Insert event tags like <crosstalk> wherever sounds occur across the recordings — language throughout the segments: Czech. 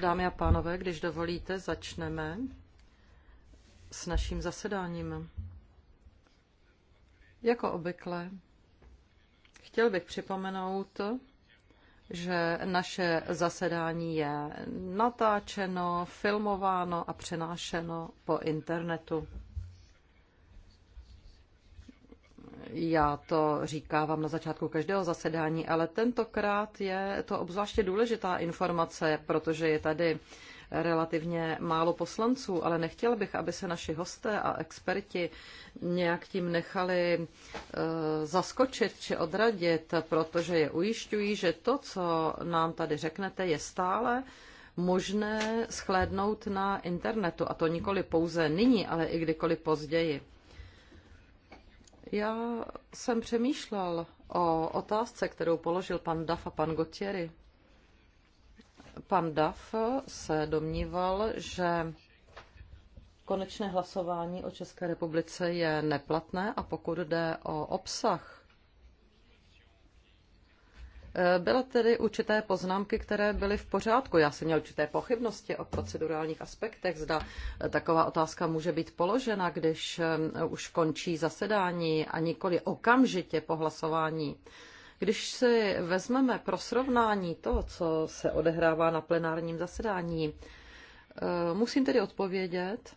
Dámy a pánové, když dovolíte, začneme s naším zasedáním. Jako obvykle, chtěl bych připomenout, že naše zasedání je natáčeno, filmováno a přenášeno po internetu. Já to říkávám na začátku každého zasedání, ale tentokrát je to obzvláště důležitá informace, protože je tady relativně málo poslanců, ale nechtěla bych, aby se naši hosté a experti nějak tím nechali eh, zaskočit či odradit, protože je ujišťují, že to, co nám tady řeknete, je stále možné schlédnout na internetu, a to nikoli pouze nyní, ale i kdykoliv později. Já jsem přemýšlel o otázce, kterou položil pan Daf a pan Gotieri. Pan Daf se domníval, že konečné hlasování o České republice je neplatné a pokud jde o obsah Eh, Byla tedy určité poznámky, které byly v pořádku. Já jsem měl určité pochybnosti o procedurálních aspektech, zda eh, taková otázka může být položena, když eh, už končí zasedání a nikoli okamžitě po hlasování. Když si vezmeme pro srovnání to, co se odehrává na plenárním zasedání, musím tedy odpovědět,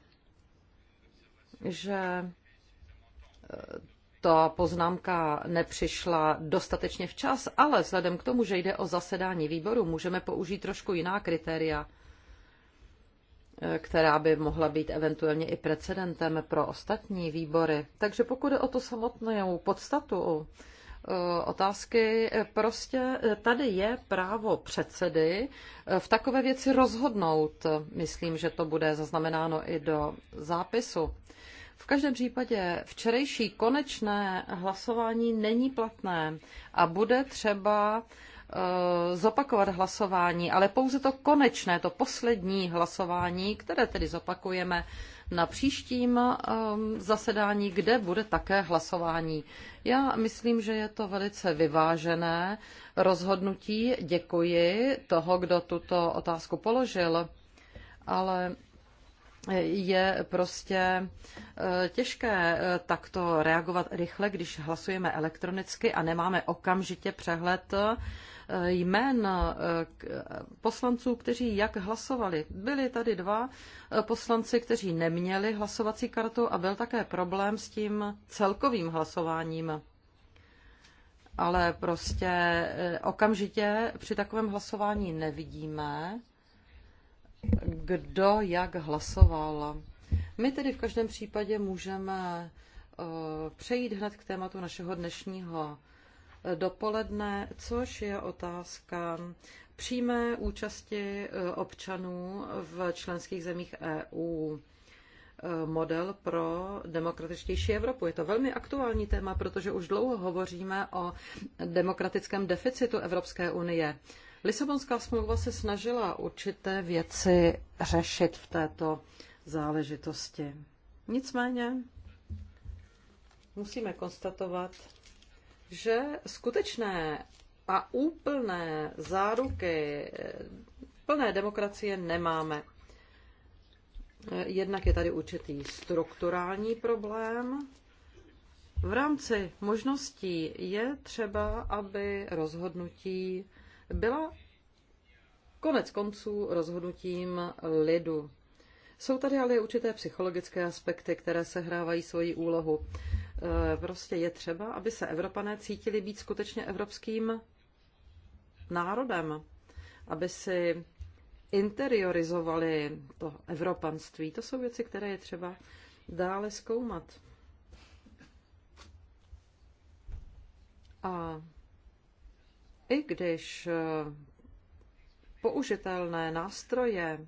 že ta poznámka nepřišla dostatečně včas, ale vzhledem k tomu, že jde o zasedání výboru, můžeme použít trošku jiná kritéria, která by mohla být eventuálně i precedentem pro ostatní výbory. Takže pokud je o to samotnou podstatu uh, otázky, prostě eh, tady je právo předsedy eh, v takové věci rozhodnout. Myslím, že to bude zaznamenáno i do zápisu. V každém případě včerejší konečné hlasování není platné a bude třeba eh, zopakovat hlasování, ale pouze to konečné, to poslední hlasování, které tedy zopakujeme na příštím eh, zasedání, kde bude také hlasování. Já myslím, že je to velice vyvážené rozhodnutí. Děkuji toho, kdo tuto otázku položil, ale je prostě eh, těžké eh, takto reagovat rychle, když hlasujeme elektronicky a nemáme okamžitě přehled eh, jmén poslanců, kteří jak hlasovali. Byli tady dva poslanci, kteří neměli hlasovací kartu a byl také problém s tím celkovým hlasováním. Ale prostě okamžitě při takovém hlasování nevidíme, kdo jak hlasoval. My tedy v každém případě můžeme eh, přejít hned k tématu našeho dnešního eh, dopoledne, což je otázka přímé účasti eh, občanů v členských zemích EU model pro demokratičtější Evropu. Je to velmi aktuální téma, protože už dlouho hovoříme o demokratickém deficitu Evropské unie. Lisabonská smlouva se snažila určité věci řešit v této záležitosti. Nicméně musíme konstatovat, že skutečné a úplné záruky plné demokracie nemáme. Jednak je tady určitý strukturální problém. V rámci možností je třeba, aby rozhodnutí byla konec konců rozhodnutím lidu. Jsou tady ale určité psychologické aspekty, které sehrávají svoji úlohu. E, prostě je třeba, aby se Evropané cítili být skutečně evropským národem, aby si interiorizovali to evropanství. To jsou věci, které je třeba dále zkoumat. A i když eh, použitelné nástroje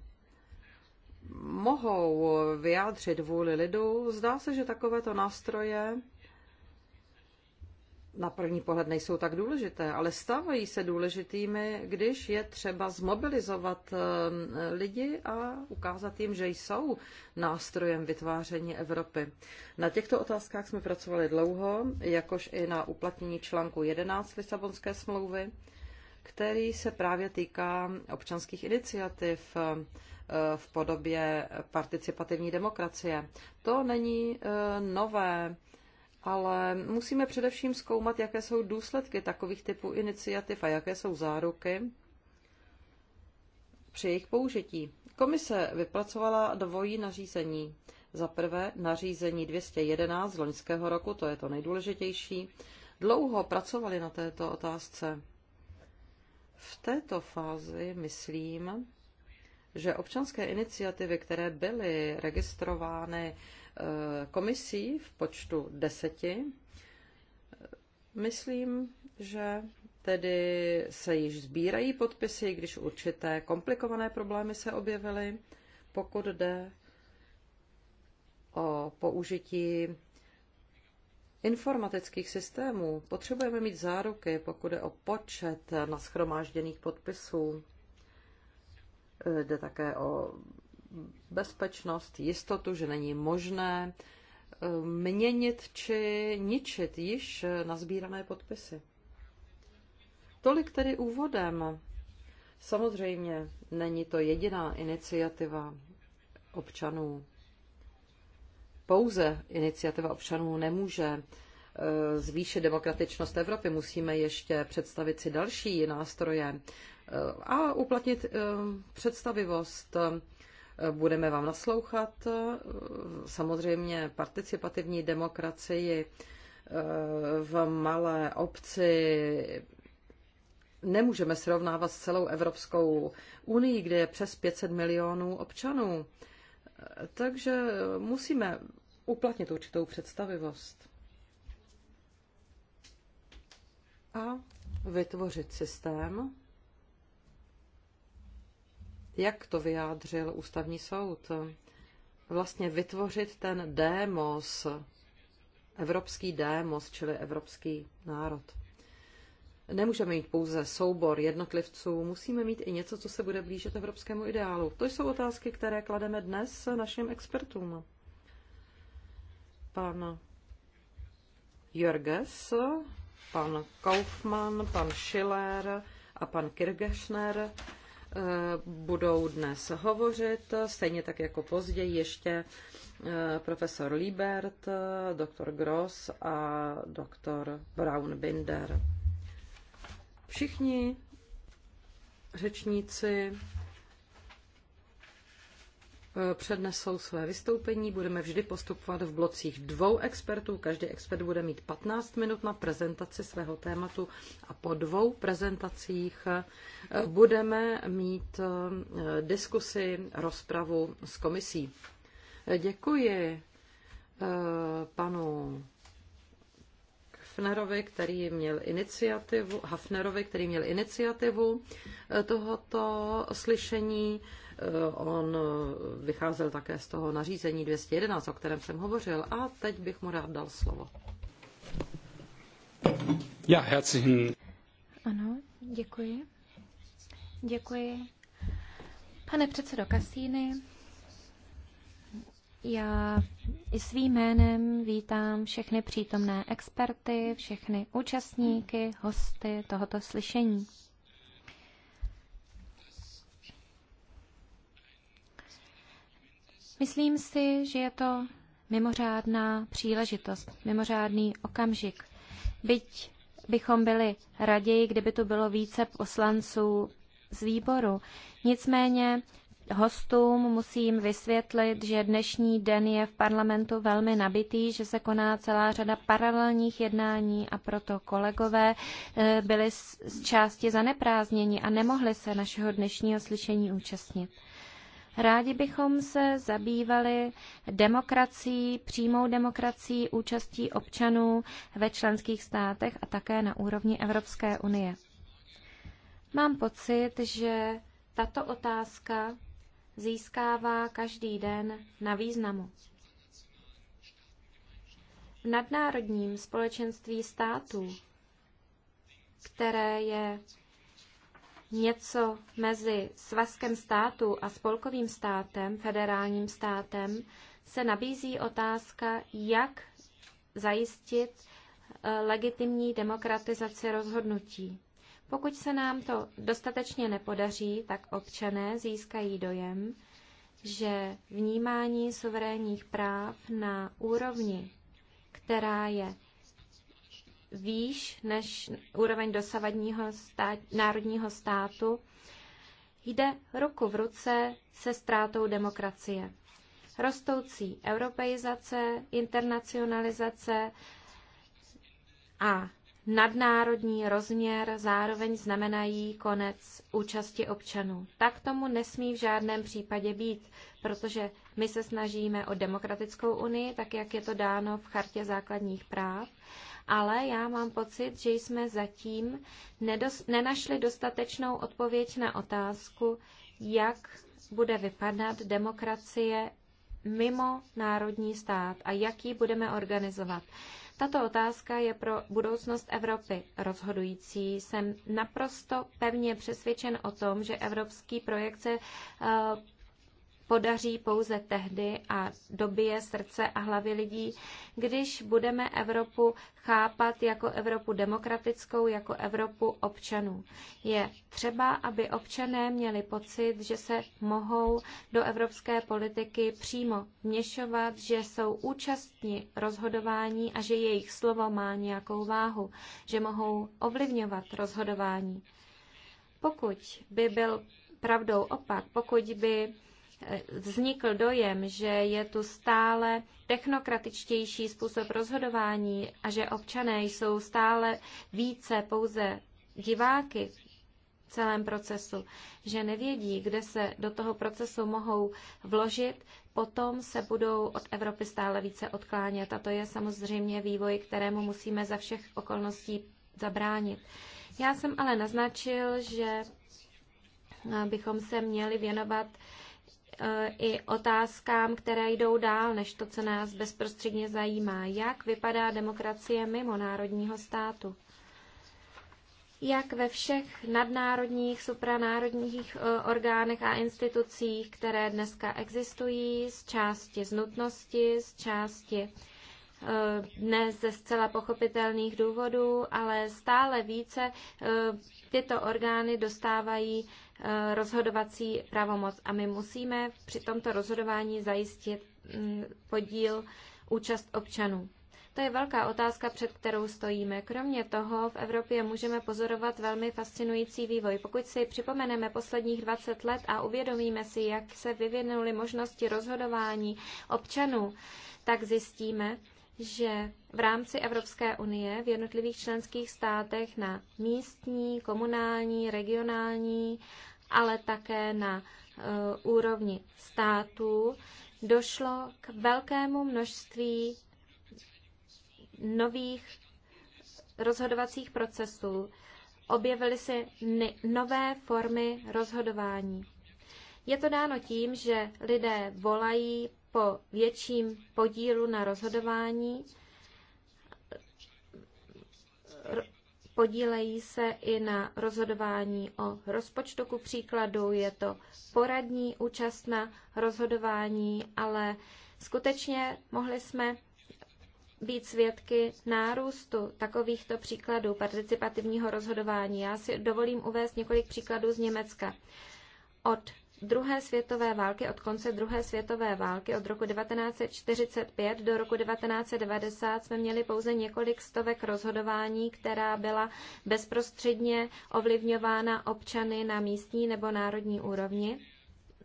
mohou vyjádřit vůli lidu, zdá se, že takovéto nástroje na první pohled nejsou tak důležité, ale stávají se důležitými, když je třeba zmobilizovat eh, lidi a ukázat jim, že jsou nástrojem vytváření Evropy. Na těchto otázkách jsme pracovali dlouho, jakož i na uplatnění článku 11 Lisabonské smlouvy, který se právě týká občanských iniciativ, eh, v podobě participativní demokracie. To není eh, nové ale musíme především zkoumat, jaké jsou důsledky takových typů iniciativ a jaké jsou záruky při jejich použití. Komise vypracovala dvojí nařízení. Za prvé nařízení 211 z loňského roku, to je to nejdůležitější. Dlouho pracovali na této otázce. V této fázi myslím, že občanské iniciativy, které byly registrovány Eh, komisí v počtu deseti. Myslím, že tedy se již sbírají podpisy, když určité komplikované problémy se objevily, pokud jde o použití informatických systémů. Potřebujeme mít záruky, pokud je o počet naschromážděných podpisů. Eh, jde také o bezpečnost, jistotu, že není možné eh, měnit či ničit již nazbírané podpisy. Tolik tedy úvodem. Samozřejmě není to jediná iniciativa občanů. Pouze iniciativa občanů nemůže eh, zvýšit demokratičnost Evropy. Musíme ještě představit si další nástroje eh, a uplatnit představivost Budeme vám naslouchat. Samozřejmě participativní demokracii v malé obci nemůžeme srovnávat s celou Evropskou unii, kde je přes 500 milionů občanů. Takže musíme uplatnit určitou představivost a vytvořit systém, jak to vyjádřil ústavní soud, vlastně vytvořit ten démos, evropský démos, čili evropský národ. Nemůžeme mít pouze soubor jednotlivců, musíme mít i něco, co se bude blížit evropskému ideálu. To jsou otázky, které klademe dnes našim expertům. Pan Jörges, pan Kaufmann, pan Schiller a pan Kirgešner Eh, budou dnes hovořit, stejně tak jako později ještě eh, profesor Liebert, eh, doktor Gross a doktor Brown binder Všichni řečníci přednesou své vystoupení. Budeme vždy postupovat v blocích dvou expertů. Každý expert bude mít 15 minut na prezentaci svého tématu a po dvou prezentacích eh, budeme mít eh, diskusi, rozpravu s komisí. Děkuji eh, panu Hafnerovi, který měl iniciativu, Hafnerovi, který měl iniciativu tohoto slyšení. Eh, on eh, vycházel také z toho nařízení 211, o kterém jsem hovořil, a teď bych mu rád dal slovo. Ja, herzlichen. Ano, děkuji. Děkuji. Pane předsedo Kasíny, já i svým jménem vítám všechny přítomné experty, všechny účastníky, hosty tohoto slyšení. Myslím si, že je to mimořádná příležitost, mimořádný okamžik. Byť bychom byli raději, kdyby tu bylo více poslanců z výboru. Nicméně hostům musím vysvětlit, že dnešní den je v parlamentu velmi nabitý, že se koná celá řada paralelních jednání a proto kolegové eh, byli z části zaneprázdněni a nemohli se našeho dnešního slyšení účastnit. Rádi bychom se zabývali demokracií, přímou demokracií, účastí občanů ve členských státech a také na úrovni Evropské unie. Mám pocit, že tato otázka získává každý den na významu. V nadnárodním společenství států, které je něco mezi svazkem států a spolkovým státem, federálním státem, se nabízí otázka, jak zajistit eh, legitimní demokratizaci rozhodnutí. Pokud se nám to dostatečně nepodaří, tak občané získají dojem, že vnímání suverénních práv na úrovni, která je výš než úroveň dosavadního stát, národního státu, jde ruku v ruce se ztrátou demokracie. Rostoucí europeizace, internacionalizace a nadnárodní rozměr zároveň znamenají konec účasti občanů. Tak tomu nesmí v žádném případě být, protože my se snažíme o demokratickou unii, tak jak je to dáno v Chartě základních práv, ale já mám pocit, že jsme zatím nedos- nenašli dostatečnou odpověď na otázku, jak bude vypadat demokracie mimo národní stát a jak ji budeme organizovat. Tato otázka je pro budoucnost Evropy rozhodující. Jsem naprosto pevně přesvědčen o tom, že evropský projekt se eh, podaří pouze tehdy a dobije srdce a hlavy lidí, když budeme Evropu chápat jako Evropu demokratickou, jako Evropu občanů. Je třeba, aby občané měli pocit, že se mohou do evropské politiky přímo měšovat, že jsou účastní rozhodování a že jejich slovo má nějakou váhu, že mohou ovlivňovat rozhodování. Pokud by byl pravdou opak, pokud by vznikl dojem, že je tu stále technokratičtější způsob rozhodování a že občané jsou stále více pouze diváky v celém procesu, že nevědí, kde se do toho procesu mohou vložit, potom se budou od Evropy stále více odklánět. A to je samozřejmě vývoj, kterému musíme za všech okolností zabránit. Já jsem ale naznačil, že bychom se měli věnovat Eh, i otázkám, které jdou dál, než to, co nás bezprostředně zajímá. Jak vypadá demokracie mimo národního státu? Jak ve všech nadnárodních, supranárodních eh, orgánech a institucích, které dneska existují, z části z nutnosti, z části eh, ne ze zcela pochopitelných důvodů, ale stále více tyto orgány dostávají Eh, rozhodovací pravomoc a my musíme při tomto rozhodování zajistit mm, podíl účast občanů. To je velká otázka, před kterou stojíme. Kromě toho v Evropě můžeme pozorovat velmi fascinující vývoj. Pokud si připomeneme posledních 20 let a uvědomíme si, jak se vyvinuly možnosti rozhodování občanů, tak zjistíme, že v rámci Evropské unie v jednotlivých členských státech na místní, komunální, regionální, ale také na uh, úrovni států došlo k velkému množství nových rozhodovacích procesů. Objevily se nové formy rozhodování. Je to dáno tím, že lidé volají po větším podílu na rozhodování. Podílejí se i na rozhodování o rozpočtu. Ku příkladu je to poradní účast na rozhodování, ale skutečně mohli jsme být svědky nárůstu takovýchto příkladů participativního rozhodování. Já si dovolím uvést několik příkladů z Německa. Od druhé světové války, od konce druhé světové války, od roku 1945 do roku 1990 jsme měli pouze několik stovek rozhodování, která byla bezprostředně ovlivňována občany na místní nebo národní úrovni,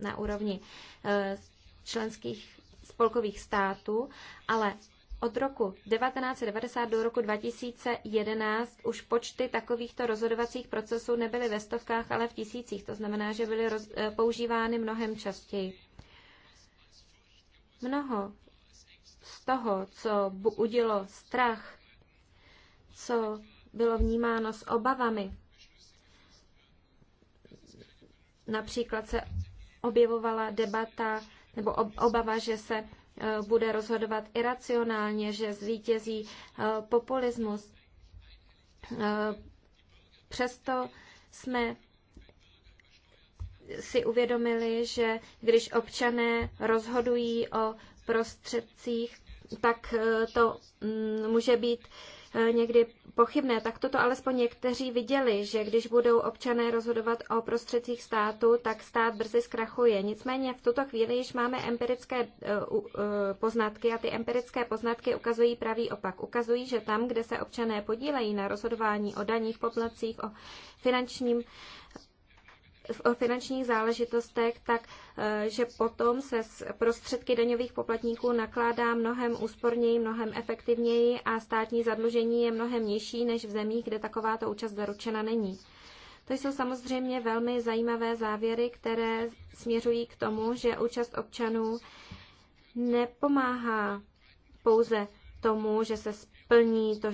na úrovni eh, členských spolkových států, ale od roku 1990 do roku 2011 už počty takovýchto rozhodovacích procesů nebyly ve stovkách, ale v tisících. To znamená, že byly roz, eh, používány mnohem častěji. Mnoho z toho, co udělo strach, co bylo vnímáno s obavami, například se objevovala debata nebo obava, že se Eh, bude rozhodovat iracionálně, že zvítězí eh, populismus. Eh, přesto jsme si uvědomili, že když občané rozhodují o prostředcích, tak to mm, může být Eh, někdy pochybné, tak toto alespoň někteří viděli, že když budou občané rozhodovat o prostředcích státu, tak stát brzy zkrachuje. Nicméně v tuto chvíli již máme empirické eh, eh, poznatky a ty empirické poznatky ukazují pravý opak. Ukazují, že tam, kde se občané podílejí na rozhodování o daních, poplacích, o finančním o finančních záležitostech, tak e, že potom se s prostředky daňových poplatníků nakládá mnohem úsporněji, mnohem efektivněji a státní zadlužení je mnohem nižší než v zemích, kde takováto účast zaručena není. To jsou samozřejmě velmi zajímavé závěry, které směřují k tomu, že účast občanů nepomáhá pouze tomu, že se splní to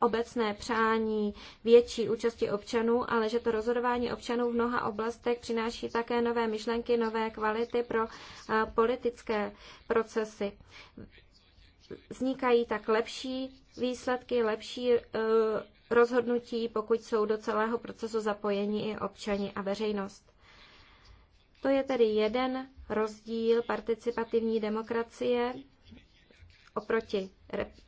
obecné přání větší účasti občanů, ale že to rozhodování občanů v mnoha oblastech přináší také nové myšlenky, nové kvality pro politické procesy. Vznikají tak lepší výsledky, lepší e, rozhodnutí, pokud jsou do celého procesu zapojeni i občani a veřejnost. To je tedy jeden rozdíl participativní demokracie oproti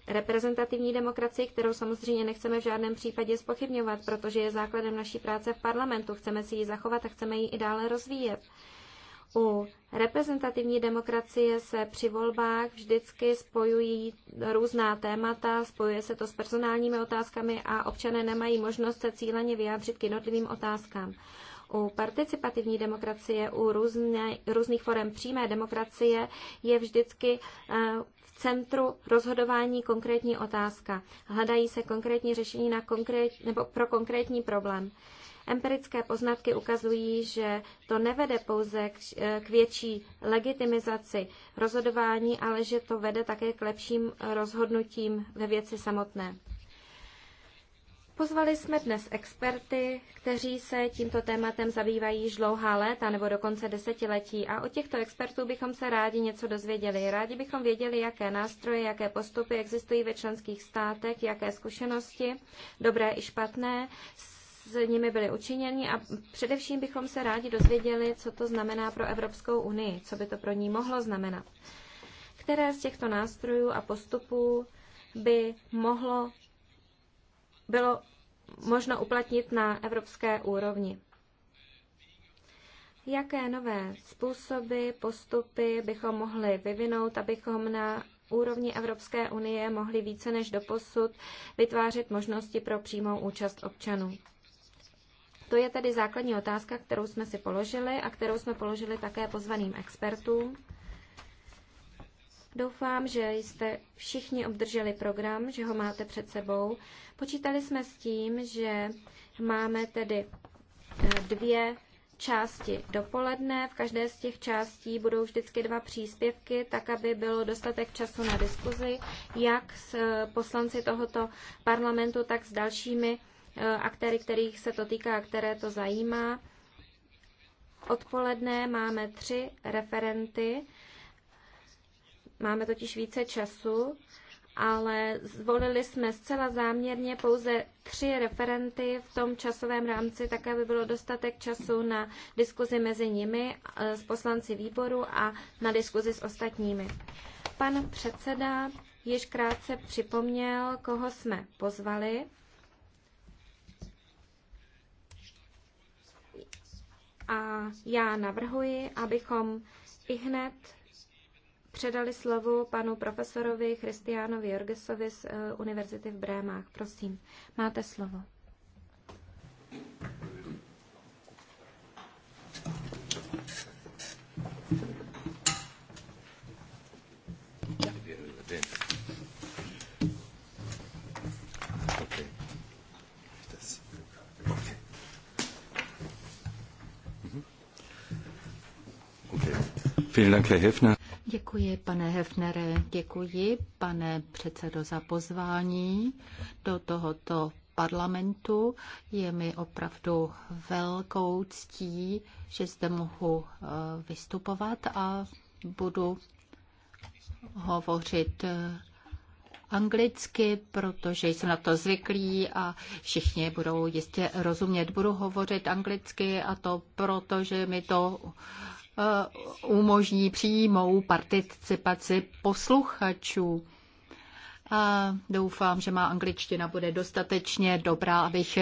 reprezentativní demokracii, kterou samozřejmě nechceme v žádném případě spochybňovat, protože je základem naší práce v parlamentu. Chceme si ji zachovat a chceme ji i dále rozvíjet. U reprezentativní demokracie se při volbách vždycky spojují různá témata, spojuje se to s personálními otázkami a občané nemají možnost se cíleně vyjádřit k jednotlivým otázkám. U participativní demokracie, u různé, různých forem přímé demokracie je vždycky eh, centru rozhodování konkrétní otázka. Hledají se konkrétní řešení na konkrét, nebo pro konkrétní problém. Empirické poznatky ukazují, že to nevede pouze k, větší legitimizaci rozhodování, ale že to vede také k lepším rozhodnutím ve věci samotné. Pozvali jsme dnes experty, kteří se tímto tématem zabývají již dlouhá léta nebo dokonce desetiletí a od těchto expertů bychom se rádi něco dozvěděli. Rádi bychom věděli, jaké nástroje, jaké postupy existují ve členských státech, jaké zkušenosti, dobré i špatné, s nimi byly učiněni a především bychom se rádi dozvěděli, co to znamená pro Evropskou unii, co by to pro ní mohlo znamenat. Které z těchto nástrojů a postupů by mohlo bylo možno uplatnit na evropské úrovni. Jaké nové způsoby, postupy bychom mohli vyvinout, abychom na úrovni Evropské unie mohli více než doposud vytvářet možnosti pro přímou účast občanů? To je tedy základní otázka, kterou jsme si položili a kterou jsme položili také pozvaným expertům. Doufám, že jste všichni obdrželi program, že ho máte před sebou. Počítali jsme s tím, že máme tedy eh, dvě části dopoledne. V každé z těch částí budou vždycky dva příspěvky, tak aby bylo dostatek času na diskuzi, jak s eh, poslanci tohoto parlamentu, tak s dalšími eh, aktéry, kterých se to týká a které to zajímá. Odpoledne máme tři referenty Máme totiž více času, ale zvolili jsme zcela záměrně pouze tři referenty v tom časovém rámci, tak aby bylo dostatek času na diskuzi mezi nimi eh, s poslanci výboru a na diskuzi s ostatními. Pan předseda již krátce připomněl, koho jsme pozvali. A já navrhuji, abychom i hned předali slovo panu profesorovi Christianovi Jorgesovi z eh, Univerzity v Brémách. Prosím, máte slovo. Vielen Dank, Herr Hefner. Děkuji, pane Hefnere, děkuji, pane předsedo, za pozvání do tohoto parlamentu. Je mi opravdu velkou ctí, že zde mohu eh, vystupovat a budu hovořit eh, anglicky, protože jsem na to zvyklý a všichni budou jistě rozumět. Budu hovořit anglicky a to proto, že mi to Eh, umožní přímou participaci posluchačů a doufám, že má angličtina bude dostatečně dobrá, abych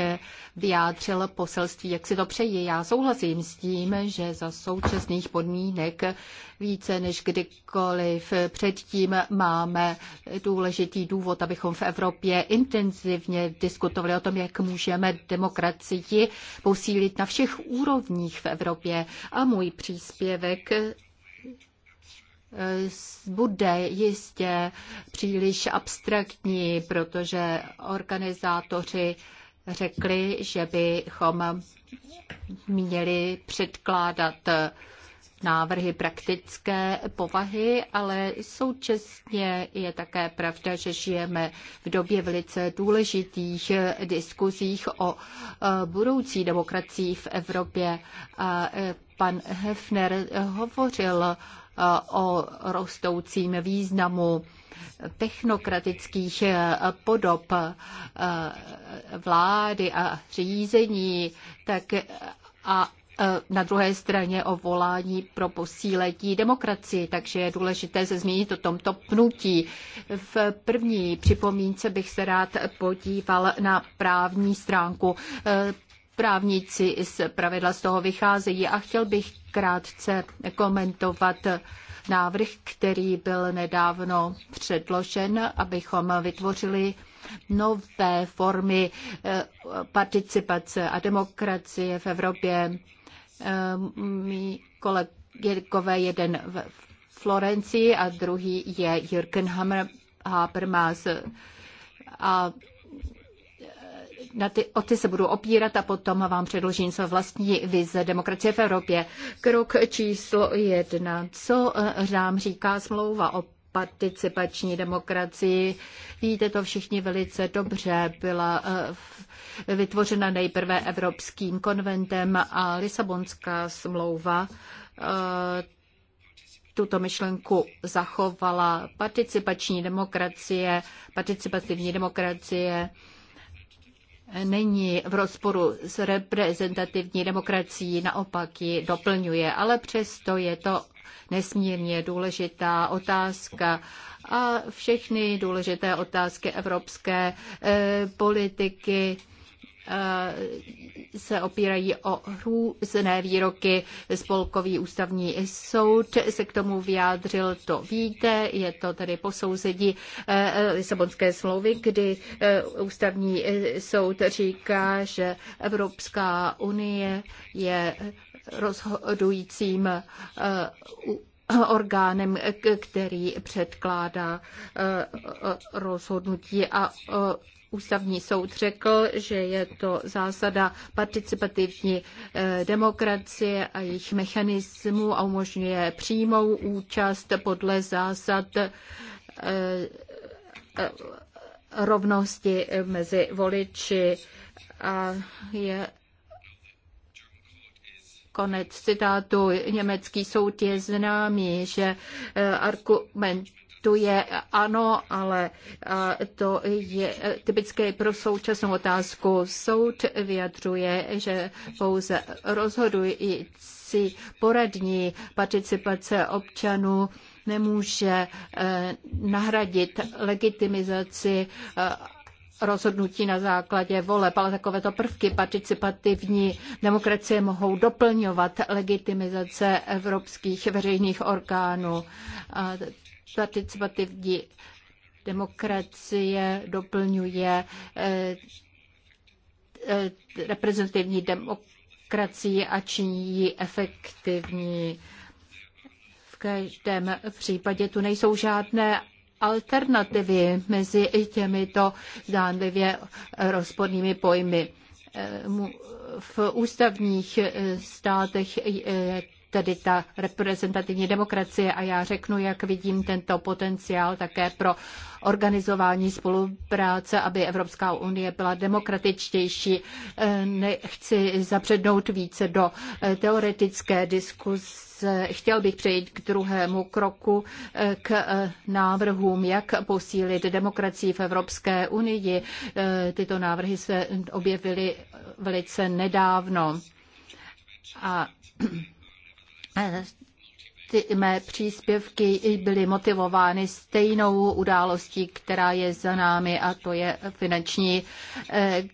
vyjádřil poselství, jak si to přeji. Já souhlasím s tím, že za současných podmínek více než kdykoliv předtím máme důležitý důvod, abychom v Evropě intenzivně diskutovali o tom, jak můžeme demokracii posílit na všech úrovních v Evropě. A můj příspěvek Eh, bude jistě příliš abstraktní, protože organizátoři řekli, že bychom měli předkládat návrhy praktické povahy, ale současně je také pravda, že žijeme v době velice důležitých diskuzích o eh, budoucí demokracii v Evropě. A eh, pan Hefner hovořil o rostoucím významu technokratických eh, podob eh, vlády a řízení, tak eh, a na druhé straně o volání pro posílení demokracii, takže je důležité se zmínit o tomto pnutí. V první připomínce bych se rád podíval na právní stránku právníci z pravidla z toho vycházejí a chtěl bych krátce komentovat návrh, který byl nedávno předložen, abychom vytvořili nové formy eh, participace a demokracie v Evropě. Eh, Mí kolegové, jeden v Florencii a druhý je Jürgen Habermas. A na ty, o ty se budu opírat a potom vám předložím své vlastní vize demokracie v Evropě. Krok číslo jedna. Co nám eh, říká smlouva o participační demokracii. Víte to všichni velice dobře. Byla eh, vytvořena nejprve Evropským konventem a Lisabonská smlouva eh, tuto myšlenku zachovala participační demokracie, participativní demokracie není v rozporu s reprezentativní demokracií, naopak ji doplňuje, ale přesto je to nesmírně důležitá otázka a všechny důležité otázky evropské eh, politiky Eh, se opírají o různé výroky. Spolkový ústavní soud se k tomu vyjádřil, to víte, je to tedy posouzení eh, Lisabonské smlouvy, kdy eh, ústavní soud říká, že Evropská unie je rozhodujícím orgánem, který předkládá rozhodnutí a Ústavní soud řekl, že je to zásada participativní eh, demokracie a jejich mechanismu, a umožňuje přímou účast podle zásad eh, eh, rovnosti mezi voliči a je Konec citátu. Německý soud je známý, že argument je ano, ale to je typické pro současnou otázku. Soud vyjadřuje, že pouze rozhodující poradní participace občanů nemůže e, nahradit legitimizaci e, rozhodnutí na základě voleb, ale takovéto prvky participativní demokracie mohou doplňovat legitimizace evropských veřejných orgánů participativní demokracie doplňuje eh, eh, reprezentativní demokracii a činí ji efektivní. V každém případě tu nejsou žádné alternativy mezi těmito zdánlivě rozpornými pojmy. Eh, v ústavních státech je tedy ta reprezentativní demokracie. A já řeknu, jak vidím tento potenciál také pro organizování spolupráce, aby Evropská unie byla demokratičtější. E, nechci zapřednout více do e, teoretické diskuse. Chtěl bych přejít k druhému kroku, e, k návrhům, jak posílit demokracii v Evropské unii. Tyto návrhy se objevily velice nedávno. A ty mé příspěvky byly motivovány stejnou událostí, která je za námi, a to je finanční eh,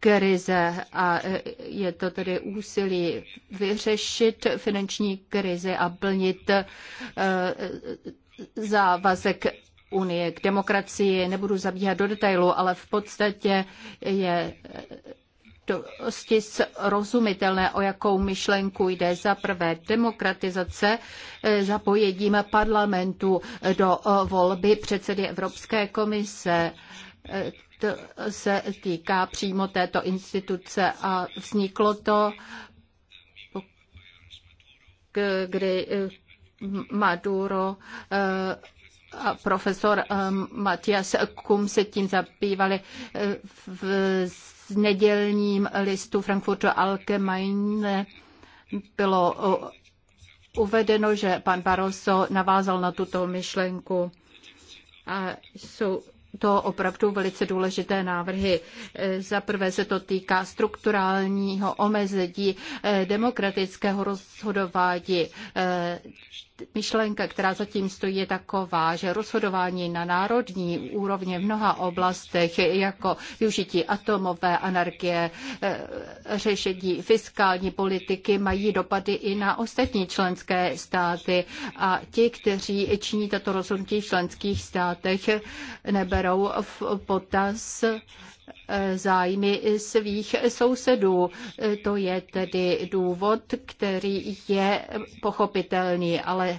krize. A eh, je to tedy úsilí vyřešit finanční krizi a plnit eh, závazek Unie k demokracii. Nebudu zabíhat do detailu, ale v podstatě je dosti srozumitelné, o jakou myšlenku jde. Za prvé demokratizace e, zapojením parlamentu do e, volby předsedy Evropské komise. E, to se týká přímo této instituce a vzniklo to, kdy Maduro a profesor Matias Kum se tím zabývali v v nedělním listu Frankfurter Allgemeine bylo uvedeno, že pan Barroso navázal na tuto myšlenku. A jsou to opravdu velice důležité návrhy. Za prvé se to týká strukturálního omezení eh, demokratického rozhodování eh, myšlenka, která zatím stojí, je taková, že rozhodování na národní úrovně v mnoha oblastech, jako využití atomové anarchie, eh, řešení fiskální politiky, mají dopady i na ostatní členské státy. A ti, kteří činí tato rozhodnutí v členských státech, neberou v potaz zájmy svých sousedů. To je tedy důvod, který je pochopitelný, ale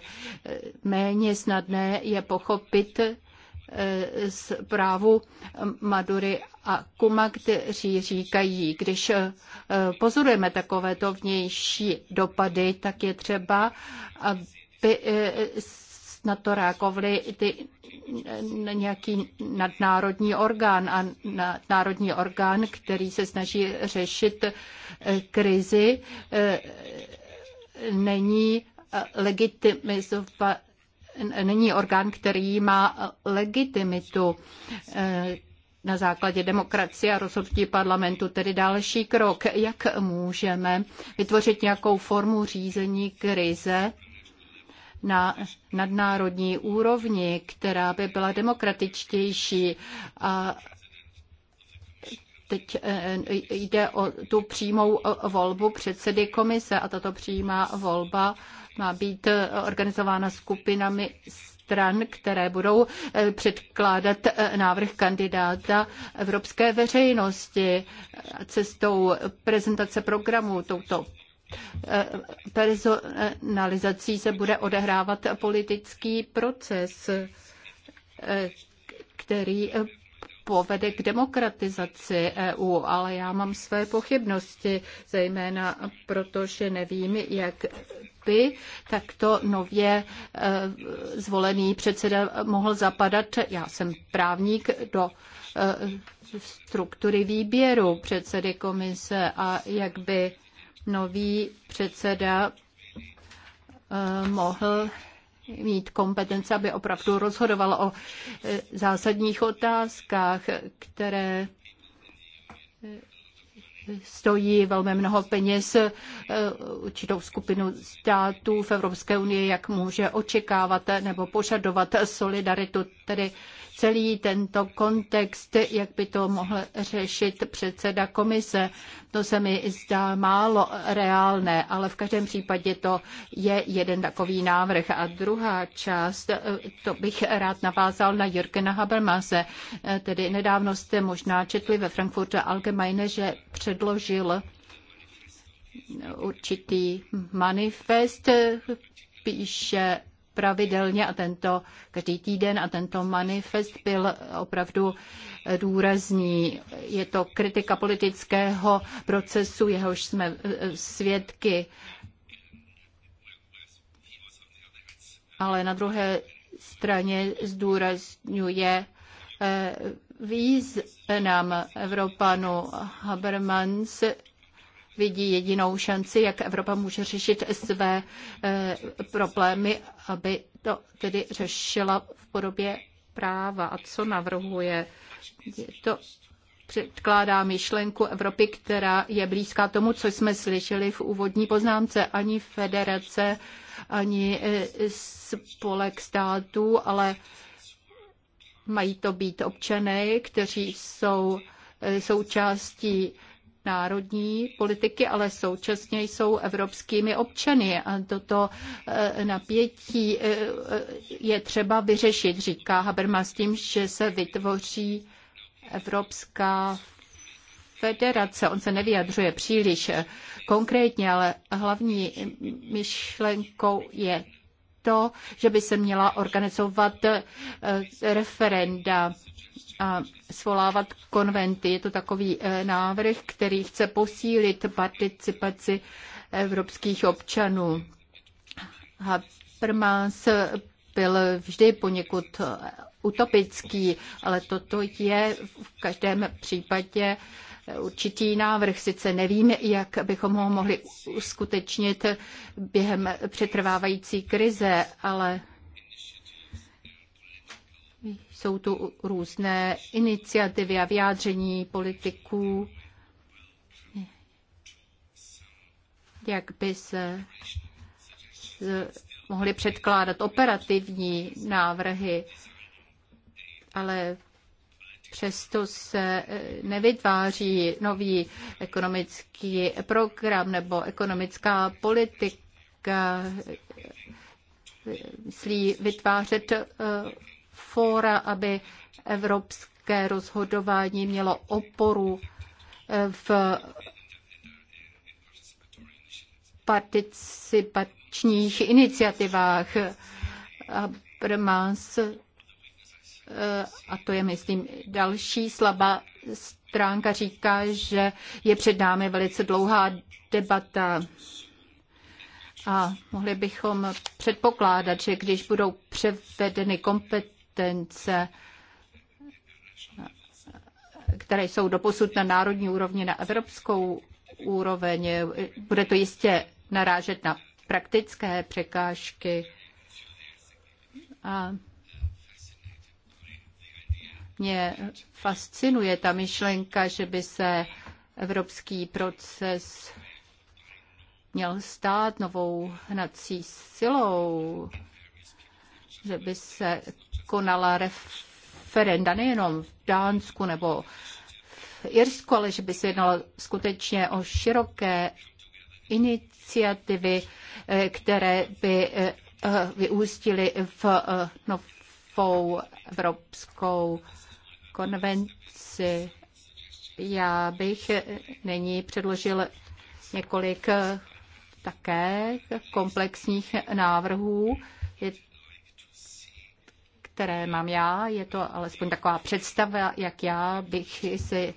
méně snadné je pochopit eh, zprávu Madury a Kuma, kteří říkají, když eh, pozorujeme takovéto vnější dopady, tak je třeba, aby eh, na to reagovali ty, nějaký nadnárodní orgán a nadnárodní orgán, který se snaží řešit e, krizi, e, není e, legitimizovat není orgán, který má legitimitu na základě demokracie a rozhodnutí parlamentu, tedy další krok, jak můžeme vytvořit nějakou formu řízení krize, na nadnárodní úrovni, která by byla demokratičtější a Teď eh, eh, jde o tu přímou eh, volbu předsedy komise a tato přímá volba má být organizována skupinami stran, které budou předkládat návrh kandidáta evropské veřejnosti cestou prezentace programu touto personalizací se bude odehrávat politický proces, který povede k demokratizaci EU, ale já mám své pochybnosti, zejména protože nevím, jak by takto nově e, zvolený předseda mohl zapadat. Já jsem právník do e, struktury výběru předsedy komise a jak by nový předseda eh, mohl mít kompetence, aby opravdu rozhodoval o eh, zásadních otázkách, které eh, stojí velmi mnoho peněz určitou skupinu států v Evropské unii, jak může očekávat nebo požadovat solidaritu. Tedy celý tento kontext, jak by to mohl řešit předseda komise. To se mi zdá málo reálné, ale v každém případě to je jeden takový návrh. A druhá část, to bych rád navázal na Jürgena Habermase. Tedy nedávno jste možná četli ve Frankfurtu Allgemeine, že předložil určitý manifest, píše pravidelně a tento každý týden a tento manifest byl opravdu důrazný. Je to kritika politického procesu, jehož jsme eh, svědky. Ale na druhé straně zdůrazňuje eh, význam Evropanu Habermans vidí jedinou šanci, jak Evropa může řešit své eh, problémy, aby to tedy řešila v podobě práva. A co navrhuje? Je to předkládá myšlenku Evropy, která je blízká tomu, co jsme slyšeli v úvodní poznámce. Ani federace, ani eh, spolek států, ale mají to být občané, kteří jsou eh, součástí národní politiky, ale současně jsou evropskými občany. A toto eh, napětí eh, je třeba vyřešit, říká Habermas, tím, že se vytvoří Evropská federace. On se nevyjadřuje příliš eh, konkrétně, ale hlavní myšlenkou je to, že by se měla organizovat referenda a svolávat konventy. Je to takový eh, návrh, který chce posílit participaci evropských občanů. Habermas byl vždy poněkud eh, utopický, ale toto je v každém případě eh, určitý návrh. Sice nevím, jak bychom ho mohli uskutečnit během přetrvávající krize, ale jsou tu různé iniciativy a vyjádření politiků, jak by se mohly předkládat operativní návrhy, ale přesto se eh, nevytváří nový ekonomický program nebo ekonomická politika myslí vytvářet eh, fóra, aby evropské rozhodování mělo oporu eh, v participačních iniciativách. Habermas, eh, a to je, myslím, další slabá stránka, říká, že je před námi velice dlouhá debata. A mohli bychom předpokládat, že když budou převedeny kompetence, kompetence, které jsou doposud na národní úrovni, na evropskou úroveň. Bude to jistě narážet na praktické překážky. A mě fascinuje ta myšlenka, že by se evropský proces měl stát novou hnací silou, že by se konala referenda nejenom v Dánsku nebo v Irsku, ale že by se jednalo skutečně o široké iniciativy, eh, které by eh, eh, vyústily v novou evropskou konvenci. Já bych nyní předložil několik také komplexních návrhů. Je které mám já. Je to alespoň taková představa, jak já bych se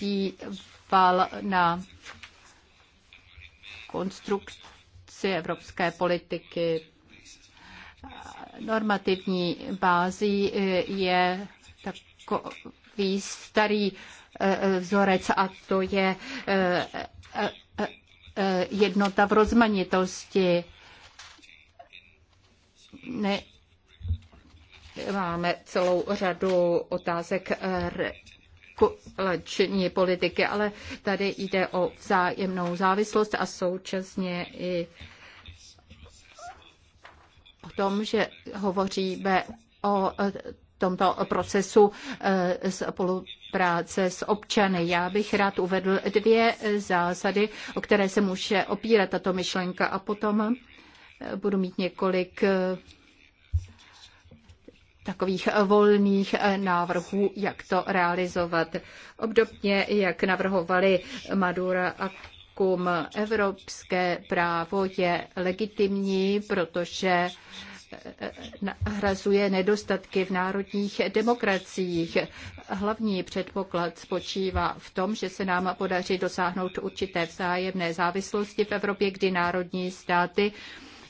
díval na konstrukci evropské politiky. Normativní bází je takový starý eh, eh, vzorec a to je eh, jednota v rozmanitosti. Ne, Máme celou řadu otázek eh, regulační politiky, ale tady jde o vzájemnou závislost a současně i o tom, že hovoříme o eh, tomto procesu eh, spolupráce s občany. Já bych rád uvedl dvě zásady, o které se může opírat tato myšlenka a potom budu mít několik takových eh, volných eh, návrhů, jak to realizovat. Obdobně, jak navrhovali Madura a Kum, evropské právo je legitimní, protože eh, nahrazuje nedostatky v národních demokraciích. Hlavní předpoklad spočívá v tom, že se nám podaří dosáhnout určité vzájemné závislosti v Evropě, kdy národní státy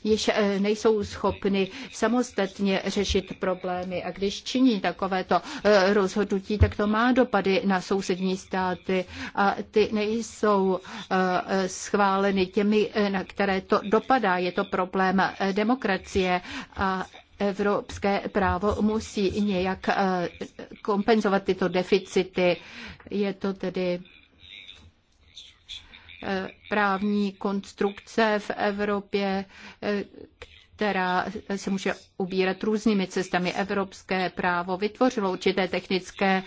již eh, nejsou schopny samostatně řešit problémy. A když činí takovéto eh, rozhodnutí, tak to má dopady na sousední státy a ty nejsou eh, schváleny těmi, na které to dopadá. Je to problém demokracie a evropské právo musí nějak kompenzovat tyto deficity. Je to tedy Eh, právní konstrukce v Evropě, eh, která se může ubírat různými cestami. Evropské právo vytvořilo určité technické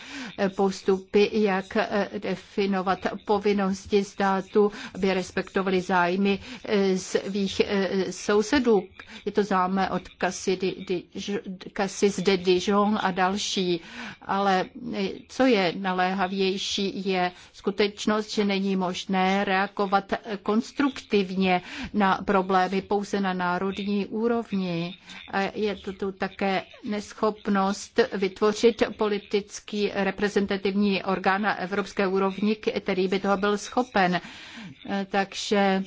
postupy, jak eh, definovat povinnosti státu, aby respektovali zájmy eh, svých eh, sousedů. Je to známé od Cassis de Dijon a další. Ale co je naléhavější, je skutečnost, že není možné reagovat konstruktivně na problémy pouze na národní úrovni úrovni. je to tu také neschopnost vytvořit politický reprezentativní orgán na evropské úrovni, který by toho byl schopen. Takže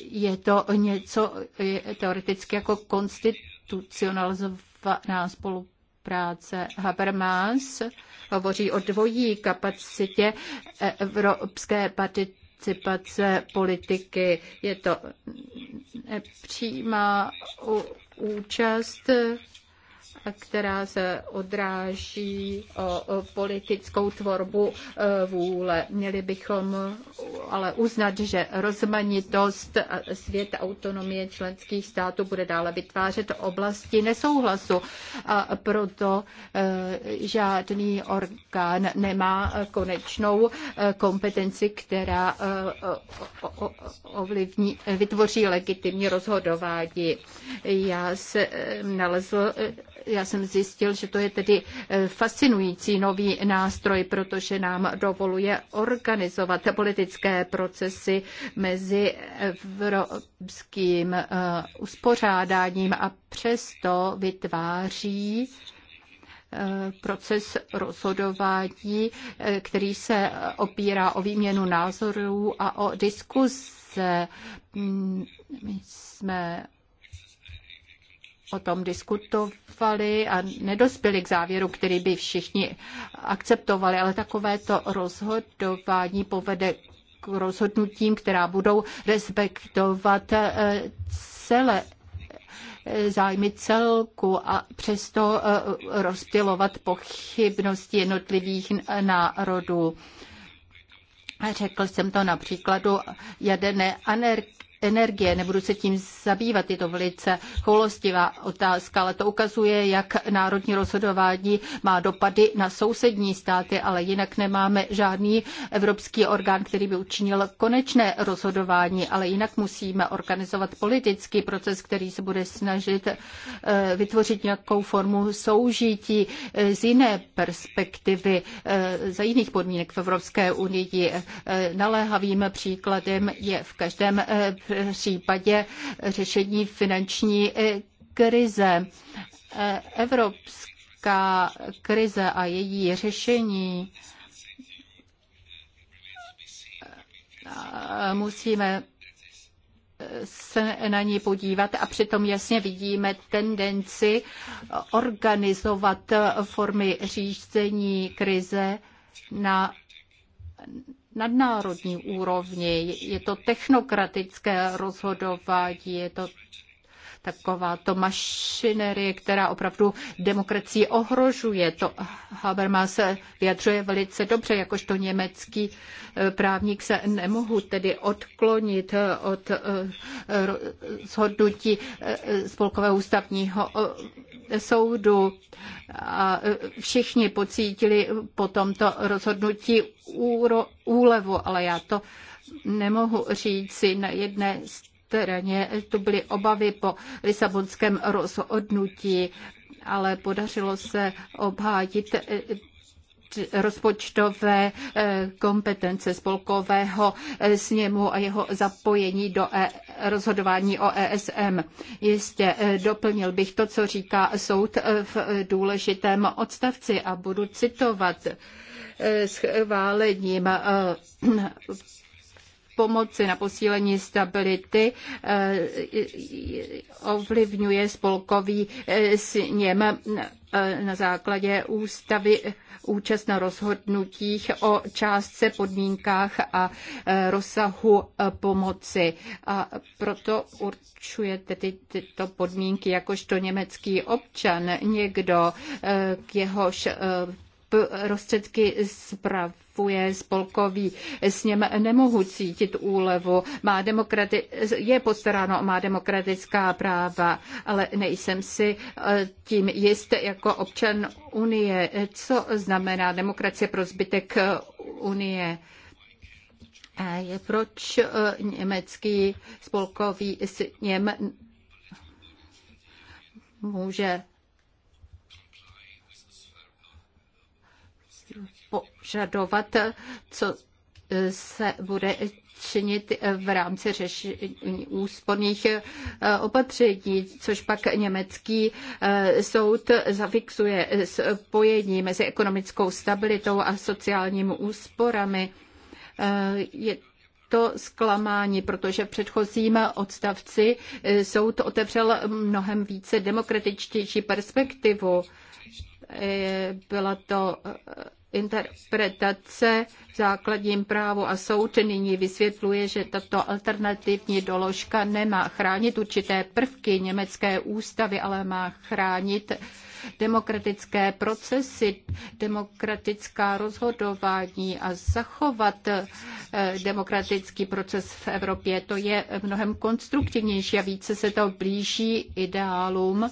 je to něco je teoreticky jako konstitucionalizovaná spolupráce. Habermas hovoří o dvojí kapacitě Evropské partit participace politiky. Je to přímá účast která se odráží o politickou tvorbu e, vůle. Měli bychom ale uznat, že rozmanitost svět autonomie členských států bude dále vytvářet oblasti nesouhlasu a proto e, žádný orgán nemá konečnou e, kompetenci, která ovlivní, vytvoří legitimní rozhodování. Já se nalezl já jsem zjistil, že to je tedy eh, fascinující nový nástroj, protože nám dovoluje organizovat politické procesy mezi evropským eh, uspořádáním a přesto vytváří eh, proces rozhodování, který se opírá o výměnu názorů a o diskuse. Hmm, my jsme o tom diskutovali a nedospěli k závěru, který by všichni akceptovali, ale takovéto rozhodování povede k rozhodnutím, která budou respektovat eh, celé eh, zájmy celku a přesto eh, rozptilovat pochybnosti jednotlivých národů. Řekl jsem to na příkladu jaderné energie. Nebudu se tím zabývat, je to velice choulostivá otázka, ale to ukazuje, jak národní rozhodování má dopady na sousední státy, ale jinak nemáme žádný evropský orgán, který by učinil konečné rozhodování, ale jinak musíme organizovat politický proces, který se bude snažit eh, vytvořit nějakou formu soužití eh, z jiné perspektivy, eh, za jiných podmínek v Evropské unii. Naléhavým příkladem je v každém v případě řešení finanční krize. Evropská krize a její řešení musíme se na ní podívat a přitom jasně vidíme tendenci organizovat formy řízení krize na nadnárodní úrovni. Je to technokratické rozhodování, je to taková to mašinerie, která opravdu demokracii ohrožuje. To Habermas vyjadřuje velice dobře, jakožto německý eh, právník se nemohu tedy odklonit od shodnutí eh, eh, Spolkového ústavního soudu a e, všichni pocítili po tomto rozhodnutí úro, úlevu, ale já to nemohu říci na jedné straně. To byly obavy po Lisabonském rozhodnutí, ale podařilo se obhájit e, rozpočtové eh, kompetence spolkového eh, sněmu a jeho zapojení do eh, rozhodování o ESM. Jistě doplnil bych to, co říká soud v důležitém odstavci a budu citovat schválením pomoci na posílení stability ovlivňuje spolkový sněm E, na základě ústavy účast na rozhodnutích o částce, podmínkách a e, rozsahu e, pomoci. A proto určuje ty, tyto podmínky jakožto německý občan, někdo k jehož prostředky spravuje spolkový sněm, nemohu cítit úlevu. Má demokrati- je postaráno, má demokratická práva, ale nejsem si eh, tím jist jako občan Unie. Co znamená demokracie pro zbytek eh, Unie? Proč eh, německý spolkový sněm může požadovat, co e, se bude činit v rámci řešení úsporných e, opatření, což pak německý e, soud zafixuje spojení mezi ekonomickou stabilitou a sociálními úsporami. Je to zklamání, protože v předchozím odstavci soud otevřel mnohem více demokratičtější perspektivu. Byla to interpretace v základním právu a soud nyní vysvětluje, že tato alternativní doložka nemá chránit určité prvky německé ústavy, ale má chránit demokratické procesy, demokratická rozhodování a zachovat eh, demokratický proces v Evropě. To je mnohem konstruktivnější a více se to blíží ideálům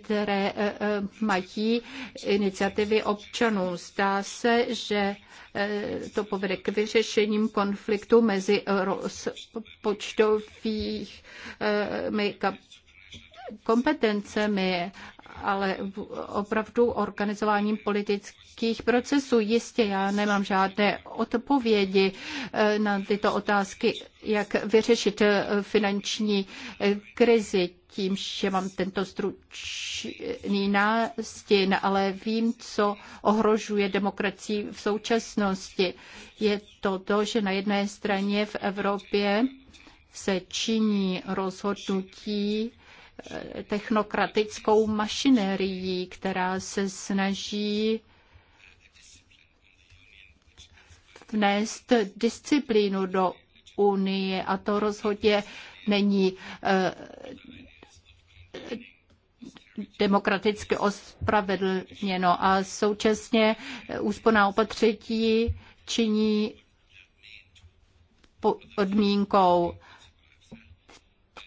které eh, eh, mají iniciativy občanů. Zdá se, že eh, to povede k vyřešením konfliktu mezi rozpočtovými kompetencemi, ale opravdu organizováním politických procesů. Jistě já nemám žádné odpovědi na tyto otázky, jak vyřešit finanční krizi tím, že mám tento stručný nástin, ale vím, co ohrožuje demokracii v současnosti. Je to to, že na jedné straně v Evropě se činí rozhodnutí eh, technokratickou mašinérií, která se snaží vnést disciplínu do Unie a to rozhodně není eh, demokraticky ospravedlněno a současně úsporná opatření činí podmínkou.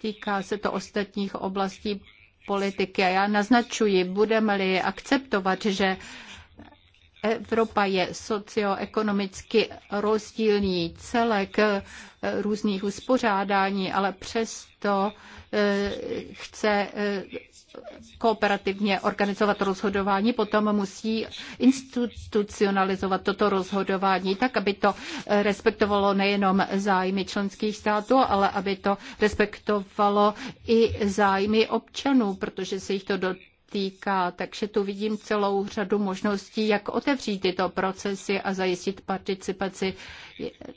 Týká se to ostatních oblastí politiky. A já naznačuji, budeme-li akceptovat, že Evropa je socioekonomicky rozdílný celek různých uspořádání, ale přesto eh, chce eh, kooperativně organizovat rozhodování, potom musí institucionalizovat toto rozhodování tak, aby to respektovalo nejenom zájmy členských států, ale aby to respektovalo i zájmy občanů, protože se jich to do týká, takže tu vidím celou řadu možností, jak otevřít tyto procesy a zajistit participaci.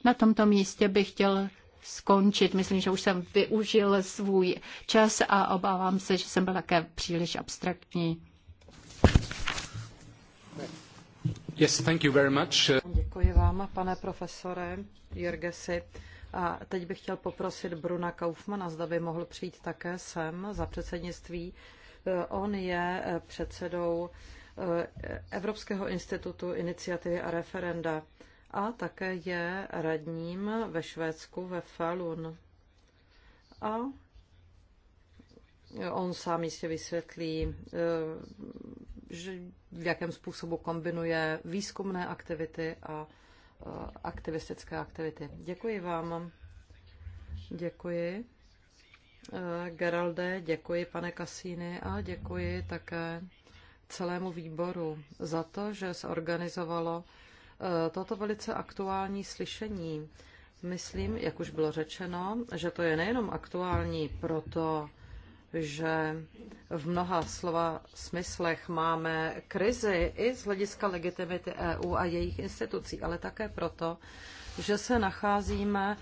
Na tomto místě bych chtěl skončit. Myslím, že už jsem využil svůj čas a obávám se, že jsem byl také příliš abstraktní. Yes, thank you very much. Děkuji vám, pane profesore Jirgesi. A teď bych chtěl poprosit Bruna Kaufmana, zda by mohl přijít také sem za předsednictví. Eh, on je eh, předsedou eh, Evropského institutu iniciativy a referenda a také je radním ve Švédsku ve Falun. A on sám jistě vysvětlí, eh, že v jakém způsobu kombinuje výzkumné aktivity a eh, aktivistické aktivity. Děkuji vám. Děkuji. Eh, Geralde, děkuji pane Kasíny a děkuji také celému výboru za to, že zorganizovalo Eh, toto velice aktuální slyšení. Myslím, jak už bylo řečeno, že to je nejenom aktuální proto, že v mnoha slova smyslech máme krizi i z hlediska legitimity EU a jejich institucí, ale také proto, že se nacházíme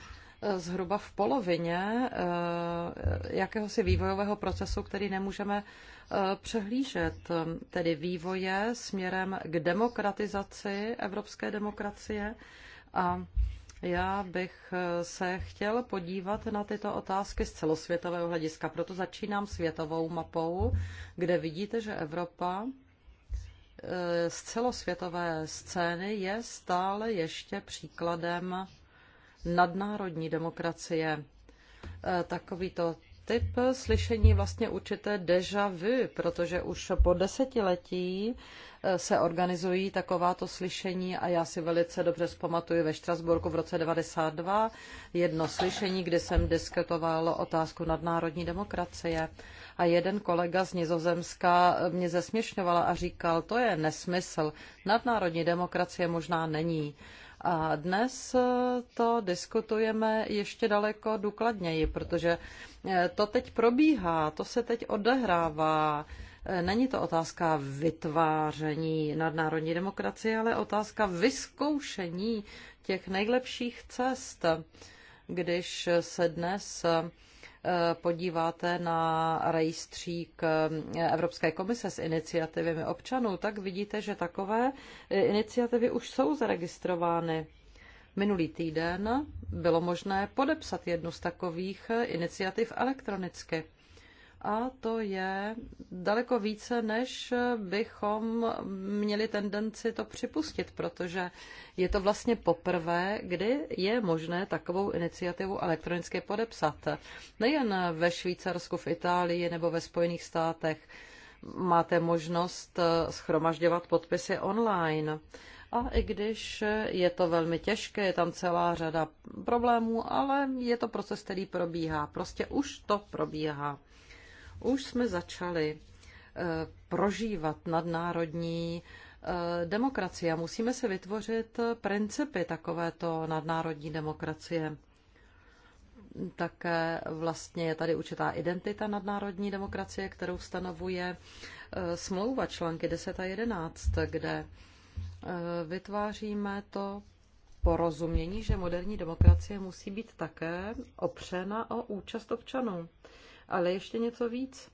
zhruba v polovině eh, jakéhosi vývojového procesu, který nemůžeme eh, přehlížet, tedy vývoje směrem k demokratizaci evropské demokracie. A já bych eh, se chtěl podívat na tyto otázky z celosvětového hlediska. Proto začínám světovou mapou, kde vidíte, že Evropa z celosvětové scény je stále ještě příkladem nadnárodní demokracie. E, takovýto typ slyšení vlastně určité deja vu, protože už po desetiletí e, se organizují takováto slyšení a já si velice dobře vzpamatuju ve Štrasburku v roce 92 jedno slyšení, kde jsem diskutoval otázku nadnárodní demokracie a jeden kolega z Nizozemska mě zesměšňovala a říkal, to je nesmysl, nadnárodní demokracie možná není a dnes eh, to diskutujeme ještě daleko důkladněji, protože eh, to teď probíhá, to se teď odehrává. Eh, není to otázka vytváření nadnárodní demokracie, ale otázka vyzkoušení těch nejlepších cest, když se dnes Eh, podíváte na rejstřík eh, Evropské komise s iniciativami občanů, tak vidíte, že takové eh, iniciativy už jsou zaregistrovány. Minulý týden bylo možné podepsat jednu z takových iniciativ elektronicky a to je daleko více, než bychom měli tendenci to připustit, protože je to vlastně poprvé, kdy je možné takovou iniciativu elektronicky podepsat. Nejen ve Švýcarsku, v Itálii nebo ve Spojených státech máte možnost eh, schromažďovat podpisy online. A i když je to velmi těžké, je tam celá řada problémů, ale je to proces, který probíhá. Prostě už to probíhá už jsme začali eh, prožívat nadnárodní eh, demokracie a musíme se vytvořit eh, principy takovéto nadnárodní demokracie. Také vlastně je tady určitá identita nadnárodní demokracie, kterou stanovuje smlouva články 10 a 11, kde vytváříme to porozumění, že moderní demokracie musí být také opřena o účast občanů ale ještě něco víc.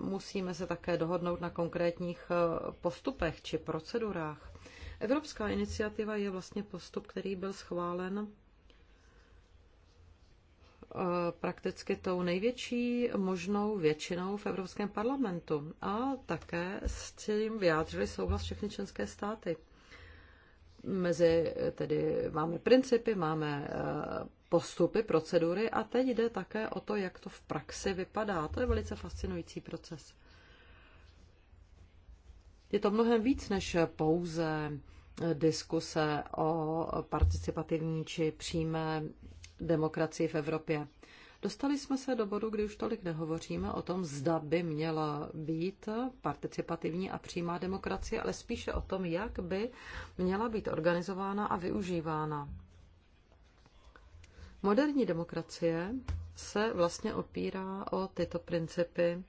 Musíme se také dohodnout na konkrétních eh, postupech či procedurách. Evropská iniciativa je vlastně postup, který byl schválen eh, prakticky tou největší možnou většinou v Evropském parlamentu a také s tím vyjádřili souhlas všechny členské státy. Mezi eh, tedy máme principy, máme postupy, procedury a teď jde také o to, jak to v praxi vypadá. To je velice fascinující proces. Je to mnohem víc než pouze diskuse o participativní či přímé demokracii v Evropě. Dostali jsme se do bodu, kdy už tolik nehovoříme o tom, zda by měla být participativní a přímá demokracie, ale spíše o tom, jak by měla být organizována a využívána. Moderní demokracie se vlastně opírá o tyto principy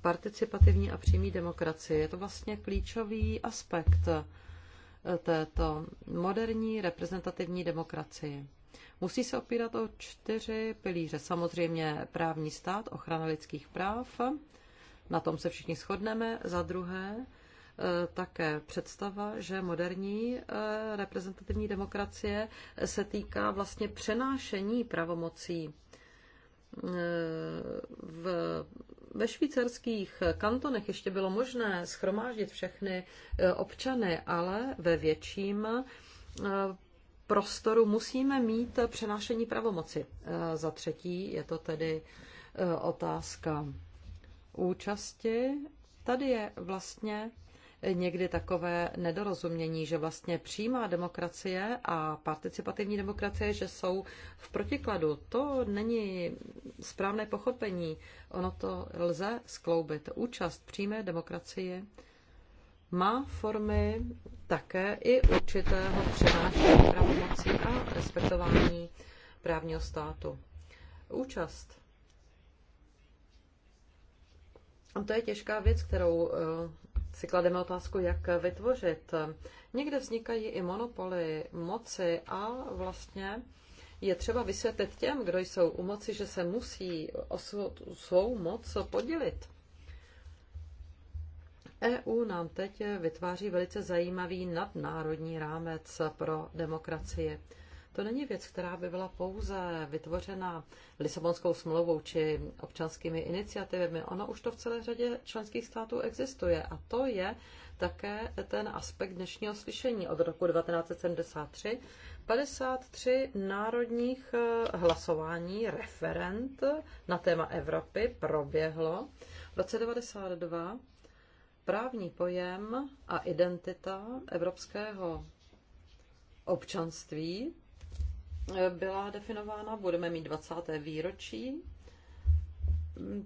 participativní a přímý demokracie. Je to vlastně klíčový aspekt eh, této moderní reprezentativní demokracie. Musí se opírat o čtyři pilíře. Samozřejmě právní stát, ochrana lidských práv, na tom se všichni shodneme. Za druhé, Eh, také představa, že moderní eh, reprezentativní demokracie se týká vlastně přenášení pravomocí eh, v, ve švýcarských kantonech ještě bylo možné schromáždit všechny občany, ale ve větším prostoru musíme mít přenášení pravomoci. Za třetí je to tedy otázka účasti. Tady je vlastně někdy takové nedorozumění, že vlastně přímá demokracie a participativní demokracie, že jsou v protikladu. To není správné pochopení. Ono to lze skloubit. Účast přímé demokracie má formy také i určitého přenášení pravomocí a respektování právního státu. Účast. A to je těžká věc, kterou eh, si klademe otázku, jak vytvořit. Někde vznikají i monopoly moci a vlastně je třeba vysvětlit těm, kdo jsou u moci, že se musí o svou moc podělit. EU nám teď vytváří velice zajímavý nadnárodní rámec pro demokracii. To není věc, která by byla pouze vytvořena Lisabonskou smlouvou či občanskými iniciativami. Ono už to v celé řadě členských států existuje a to je také ten aspekt dnešního slyšení od roku 1973. 53 národních eh, hlasování, referent na téma Evropy proběhlo. V roce 1992 právní pojem a identita evropského občanství byla definována. Budeme mít 20. výročí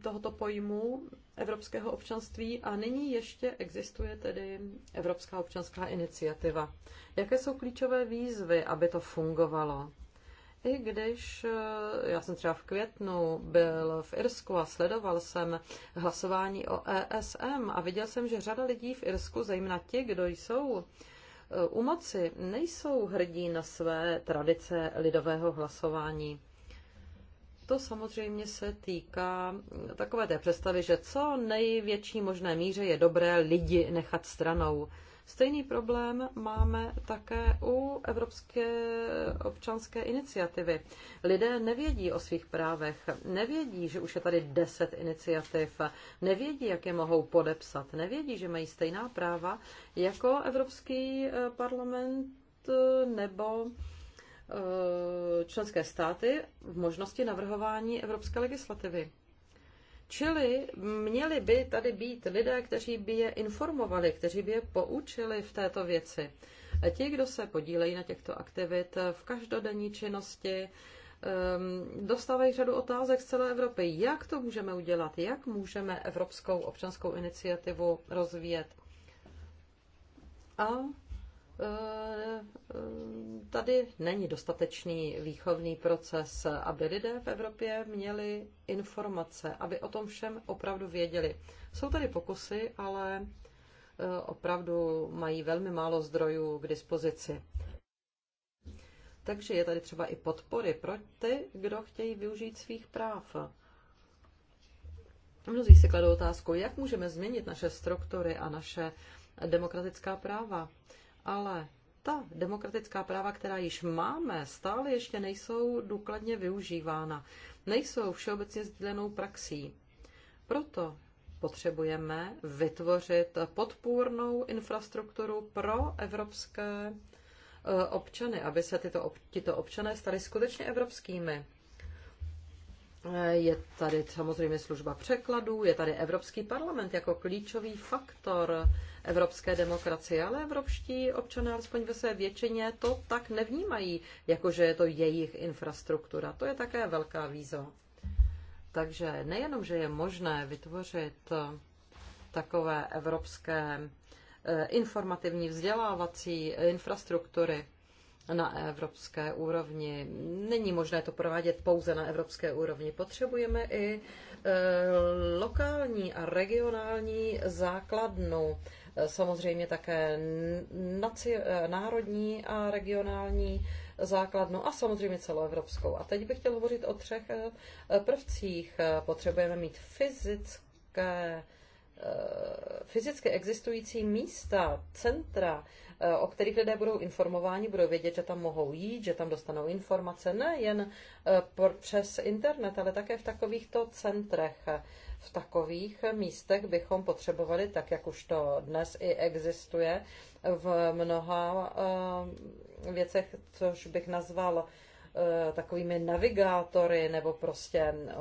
tohoto pojmu evropského občanství a nyní ještě existuje tedy Evropská občanská iniciativa. Jaké jsou klíčové výzvy, aby to fungovalo? I když eh, já jsem třeba v květnu byl v Irsku a sledoval jsem hlasování o ESM a viděl jsem, že řada lidí v Irsku, zejména ti, kdo jsou u moci, nejsou hrdí na své tradice lidového hlasování. To samozřejmě se týká takové té představy, že co největší možné míře je dobré lidi nechat stranou. Stejný problém máme také u Evropské občanské iniciativy. Lidé nevědí o svých právech, nevědí, že už je tady deset iniciativ, nevědí, jak je mohou podepsat, nevědí, že mají stejná práva jako Evropský eh, parlament eh, nebo eh, členské státy v možnosti navrhování evropské legislativy. Čili měli by tady být lidé, kteří by je informovali, kteří by je poučili v této věci. ti, kdo se podílejí na těchto aktivit v každodenní činnosti, ehm, dostávají řadu otázek z celé Evropy. Jak to můžeme udělat? Jak můžeme Evropskou občanskou iniciativu rozvíjet? A Eh, tady není dostatečný výchovný proces, aby lidé v Evropě měli informace, aby o tom všem opravdu věděli. Jsou tady pokusy, ale eh, opravdu mají velmi málo zdrojů k dispozici. Takže je tady třeba i podpory pro ty, kdo chtějí využít svých práv. Mnozí si kladou otázku, jak můžeme změnit naše struktury a naše demokratická práva ale ta demokratická práva, která již máme, stále ještě nejsou důkladně využívána, nejsou všeobecně sdílenou praxí. Proto potřebujeme vytvořit podpůrnou infrastrukturu pro evropské eh, občany, aby se tyto, tyto občané stali skutečně evropskými. Je tady samozřejmě služba překladů, je tady Evropský parlament jako klíčový faktor evropské demokracie, ale evropští občané alespoň ve své většině to tak nevnímají, jakože je to jejich infrastruktura. To je také velká výzva. Takže nejenom, že je možné vytvořit takové evropské eh, informativní vzdělávací infrastruktury, na evropské úrovni. Není možné to provádět pouze na evropské úrovni. Potřebujeme i e, lokální a regionální základnu, e, samozřejmě také e, národní a regionální základnu a samozřejmě celoevropskou. A teď bych chtěl hovořit o třech prvcích. Potřebujeme mít fyzické Eh, fyzicky existující místa, centra, eh, o kterých lidé budou informováni, budou vědět, že tam mohou jít, že tam dostanou informace nejen eh, přes internet, ale také v takovýchto centrech. V takových místech bychom potřebovali, tak jak už to dnes i existuje, v mnoha věcech, což bych nazval Eh, takovými navigátory nebo prostě mm,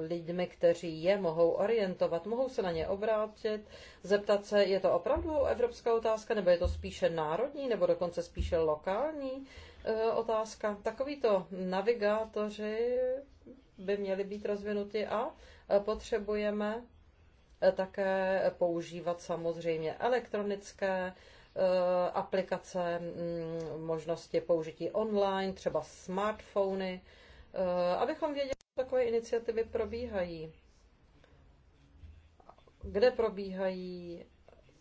lidmi, kteří je mohou orientovat, mohou se na ně obrátit, zeptat se, je to opravdu evropská otázka, nebo je to spíše národní, nebo dokonce spíše lokální eh, otázka. Takovýto navigátoři by měli být rozvinuti a eh, potřebujeme také používat samozřejmě elektronické Eh, aplikace, mm, možnosti použití online, třeba smartfony, eh, abychom věděli, že takové iniciativy probíhají. Kde probíhají?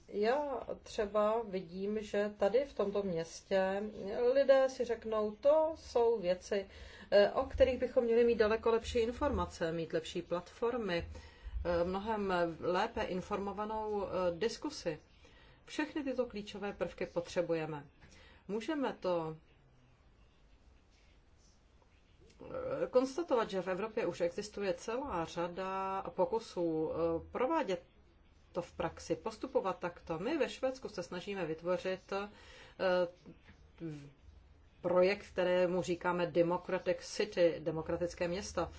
Já třeba vidím, že tady v tomto městě lidé si řeknou, to jsou věci, eh, o kterých bychom měli mít daleko lepší informace, mít lepší platformy, mnohem lépe informovanou diskusi všechny tyto klíčové prvky potřebujeme. Můžeme to eh, konstatovat, že v Evropě už existuje celá řada pokusů eh, provádět to v praxi, postupovat takto. My ve Švédsku se snažíme vytvořit eh, projekt, kterému říkáme Democratic City, demokratické město.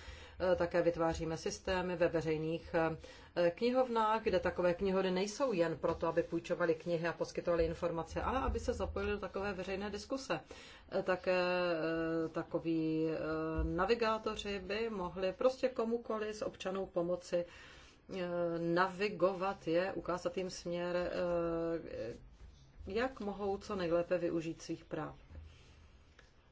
Eh, také vytváříme systémy ve veřejných eh, knihovnách, kde takové knihody nejsou jen proto, aby půjčovali knihy a poskytovali informace, ale aby se zapojili do takové veřejné diskuse. Eh, také takoví navigátoři by mohli prostě komukoli z občanů pomoci navigovat je, ukázat jim směr, jak mohou co nejlépe využít svých práv.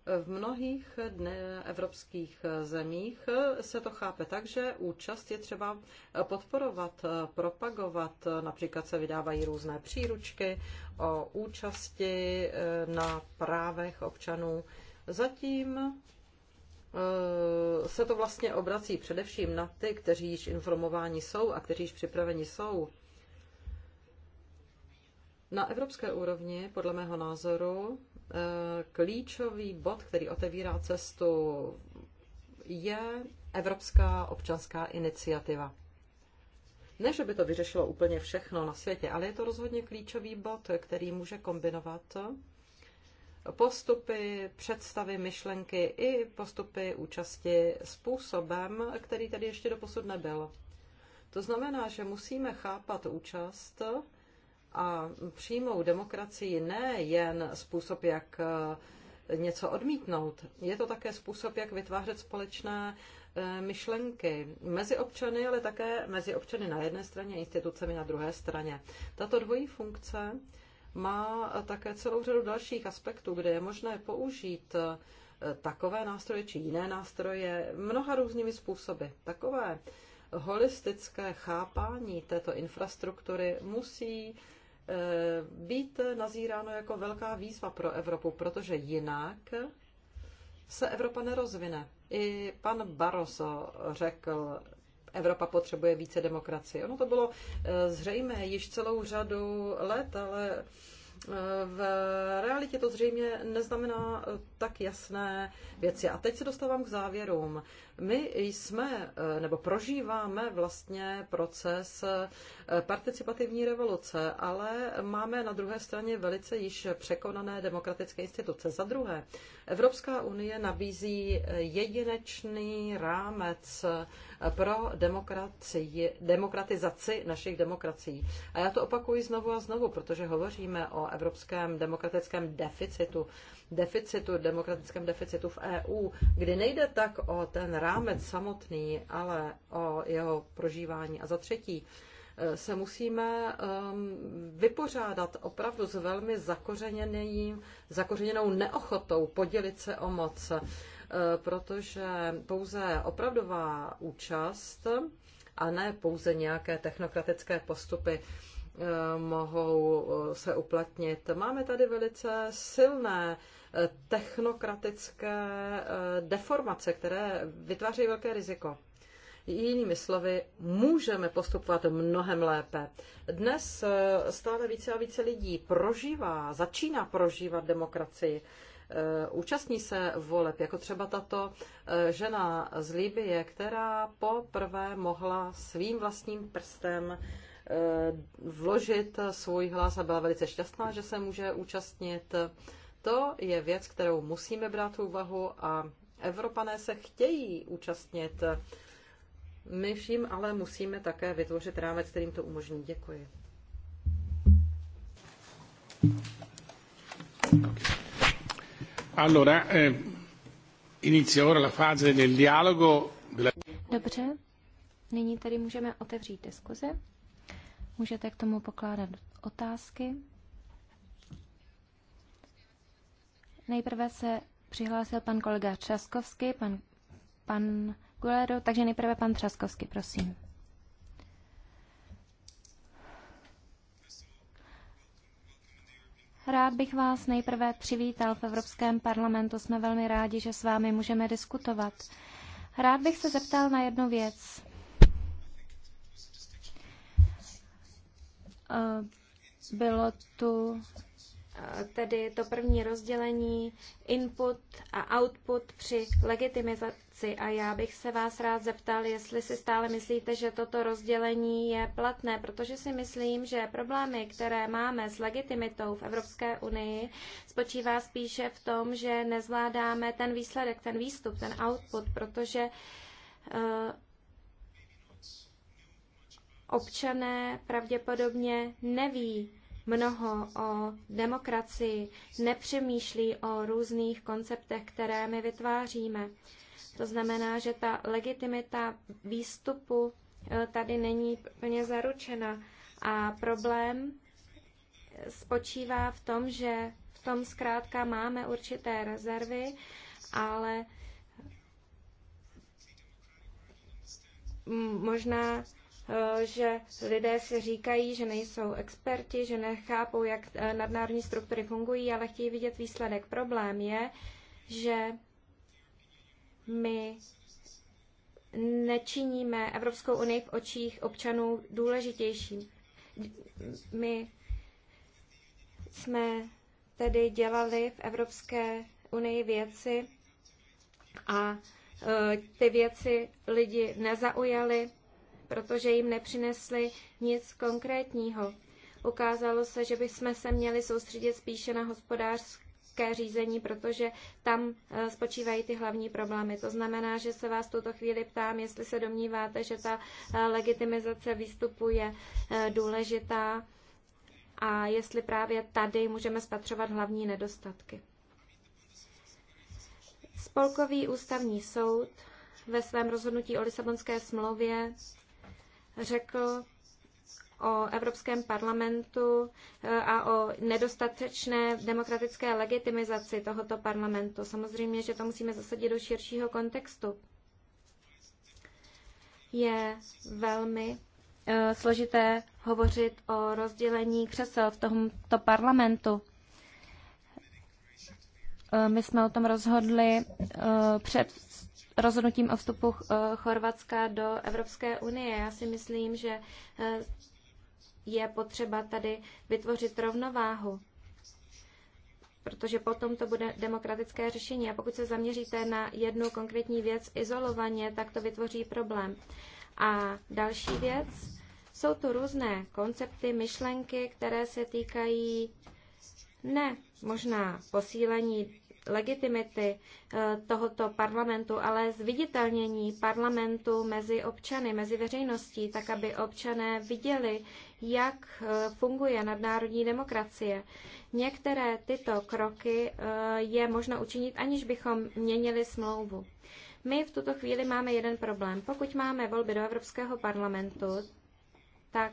V mnohých dne evropských zemích se to chápe tak, že účast je třeba podporovat, propagovat. Například se vydávají různé příručky o účasti eh, na právech občanů. Zatím eh, se to vlastně obrací především na ty, kteří již informováni jsou a kteří již připraveni jsou na evropské úrovni, podle mého názoru, eh, klíčový bod, který otevírá cestu, je Evropská občanská iniciativa. Ne, že by to vyřešilo úplně všechno na světě, ale je to rozhodně klíčový bod, který může kombinovat postupy, představy, myšlenky i postupy účasti způsobem, který tady ještě doposud nebyl. To znamená, že musíme chápat účast a přímou demokracii ne jen způsob, jak eh, něco odmítnout. Je to také způsob, jak vytvářet společné eh, myšlenky mezi občany, ale také mezi občany na jedné straně a institucemi na druhé straně. Tato dvojí funkce má eh, také celou řadu dalších aspektů, kde je možné použít takové nástroje či jiné nástroje mnoha různými způsoby. Takové holistické chápání této infrastruktury musí Eh, být nazíráno jako velká výzva pro Evropu, protože jinak se Evropa nerozvine. I pan Barroso řekl, Evropa potřebuje více demokracie. Ono to bylo eh, zřejmé již celou řadu let, ale eh, v realitě to zřejmě neznamená tak jasné věci. A teď se dostávám k závěrům. My jsme eh, nebo prožíváme vlastně proces eh, participativní revoluce, ale máme na druhé straně velice již překonané demokratické instituce. Za druhé, Evropská unie nabízí jedinečný rámec eh, pro demokracii, demokratizaci našich demokracií. A já to opakuji znovu a znovu, protože hovoříme o evropském demokratickém deficitu, deficitu, demokratickém deficitu v EU, kdy nejde tak o ten rámec, rámec samotný, ale o jeho prožívání. A za třetí, eh, se musíme ehm, vypořádat opravdu s velmi zakořeněným, zakořeněnou neochotou podělit se o moc, eh, protože pouze opravdová účast a ne pouze nějaké technokratické postupy eh, mohou se uplatnit. Máme tady velice silné Eh, technokratické eh, deformace, které vytváří velké riziko. Jinými slovy, můžeme postupovat mnohem lépe. Dnes eh, stále více a více lidí prožívá, začíná prožívat demokracii účastní se voleb, jako třeba tato žena z Libie, která poprvé mohla svým vlastním prstem vložit svůj hlas a byla velice šťastná, že se může účastnit to je věc, kterou musíme brát v úvahu a Evropané se chtějí účastnit. My vším ale musíme také vytvořit rámec, kterým to umožní. Děkuji. Allora, eh, inizia ora la fase del dialogo. Dobře, nyní tady můžeme otevřít diskuzi. Můžete k tomu pokládat otázky. Nejprve se přihlásil pan kolega Třaskovský, pan, pan Gulero, takže nejprve pan Třaskovský, prosím. Rád bych vás nejprve přivítal v Evropském parlamentu. Jsme velmi rádi, že s vámi můžeme diskutovat. Rád bych se zeptal na jednu věc. Eh, bylo tu tedy to první rozdělení input a output při legitimizaci. A já bych se vás rád zeptal, jestli si stále myslíte, že toto rozdělení je platné, protože si myslím, že problémy, které máme s legitimitou v Evropské unii, spočívá spíše v tom, že nezvládáme ten výsledek, ten výstup, ten output, protože uh, občané pravděpodobně neví, mnoho o demokracii, nepřemýšlí o různých konceptech, které my vytváříme. To znamená, že ta legitimita výstupu eh, tady není plně zaručena. A problém eh, spočívá v tom, že v tom zkrátka máme určité rezervy, ale možná Eh, že lidé si říkají, že nejsou experti, že nechápou, jak eh, nadnárodní struktury fungují, ale chtějí vidět výsledek. Problém je, že my nečiníme Evropskou unii v očích občanů důležitější. My jsme tedy dělali v Evropské unii věci a eh, ty věci lidi nezaujaly protože jim nepřinesly nic konkrétního. Ukázalo se, že bychom se měli soustředit spíše na hospodářské řízení, protože tam eh, spočívají ty hlavní problémy. To znamená, že se vás tuto chvíli ptám, jestli se domníváte, že ta eh, legitimizace výstupu je eh, důležitá a jestli právě tady můžeme spatřovat hlavní nedostatky. Spolkový ústavní soud ve svém rozhodnutí o Lisabonské smlouvě řekl o Evropském parlamentu eh, a o nedostatečné demokratické legitimizaci tohoto parlamentu. Samozřejmě, že to musíme zasadit do širšího kontextu. Je velmi eh, složité hovořit o rozdělení křesel v tomto parlamentu. Eh, my jsme o tom rozhodli před rozhodnutím o vstupu eh, Chorvatska do Evropské unie. Já si myslím, že eh, je potřeba tady vytvořit rovnováhu protože potom to bude demokratické řešení. A pokud se zaměříte na jednu konkrétní věc izolovaně, tak to vytvoří problém. A další věc, jsou tu různé koncepty, myšlenky, které se týkají ne možná posílení legitimity eh, tohoto parlamentu, ale zviditelnění parlamentu mezi občany, mezi veřejností, tak aby občané viděli, jak eh, funguje nadnárodní demokracie. Některé tyto kroky eh, je možno učinit, aniž bychom měnili smlouvu. My v tuto chvíli máme jeden problém. Pokud máme volby do Evropského parlamentu, tak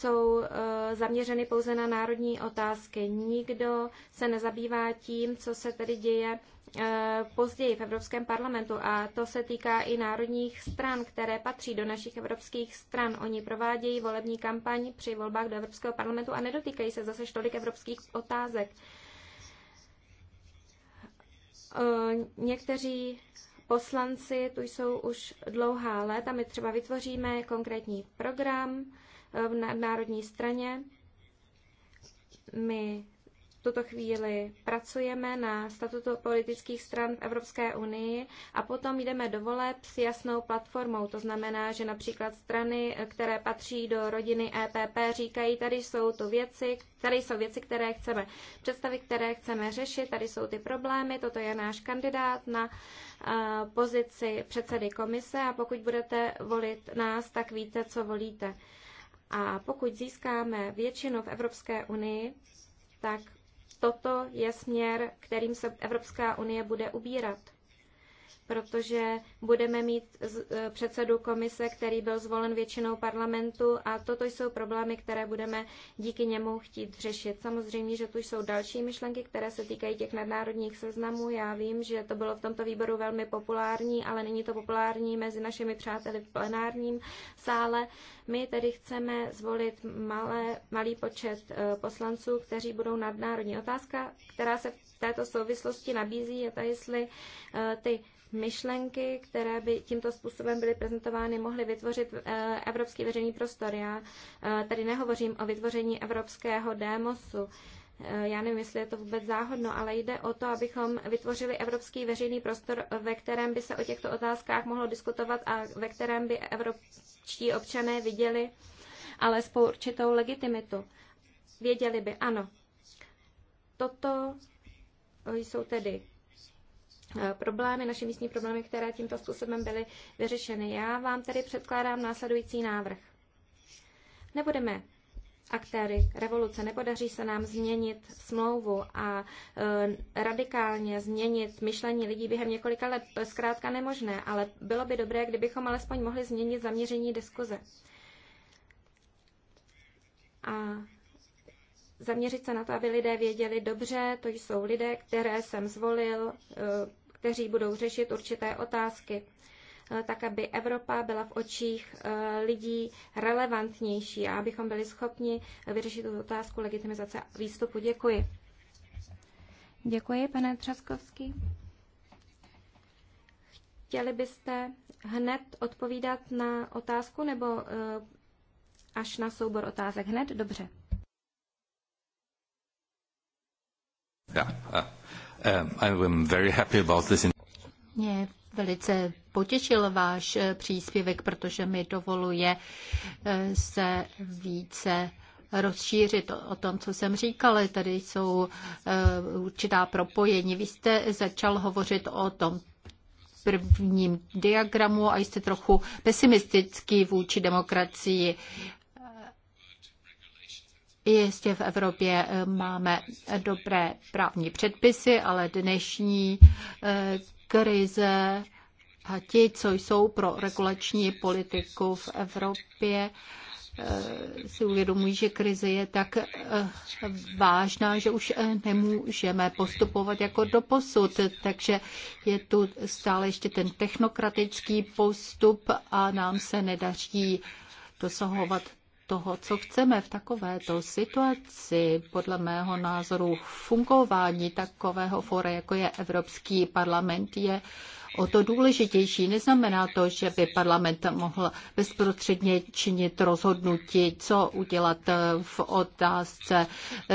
jsou eh, zaměřeny pouze na národní otázky. Nikdo se nezabývá tím, co se tedy děje eh, později v Evropském parlamentu a to se týká i národních stran, které patří do našich evropských stran. Oni provádějí volební kampaň při volbách do Evropského parlamentu a nedotýkají se zase tolik evropských otázek. Eh, někteří poslanci tu jsou už dlouhá léta, my třeba vytvoříme konkrétní program, v Národní straně. My tuto chvíli pracujeme na statutu politických stran v Evropské unii a potom jdeme do voleb s jasnou platformou. To znamená, že například strany, které patří do rodiny EPP, říkají, tady jsou to věci, tady jsou věci, které chceme představit, které chceme řešit, tady jsou ty problémy, toto je náš kandidát na eh, pozici předsedy komise a pokud budete volit nás, tak víte, co volíte. A pokud získáme většinu v Evropské unii, tak toto je směr, kterým se Evropská unie bude ubírat protože budeme mít e, předsedu komise, který byl zvolen většinou parlamentu a toto jsou problémy, které budeme díky němu chtít řešit. Samozřejmě, že tu jsou další myšlenky, které se týkají těch nadnárodních seznamů. Já vím, že to bylo v tomto výboru velmi populární, ale není to populární mezi našimi přáteli v plenárním sále. My tedy chceme zvolit malé, malý počet e, poslanců, kteří budou nadnárodní. Otázka, která se v této souvislosti nabízí, je ta, jestli e, ty myšlenky, které by tímto způsobem byly prezentovány, mohly vytvořit eh, evropský veřejný prostor. Já eh, tady nehovořím o vytvoření evropského démosu. Eh, já nevím, jestli je to vůbec záhodno, ale jde o to, abychom vytvořili evropský veřejný prostor, ve kterém by se o těchto otázkách mohlo diskutovat a ve kterém by evropští občané viděli s určitou legitimitu. Věděli by, ano, toto jsou tedy Eh, problémy, naše místní problémy, které tímto způsobem byly vyřešeny. Já vám tedy předkládám následující návrh. Nebudeme aktéry revoluce. Nepodaří se nám změnit smlouvu a e, radikálně změnit myšlení lidí během několika let. To je zkrátka nemožné, ale bylo by dobré, kdybychom alespoň mohli změnit zaměření diskuze. A zaměřit se na to, aby lidé věděli dobře, to jsou lidé, které jsem zvolil, e, kteří budou řešit určité otázky, eh, tak aby Evropa byla v očích eh, lidí relevantnější a abychom byli schopni vyřešit tu otázku legitimizace výstupu. Děkuji. Děkuji, pane Třaskovský. Chtěli byste hned odpovídat na otázku nebo eh, až na soubor otázek hned? Dobře. Ja, Uh, Mě velice potěšil váš eh, příspěvek, protože mi dovoluje eh, se více rozšířit o tom, co jsem říkal. Tady jsou eh, určitá propojení. Vy jste začal hovořit o tom prvním diagramu a jste trochu pesimistický vůči demokracii. Jistě v Evropě eh, máme dobré právní předpisy, ale dnešní eh, krize a ti, co jsou pro regulační politiku v Evropě, eh, si uvědomují, že krize je tak vážná, že už nemůžeme postupovat jako do posud. Takže je tu stále ještě ten technokratický postup a nám se nedaří dosahovat toho, co chceme v takovéto situaci, podle mého názoru fungování takového fora, jako je Evropský parlament, je uh, o to důležitější. Neznamená to, že by parlament mohl bezprostředně činit rozhodnutí, co udělat eh, v otázce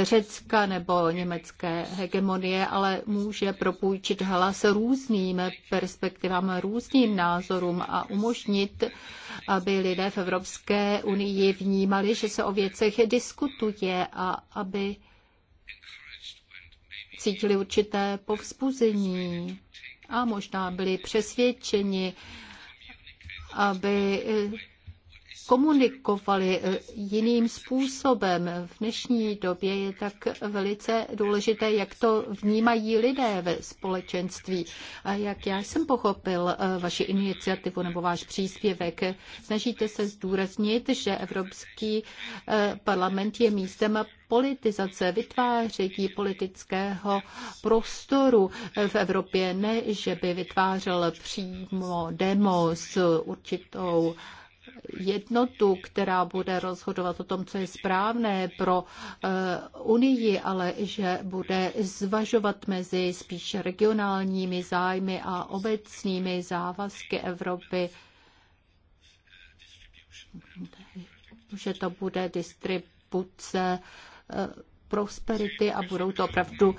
Řecka nebo německé hegemonie, ale může propůjčit hlas různým perspektivám, různým názorům a umožnit, aby lidé v Evropské unii vnímali, že se o věcech diskutuje a aby cítili určité povzbuzení a možná byli přesvědčeni, aby komunikovali eh, jiným způsobem. V dnešní době je tak velice důležité, jak to vnímají lidé ve společenství. A jak já jsem pochopil eh, vaši iniciativu nebo váš příspěvek, snažíte se zdůraznit, že Evropský eh, parlament je místem politizace, vytváření politického prostoru v Evropě, ne že by vytvářel přímo demo s určitou jednotu, která bude rozhodovat o tom, co je správné pro eh, Unii, ale že bude zvažovat mezi spíše regionálními zájmy a obecnými závazky Evropy že to bude distribuce eh, prosperity a budou to opravdu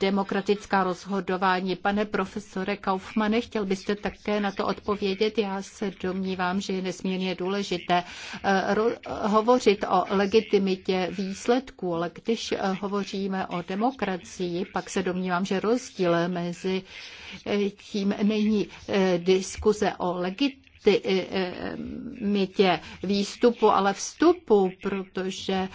demokratická rozhodování. Pane profesore Kaufmane, chtěl byste také na to odpovědět? Já se domnívám, že je nesmírně důležité eh, hovořit o legitimitě výsledků, ale když eh, hovoříme o demokracii, pak se domnívám, že rozdíl mezi eh, tím není diskuze o legitimitě, ty, mytě výstupu, ale vstupu, protože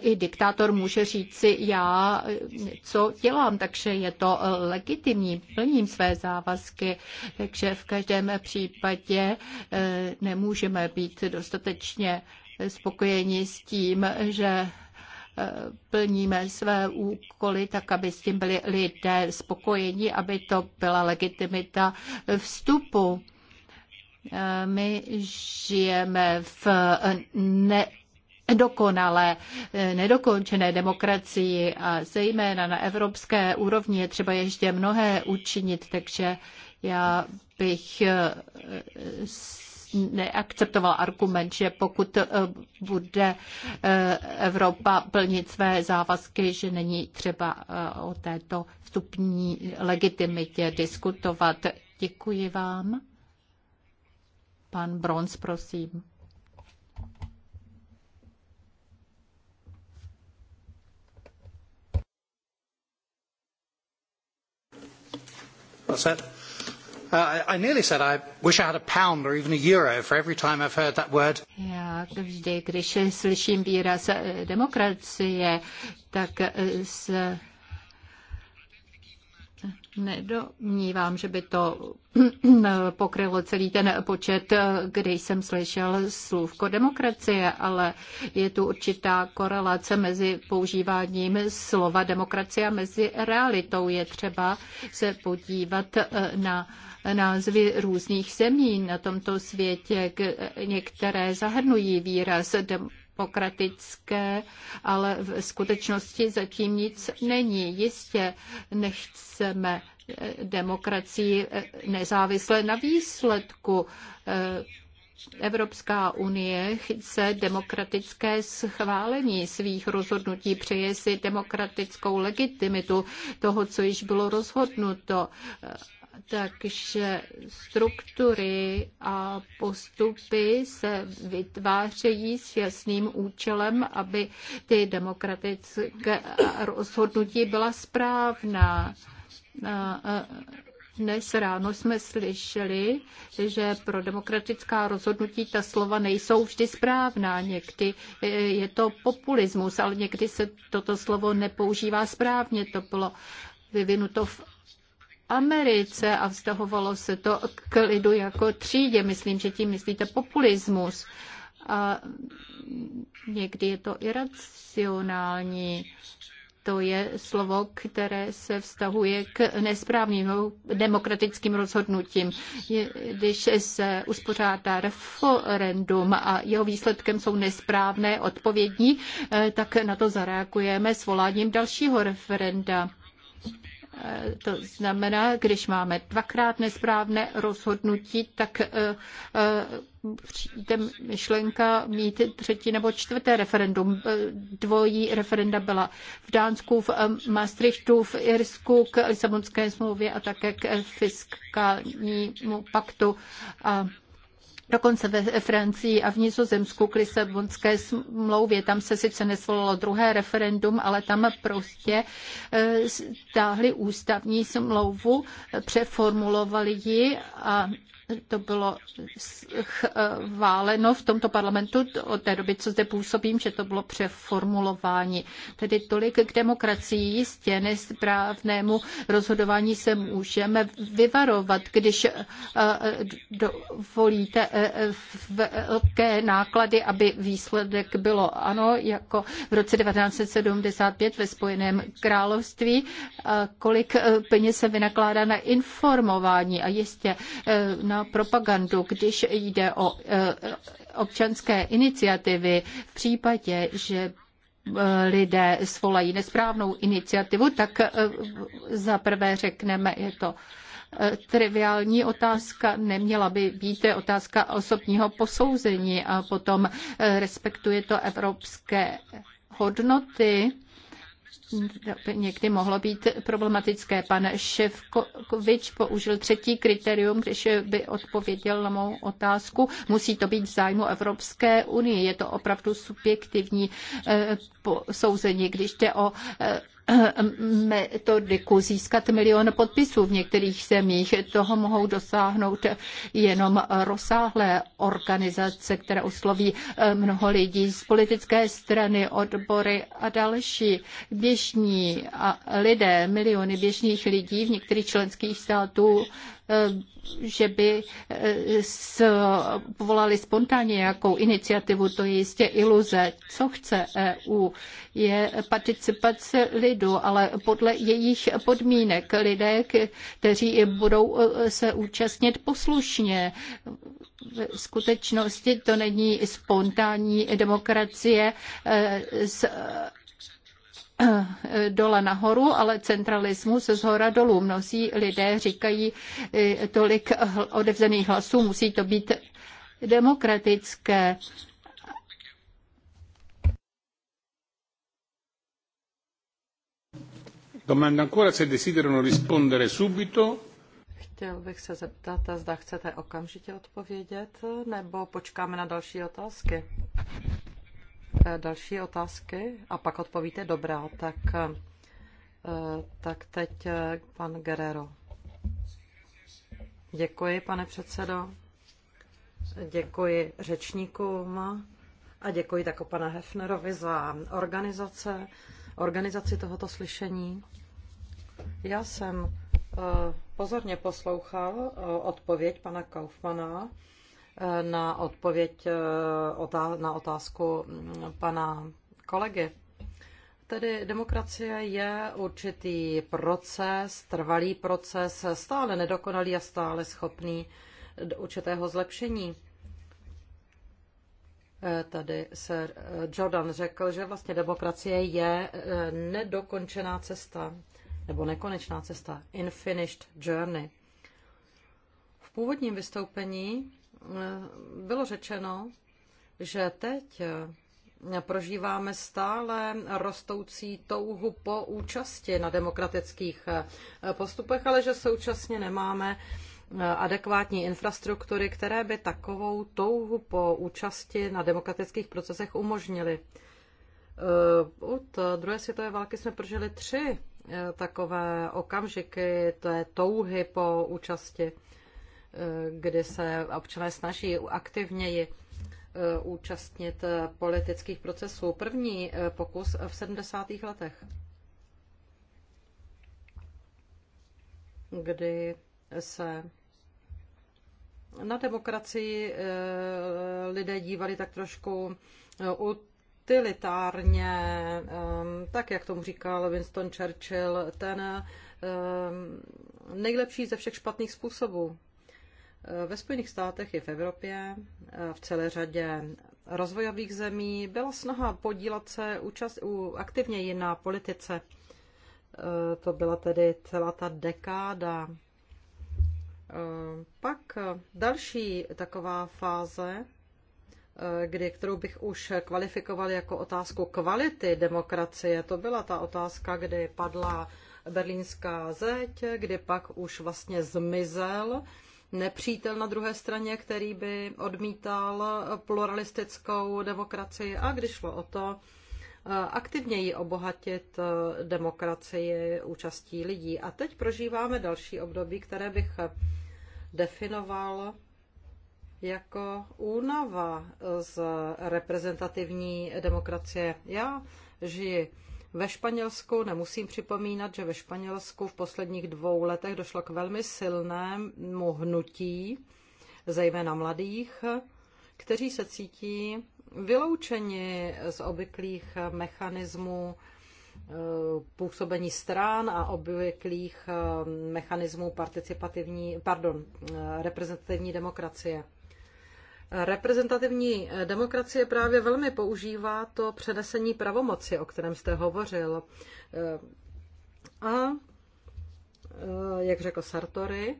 i diktátor může říci, já eh, co dělám, takže je to eh, legitimní, plním své závazky, takže v každém případě eh, nemůžeme být dostatečně spokojeni s tím, že plníme své úkoly, tak aby s tím byli lidé spokojeni, aby to byla legitimita vstupu. My žijeme v ne dokonale eh, nedokončené demokracii a zejména na evropské úrovni je třeba ještě mnohé učinit, takže já bych eh, neakceptoval argument, že pokud eh, bude Evropa plnit své závazky, že není třeba o této vstupní legitimitě diskutovat. Děkuji vám. Pan Bronz, prosím. What's that? Uh, I nearly said I wish I had a pound or even a euro for every time I've heard that word. Já vždy, když slyším výraz eh, demokracie, tak eh, se nedomnívám, že by to <clears throat> pokrylo celý ten počet, kde jsem slyšel slůvko demokracie, ale je tu určitá korelace mezi používáním slova demokracie a mezi realitou. Je třeba se podívat eh, na názvy různých zemí na tomto světě. Některé zahrnují výraz demokracie demokratické, ale v skutečnosti zatím nic není. Jistě nechceme eh, demokracii eh, nezávisle na výsledku. Eh, Evropská unie chce demokratické schválení svých rozhodnutí, přeje si demokratickou legitimitu toho, co již bylo rozhodnuto takže struktury a postupy se vytvářejí s jasným účelem, aby ty demokratické rozhodnutí byla správná. Dnes ráno jsme slyšeli, že pro demokratická rozhodnutí ta slova nejsou vždy správná. Někdy e, je to populismus, ale někdy se toto slovo nepoužívá správně. To bylo vyvinuto v Americe a vztahovalo se to k lidu jako třídě. Myslím, že tím myslíte populismus. A někdy je to iracionální. To je slovo, které se vztahuje k nesprávným demokratickým rozhodnutím. Když se uspořádá referendum a jeho výsledkem jsou nesprávné odpovědní, eh, tak na to zareagujeme svoláním dalšího referenda to znamená, když máme dvakrát nesprávné rozhodnutí, tak eh, eh, přijde myšlenka mít třetí nebo čtvrté referendum. Eh, dvojí referenda byla v Dánsku, v Maastrichtu, v Irsku, k Lisabonské smlouvě a také k fiskálnímu paktu. A Dokonce ve Francii a v Nizozemsku k Lisabonské smlouvě, tam se sice nesvolalo druhé referendum, ale tam prostě eh, stáhli ústavní smlouvu, přeformulovali ji a to bylo schváleno v tomto parlamentu od té doby, co zde působím, že to bylo přeformulování. Tedy tolik k demokracii, jistě nesprávnému rozhodování se můžeme vyvarovat, když eh, dovolíte eh, velké náklady, aby výsledek bylo ano, jako v roce 1975 ve Spojeném království, eh, kolik peněz se vynakládá na informování a jistě na na propagandu, když jde o e, občanské iniciativy v případě, že e, lidé svolají nesprávnou iniciativu, tak e, za prvé řekneme, je to triviální otázka, neměla by být otázka osobního posouzení a potom respektuje to evropské hodnoty někdy mohlo být problematické. Pan Ševkovič použil třetí kritérium, když by odpověděl na mou otázku. Musí to být v zájmu Evropské unie. Je to opravdu subjektivní eh, posouzení, když jde o eh, metodiku získat milion podpisů v některých zemích. Toho mohou dosáhnout jenom rozsáhlé organizace, které osloví eh, mnoho lidí z politické strany, odbory a další. Běžní lidé, miliony běžných lidí v některých členských států Eh, že by povolali eh, spontánně nějakou iniciativu, to je jistě iluze. Co chce EU? Je participace lidu, ale podle jejich podmínek lidé, kteří budou eh, se účastnit poslušně. V skutečnosti to není spontánní demokracie s <clears throat> dole nahoru, ale centralismus z hora dolů. Mnozí lidé říkají eh, tolik odevzených hlasů, musí to být demokratické. Domanda ancora se desiderano rispondere subito. Chtěl bych se zeptat, zda chcete okamžitě odpovědět, nebo počkáme na další otázky. Další otázky a pak odpovíte. Dobrá, tak, eh, tak teď eh, pan Guerrero. Děkuji, pane předsedo. Děkuji řečníkům a děkuji tako pana Hefnerovi za organizace, organizaci tohoto slyšení. Já jsem eh, pozorně poslouchal odpověď pana Kaufmana na odpověď eh, na otázku mm, pana kolegy. Tedy demokracie je určitý proces, trvalý proces, stále nedokonalý a stále schopný určitého zlepšení. Eh, tady se eh, Jordan řekl, že vlastně demokracie je nedokončená cesta, nebo nekonečná cesta, infinished journey. V původním vystoupení bylo řečeno, že teď prožíváme stále rostoucí touhu po účasti na demokratických postupech, ale že současně nemáme adekvátní infrastruktury, které by takovou touhu po účasti na demokratických procesech umožnily. Od druhé světové války jsme prožili tři takové okamžiky té touhy po účasti. Eh, kdy se občané snaží aktivněji eh, účastnit eh, politických procesů. První pokus v 70. letech, kdy se na demokracii lidé dívali tak trošku utilitárně, tak jak tomu říkal Winston Churchill, ten nejlepší ze všech špatných způsobů. Ve Spojených státech i v Evropě, v celé řadě rozvojových zemí byla snaha podílet se účast, u aktivně jiná politice. E, to byla tedy celá ta dekáda. E, pak další taková fáze, e, kdy, kterou bych už kvalifikoval jako otázku kvality demokracie, to byla ta otázka, kdy padla berlínská zeď, kdy pak už vlastně zmizel nepřítel na druhé straně, který by odmítal pluralistickou demokracii a když šlo o to, eh, aktivněji obohatit eh, demokracii účastí lidí. A teď prožíváme další období, které bych eh, definoval jako únava z reprezentativní demokracie. Já žiji ve Španělsku nemusím připomínat, že ve Španělsku v posledních dvou letech došlo k velmi silnému hnutí, zejména mladých, kteří se cítí vyloučeni z obvyklých mechanismů eh, působení strán a obvyklých eh, mechanismů participativní, pardon, eh, reprezentativní demokracie. Reprezentativní demokracie právě velmi používá to přenesení pravomoci, o kterém jste hovořil. A jak řekl Sartori,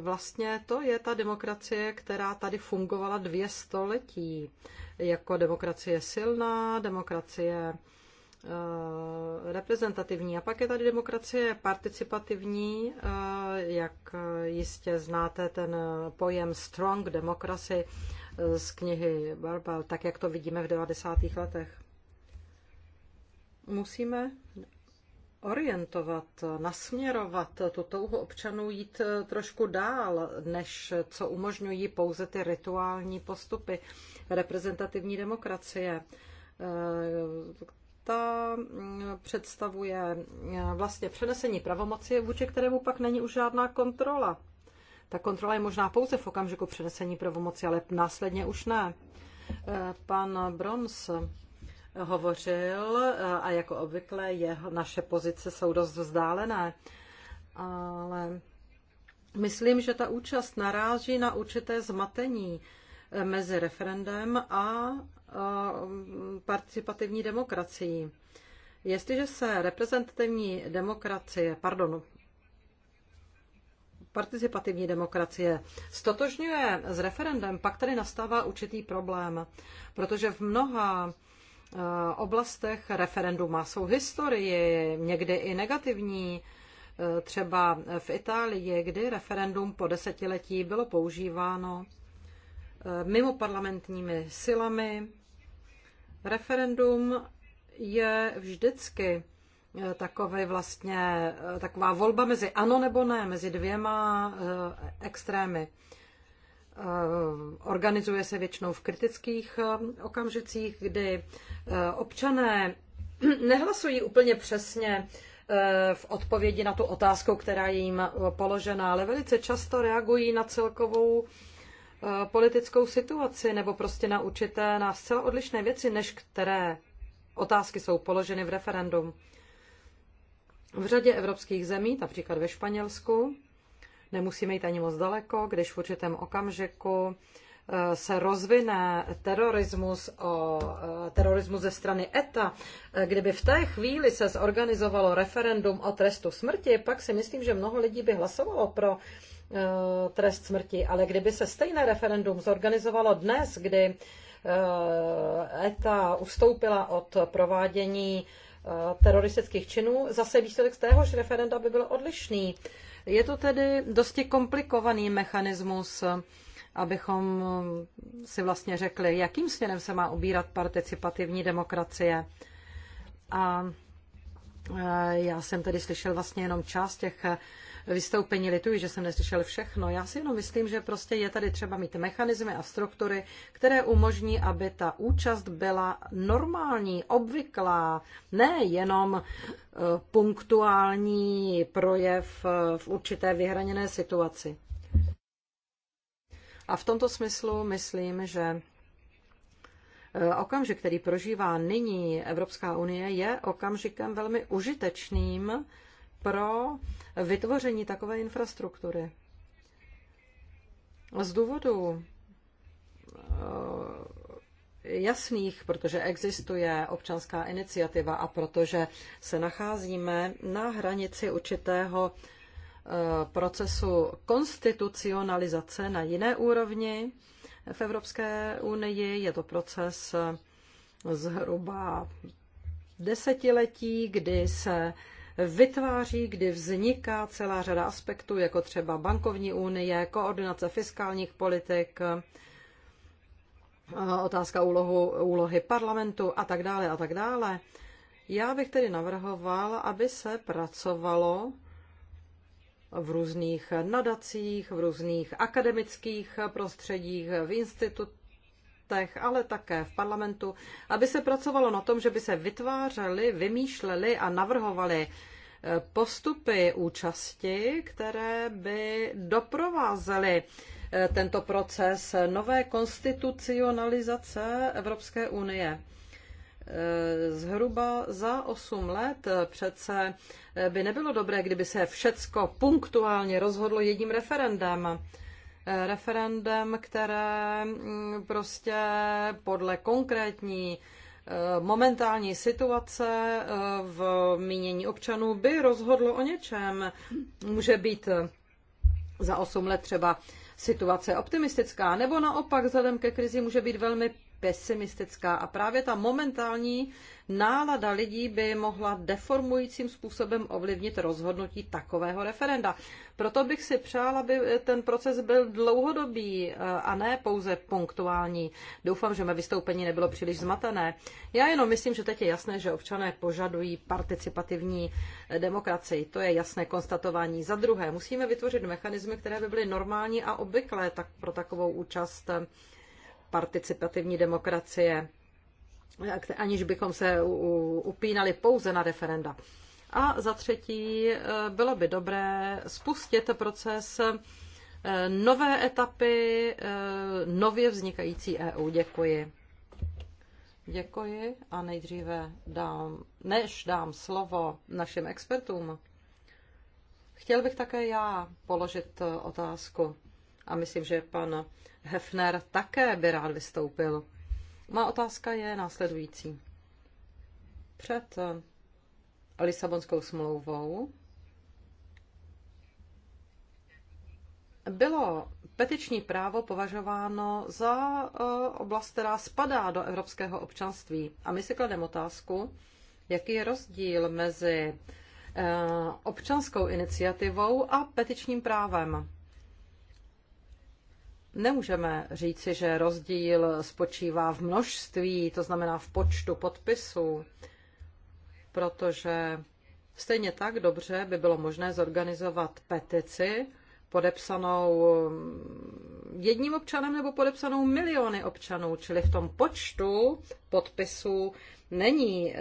Vlastně to je ta demokracie, která tady fungovala dvě století. Jako demokracie silná, demokracie Eh, reprezentativní. A pak je tady demokracie participativní, eh, jak jistě znáte ten pojem strong democracy z knihy Barbel, tak jak to vidíme v 90. letech. Musíme orientovat, nasměrovat tu touhu občanů jít eh, trošku dál, než co umožňují pouze ty rituální postupy reprezentativní demokracie ta mm, představuje eh, vlastně přenesení pravomoci, vůči kterému pak není už žádná kontrola. Ta kontrola je možná pouze v okamžiku přenesení pravomoci, ale následně už ne. Eh, pan Brons hovořil eh, a jako obvykle jeho, naše pozice jsou dost vzdálené, ale myslím, že ta účast naráží na určité zmatení mezi referendem a Mm, participativní demokracií. Jestliže se reprezentativní demokracie, pardon, participativní demokracie stotožňuje s referendem, pak tady nastává určitý problém, protože v mnoha oblastech referendum má svou historii, někdy i negativní, e, třeba v Itálii, kdy referendum po desetiletí bylo používáno e, mimo parlamentními silami Referendum je vždycky eh, takový vlastně, eh, taková volba mezi ano nebo ne, mezi dvěma eh, extrémy. Organizuje se většinou v kritických okamžicích, kdy občané <clears throat> nehlasují úplně přesně v odpovědi na tu otázku, která je jim položena, ale velice často reagují na celkovou Eh, politickou situaci nebo prostě na určité, na zcela odlišné věci, než které otázky jsou položeny v referendum. V řadě evropských zemí, například ve Španělsku, nemusíme jít ani moc daleko, když v určitém okamžiku eh, se rozvine terorismus, o, eh, terorismus ze strany ETA, kdyby v té chvíli se zorganizovalo referendum o trestu smrti, pak si myslím, že mnoho lidí by hlasovalo pro Eh, trest smrti. Ale kdyby se stejné referendum zorganizovalo dnes, kdy eh, ETA ustoupila od provádění eh, teroristických činů, zase výsledek z téhož referenda by byl odlišný. Je to tedy dosti komplikovaný mechanismus, abychom si vlastně řekli, jakým směrem se má ubírat participativní demokracie. A já jsem tedy slyšel vlastně jenom část těch vystoupení. Lituji, že jsem neslyšel všechno. Já si jenom myslím, že prostě je tady třeba mít mechanismy a struktury, které umožní, aby ta účast byla normální, obvyklá, ne jenom eh, punktuální projev eh, v určité vyhraněné situaci. A v tomto smyslu myslím, že eh, okamžik, který prožívá nyní Evropská unie, je okamžikem velmi užitečným pro vytvoření takové infrastruktury. Z důvodu eh, jasných, protože existuje občanská iniciativa a protože se nacházíme na hranici určitého eh, procesu konstitucionalizace na jiné úrovni v Evropské unii. Je to proces eh, zhruba desetiletí, kdy se vytváří, kdy vzniká celá řada aspektů, jako třeba bankovní unie, koordinace fiskálních politik, eh, otázka úlohu, úlohy parlamentu a tak dále a tak dále. Já bych tedy navrhoval, aby se pracovalo v různých nadacích, v různých akademických prostředích, v institutech, městech, ale také v parlamentu, aby se pracovalo na tom, že by se vytvářely, vymýšlely a navrhovaly eh, postupy účasti, které by doprovázely eh, tento proces nové konstitucionalizace Evropské unie. Eh, zhruba za 8 let přece by nebylo dobré, kdyby se všecko punktuálně rozhodlo jedním referendem referendem, které mm, prostě podle konkrétní eh, momentální situace eh, v mínění občanů by rozhodlo o něčem. Může být eh, za 8 let třeba situace optimistická, nebo naopak vzhledem ke krizi může být velmi pesimistická a právě ta momentální nálada lidí by mohla deformujícím způsobem ovlivnit rozhodnutí takového referenda. Proto bych si přála, aby ten proces byl dlouhodobý eh, a ne pouze punktuální. Doufám, že mé vystoupení nebylo příliš zmatené. Já jenom myslím, že teď je jasné, že občané požadují participativní eh, demokracii. To je jasné konstatování. Za druhé, musíme vytvořit mechanismy, které by byly normální a obvyklé tak pro takovou účast eh, participativní demokracie, aniž bychom se upínali pouze na referenda. A za třetí, eh, bylo by dobré spustit proces eh, nové etapy eh, nově vznikající EU. Děkuji. Děkuji a nejdříve dám, než dám slovo našim expertům, chtěl bych také já položit otázku. A myslím, že pan Hefner také by rád vystoupil. Má otázka je následující. Před eh, Lisabonskou smlouvou bylo petiční právo považováno za eh, oblast, která spadá do evropského občanství. A my si klademe otázku, jaký je rozdíl mezi eh, občanskou iniciativou a petičním právem. Nemůžeme říci, že rozdíl spočívá v množství, to znamená v počtu podpisů, protože stejně tak dobře by bylo možné zorganizovat petici podepsanou mm, jedním občanem nebo podepsanou miliony občanů, čili v tom počtu podpisů není e,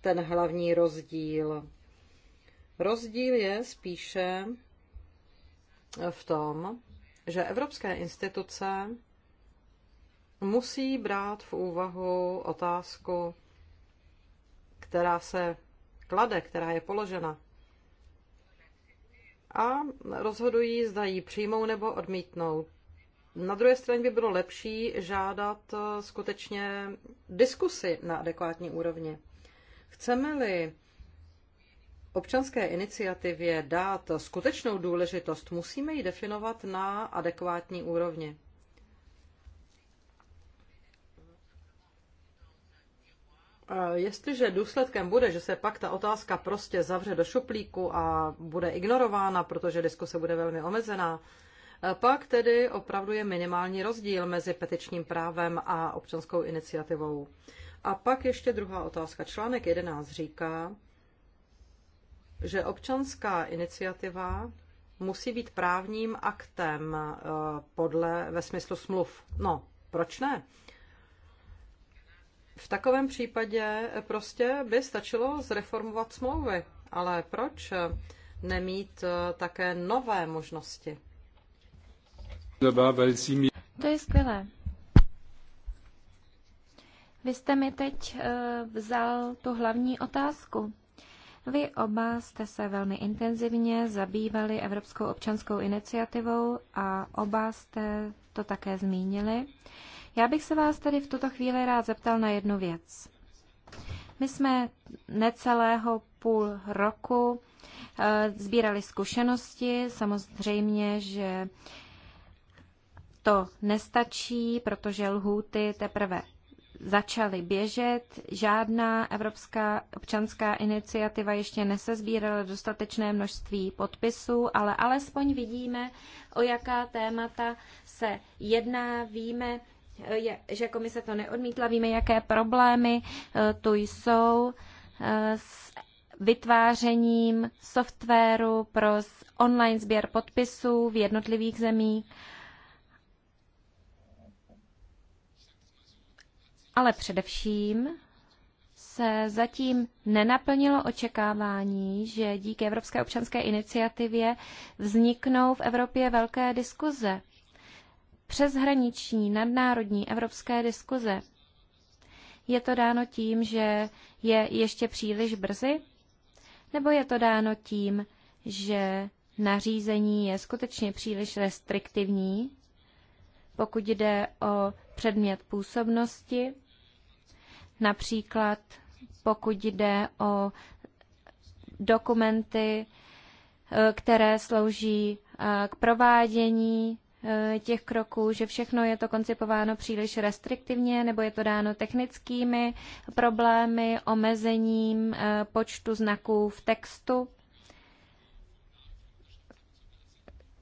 ten hlavní rozdíl. Rozdíl je spíše v tom, že evropské instituce musí brát v úvahu otázku, která se klade, která je položena. A rozhodují, zda ji přijmou nebo odmítnou. Na druhé straně by bylo lepší žádat eh, skutečně diskusy na adekvátní úrovni. Chceme-li občanské iniciativě dát skutečnou důležitost, musíme ji definovat na adekvátní úrovni. Jestliže důsledkem bude, že se pak ta otázka prostě zavře do šuplíku a bude ignorována, protože diskuse bude velmi omezená, pak tedy opravdu je minimální rozdíl mezi petičním právem a občanskou iniciativou. A pak ještě druhá otázka. Článek 11 říká, že občanská iniciativa musí být právním aktem eh, podle ve smyslu smluv. No, proč ne? V takovém případě prostě by stačilo zreformovat smlouvy. Ale proč eh, nemít eh, také nové možnosti? To je skvělé. Vy jste mi teď vzal tu hlavní otázku. Vy oba jste se velmi intenzivně zabývali Evropskou občanskou iniciativou a oba jste to také zmínili. Já bych se vás tedy v tuto chvíli rád zeptal na jednu věc. My jsme necelého půl roku eh, sbírali zkušenosti. Samozřejmě, že to nestačí, protože lhůty teprve začaly běžet. Žádná evropská občanská iniciativa ještě nesezbírala dostatečné množství podpisů, ale alespoň vidíme, o jaká témata se jedná. Víme, že komise to neodmítla, víme, jaké problémy eh, tu jsou eh, s vytvářením softwaru pro online sběr podpisů v jednotlivých zemích ale především se zatím nenaplnilo očekávání, že díky Evropské občanské iniciativě vzniknou v Evropě velké diskuze. Přeshraniční, nadnárodní evropské diskuze. Je to dáno tím, že je ještě příliš brzy? Nebo je to dáno tím, že nařízení je skutečně příliš restriktivní pokud jde o předmět působnosti, například pokud jde o dokumenty, eh, které slouží eh, k provádění eh, těch kroků, že všechno je to koncipováno příliš restriktivně, nebo je to dáno technickými problémy, omezením počtu znaků v textu.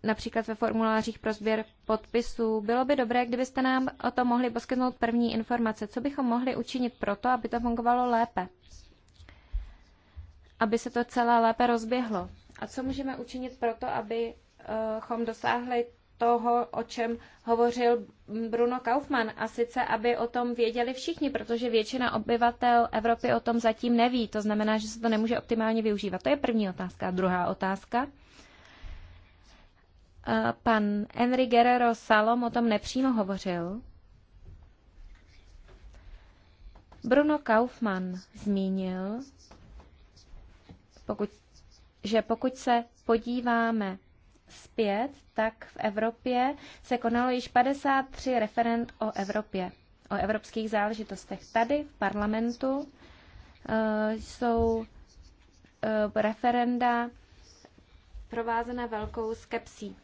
například ve formulářích pro sběr podpisů. Bylo by dobré, kdybyste nám o tom mohli poskytnout první informace. Co bychom mohli učinit pro to, aby to fungovalo lépe? Aby se to celé lépe rozběhlo. A co můžeme učinit pro to, abychom eh, dosáhli toho, o čem hovořil Bruno Kaufmann, a sice, aby o tom věděli všichni, protože většina obyvatel Evropy o tom zatím neví. To znamená, že se to nemůže optimálně využívat. To je první otázka. druhá otázka. Pan Henry Guerrero Salom o tom nepřímo hovořil. Bruno Kaufmann zmínil, pokud, že pokud se podíváme zpět, tak v Evropě se konalo již 53 referent o Evropě, o evropských záležitostech. Tady v parlamentu uh, jsou uh, referenda provázena velkou skepsí.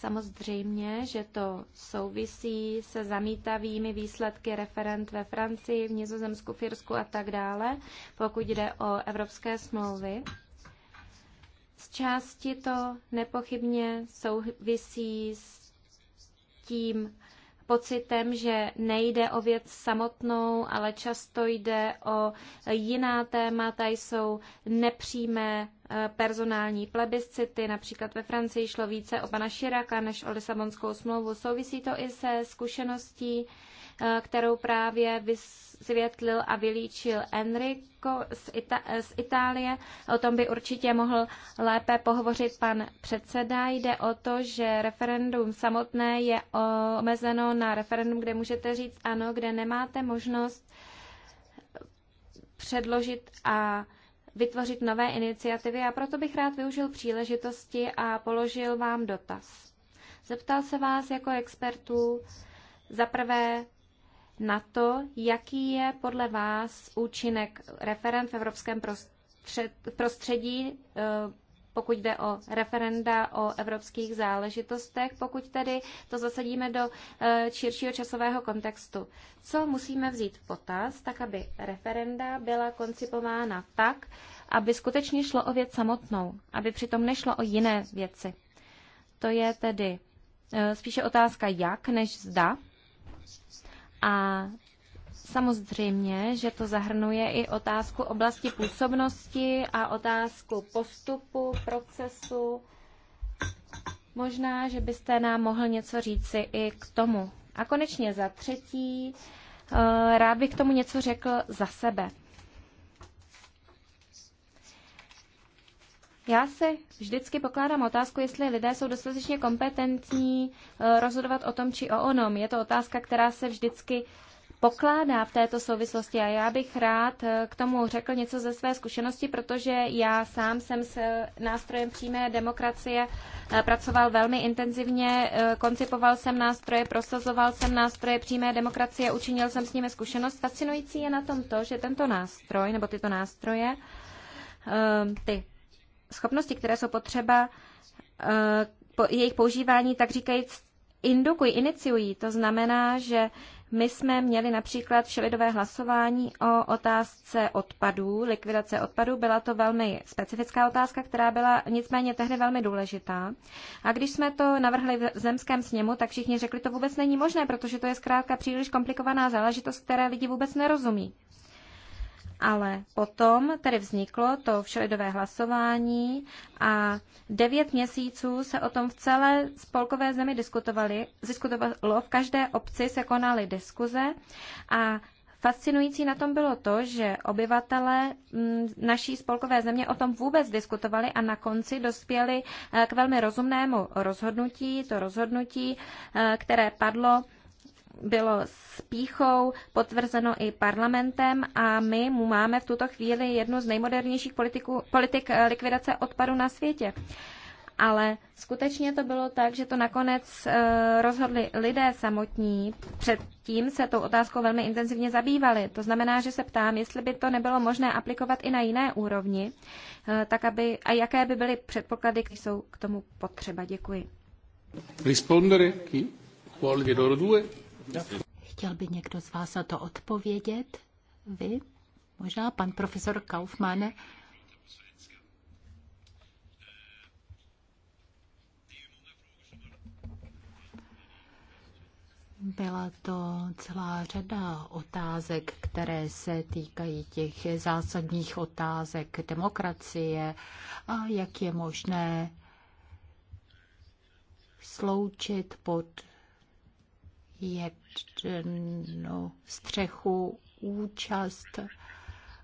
Samozřejmě, že to souvisí se zamítavými výsledky referent ve Francii, v Nizozemsku, Firsku a tak dále, pokud jde o evropské smlouvy. Z části to nepochybně souvisí s tím pocitem, že nejde o věc samotnou, ale často jde o jiná témata, jsou nepřímé eh, personální plebiscity. Například ve Francii šlo více o pana Širaka než o Lisabonskou smlouvu. Souvisí to i se zkušeností Eh, kterou právě vysvětlil a vylíčil Enrico z, Ita- z Itálie. O tom by určitě mohl lépe pohovořit pan předseda. Jde o to, že referendum samotné je omezeno na referendum, kde můžete říct ano, kde nemáte možnost předložit a vytvořit nové iniciativy a proto bych rád využil příležitosti a položil vám dotaz. Zeptal se vás jako expertů za prvé, na to, jaký je podle vás účinek referent v evropském prostředí, eh, pokud jde o referenda o evropských záležitostech, pokud tedy to zasadíme do eh, širšího časového kontextu. Co musíme vzít v potaz, tak aby referenda byla koncipována tak, aby skutečně šlo o věc samotnou, aby přitom nešlo o jiné věci. To je tedy eh, spíše otázka jak než zda, a samozřejmě, že to zahrnuje i otázku oblasti působnosti a otázku postupu, procesu. Možná, že byste nám mohl něco říci i k tomu. A konečně za třetí, eh, rád bych k tomu něco řekl za sebe. Já se vždycky pokládám otázku, jestli lidé jsou dostatečně kompetentní eh, rozhodovat o tom či o onom. Je to otázka, která se vždycky pokládá v této souvislosti a já bych rád eh, k tomu řekl něco ze své zkušenosti, protože já sám jsem s eh, nástrojem přímé demokracie pracoval velmi intenzivně, koncipoval jsem nástroje, prosazoval jsem nástroje přímé demokracie, učinil jsem s nimi zkušenost. Fascinující je na tom to, že tento nástroj nebo tyto nástroje ty schopnosti, které jsou potřeba, eh, po jejich používání, tak říkajíc, indukují, iniciují. To znamená, že my jsme měli například všelidové hlasování o otázce odpadů, likvidace odpadů. Byla to velmi specifická otázka, která byla nicméně tehdy velmi důležitá. A když jsme to navrhli v zemském sněmu, tak všichni řekli, to vůbec není možné, protože to je zkrátka příliš komplikovaná záležitost, které lidi vůbec nerozumí ale potom tady vzniklo to všelidové hlasování a devět měsíců se o tom v celé spolkové zemi diskutovali. diskutovalo, v každé obci se konaly diskuze a Fascinující na tom bylo to, že obyvatele mm, naší spolkové země o tom vůbec diskutovali a na konci dospěli eh, k velmi rozumnému rozhodnutí, to rozhodnutí, eh, které padlo bylo s píchou potvrzeno i parlamentem a my mu máme v tuto chvíli jednu z nejmodernějších politiku, politik eh, likvidace odpadu na světě. Ale skutečně to bylo tak, že to nakonec eh, rozhodli lidé samotní. Předtím se tou otázkou velmi intenzivně zabývali. To znamená, že se ptám, jestli by to nebylo možné aplikovat i na jiné úrovni, eh, tak aby, a jaké by byly předpoklady, které jsou k tomu potřeba. Děkuji. Respondere, chi vuole che due Chtěl by někdo z vás na to odpovědět? Vy? Možná pan profesor Kaufmann? Byla to celá řada otázek, které se týkají těch zásadních otázek demokracie a jak je možné sloučit pod jednu střechu účast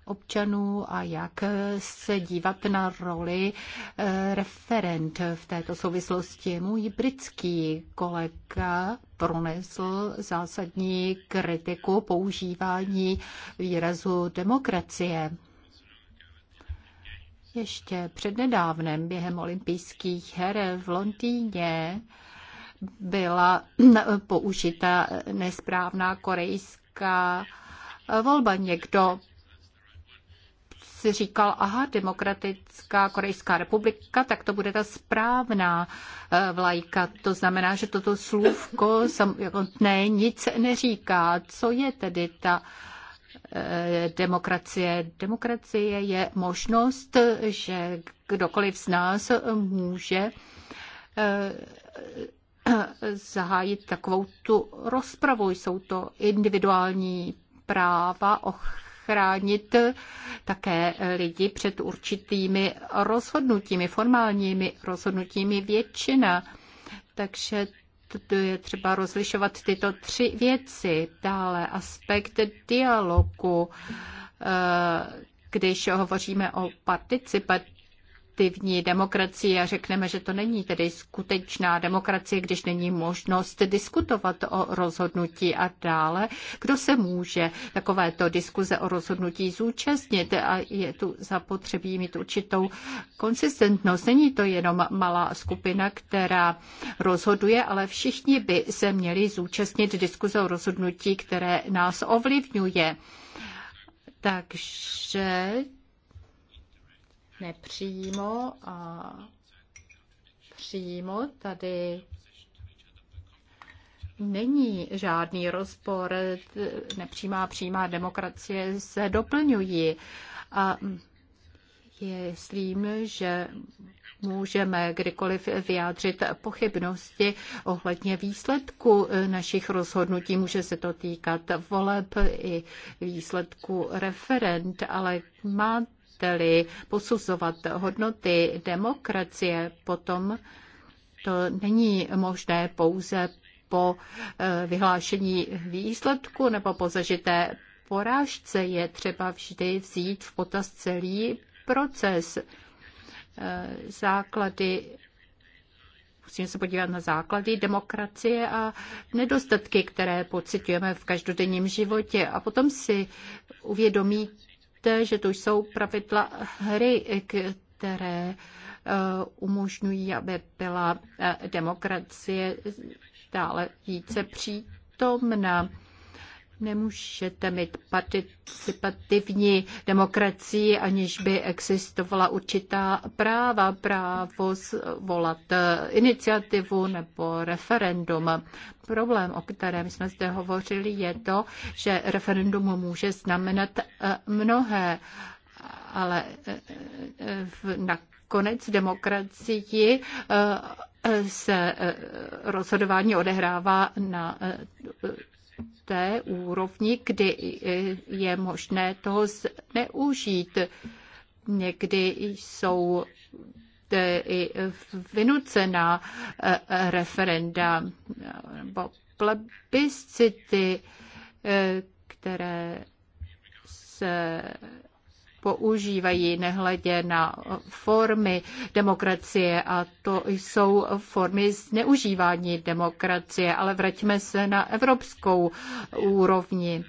občanů a jak se dívat na roli eh, referent v této souvislosti. Můj britský kolega pronesl zásadní kritiku používání výrazu demokracie. Ještě přednedávnem během olympijských her v Londýně byla použita nesprávná korejská volba. Někdo si říkal, aha, demokratická Korejská republika, tak to bude ta správná eh, vlajka. To znamená, že toto slůvko samotné nic neříká. Co je tedy ta eh, demokracie? Demokracie je možnost, že kdokoliv z nás může eh, zahájit takovou tu rozpravu. Jsou to individuální práva ochránit také lidi před určitými rozhodnutími, formálními rozhodnutími většina. Takže je třeba rozlišovat tyto tři věci. Dále aspekt dialogu, eh, když hovoříme o participaci aktivní demokracii a řekneme, že to není tedy skutečná demokracie, když není možnost diskutovat o rozhodnutí a dále, kdo se může takovéto diskuze o rozhodnutí zúčastnit a je tu zapotřebí mít určitou konsistentnost. Není to jenom malá skupina, která rozhoduje, ale všichni by se měli zúčastnit diskuze o rozhodnutí, které nás ovlivňuje. Takže nepřímo a přímo tady není žádný rozpor. Nepřímá a přímá demokracie se doplňují. A myslím, že můžeme kdykoliv vyjádřit pochybnosti ohledně výsledku našich rozhodnutí. Může se to týkat voleb i výsledku referent, ale má přáteli, posuzovat hodnoty demokracie, potom to není možné pouze po eh, vyhlášení výsledku nebo po zažité porážce. Je třeba vždy vzít v potaz celý proces. Eh, základy musíme se podívat na základy demokracie a nedostatky, které pocitujeme v každodenním životě. A potom si uvědomí že tu jsou pravidla hry, které eh, umožňují, aby byla eh, demokracie dále více přítomna. Nemůžete mít participativní demokracii, aniž by existovala určitá práva, právo volat iniciativu nebo referendum. Problém, o kterém jsme zde hovořili, je to, že referendum může znamenat eh, mnohé, ale eh, na konec demokracii eh, se rozhodování odehrává na té úrovni, kdy je možné toho zneužít. Někdy jsou i vynucená eh, referenda nebo plebiscity, eh, které se používají nehledě na formy demokracie a to jsou formy zneužívání demokracie, ale vraťme se na evropskou úrovni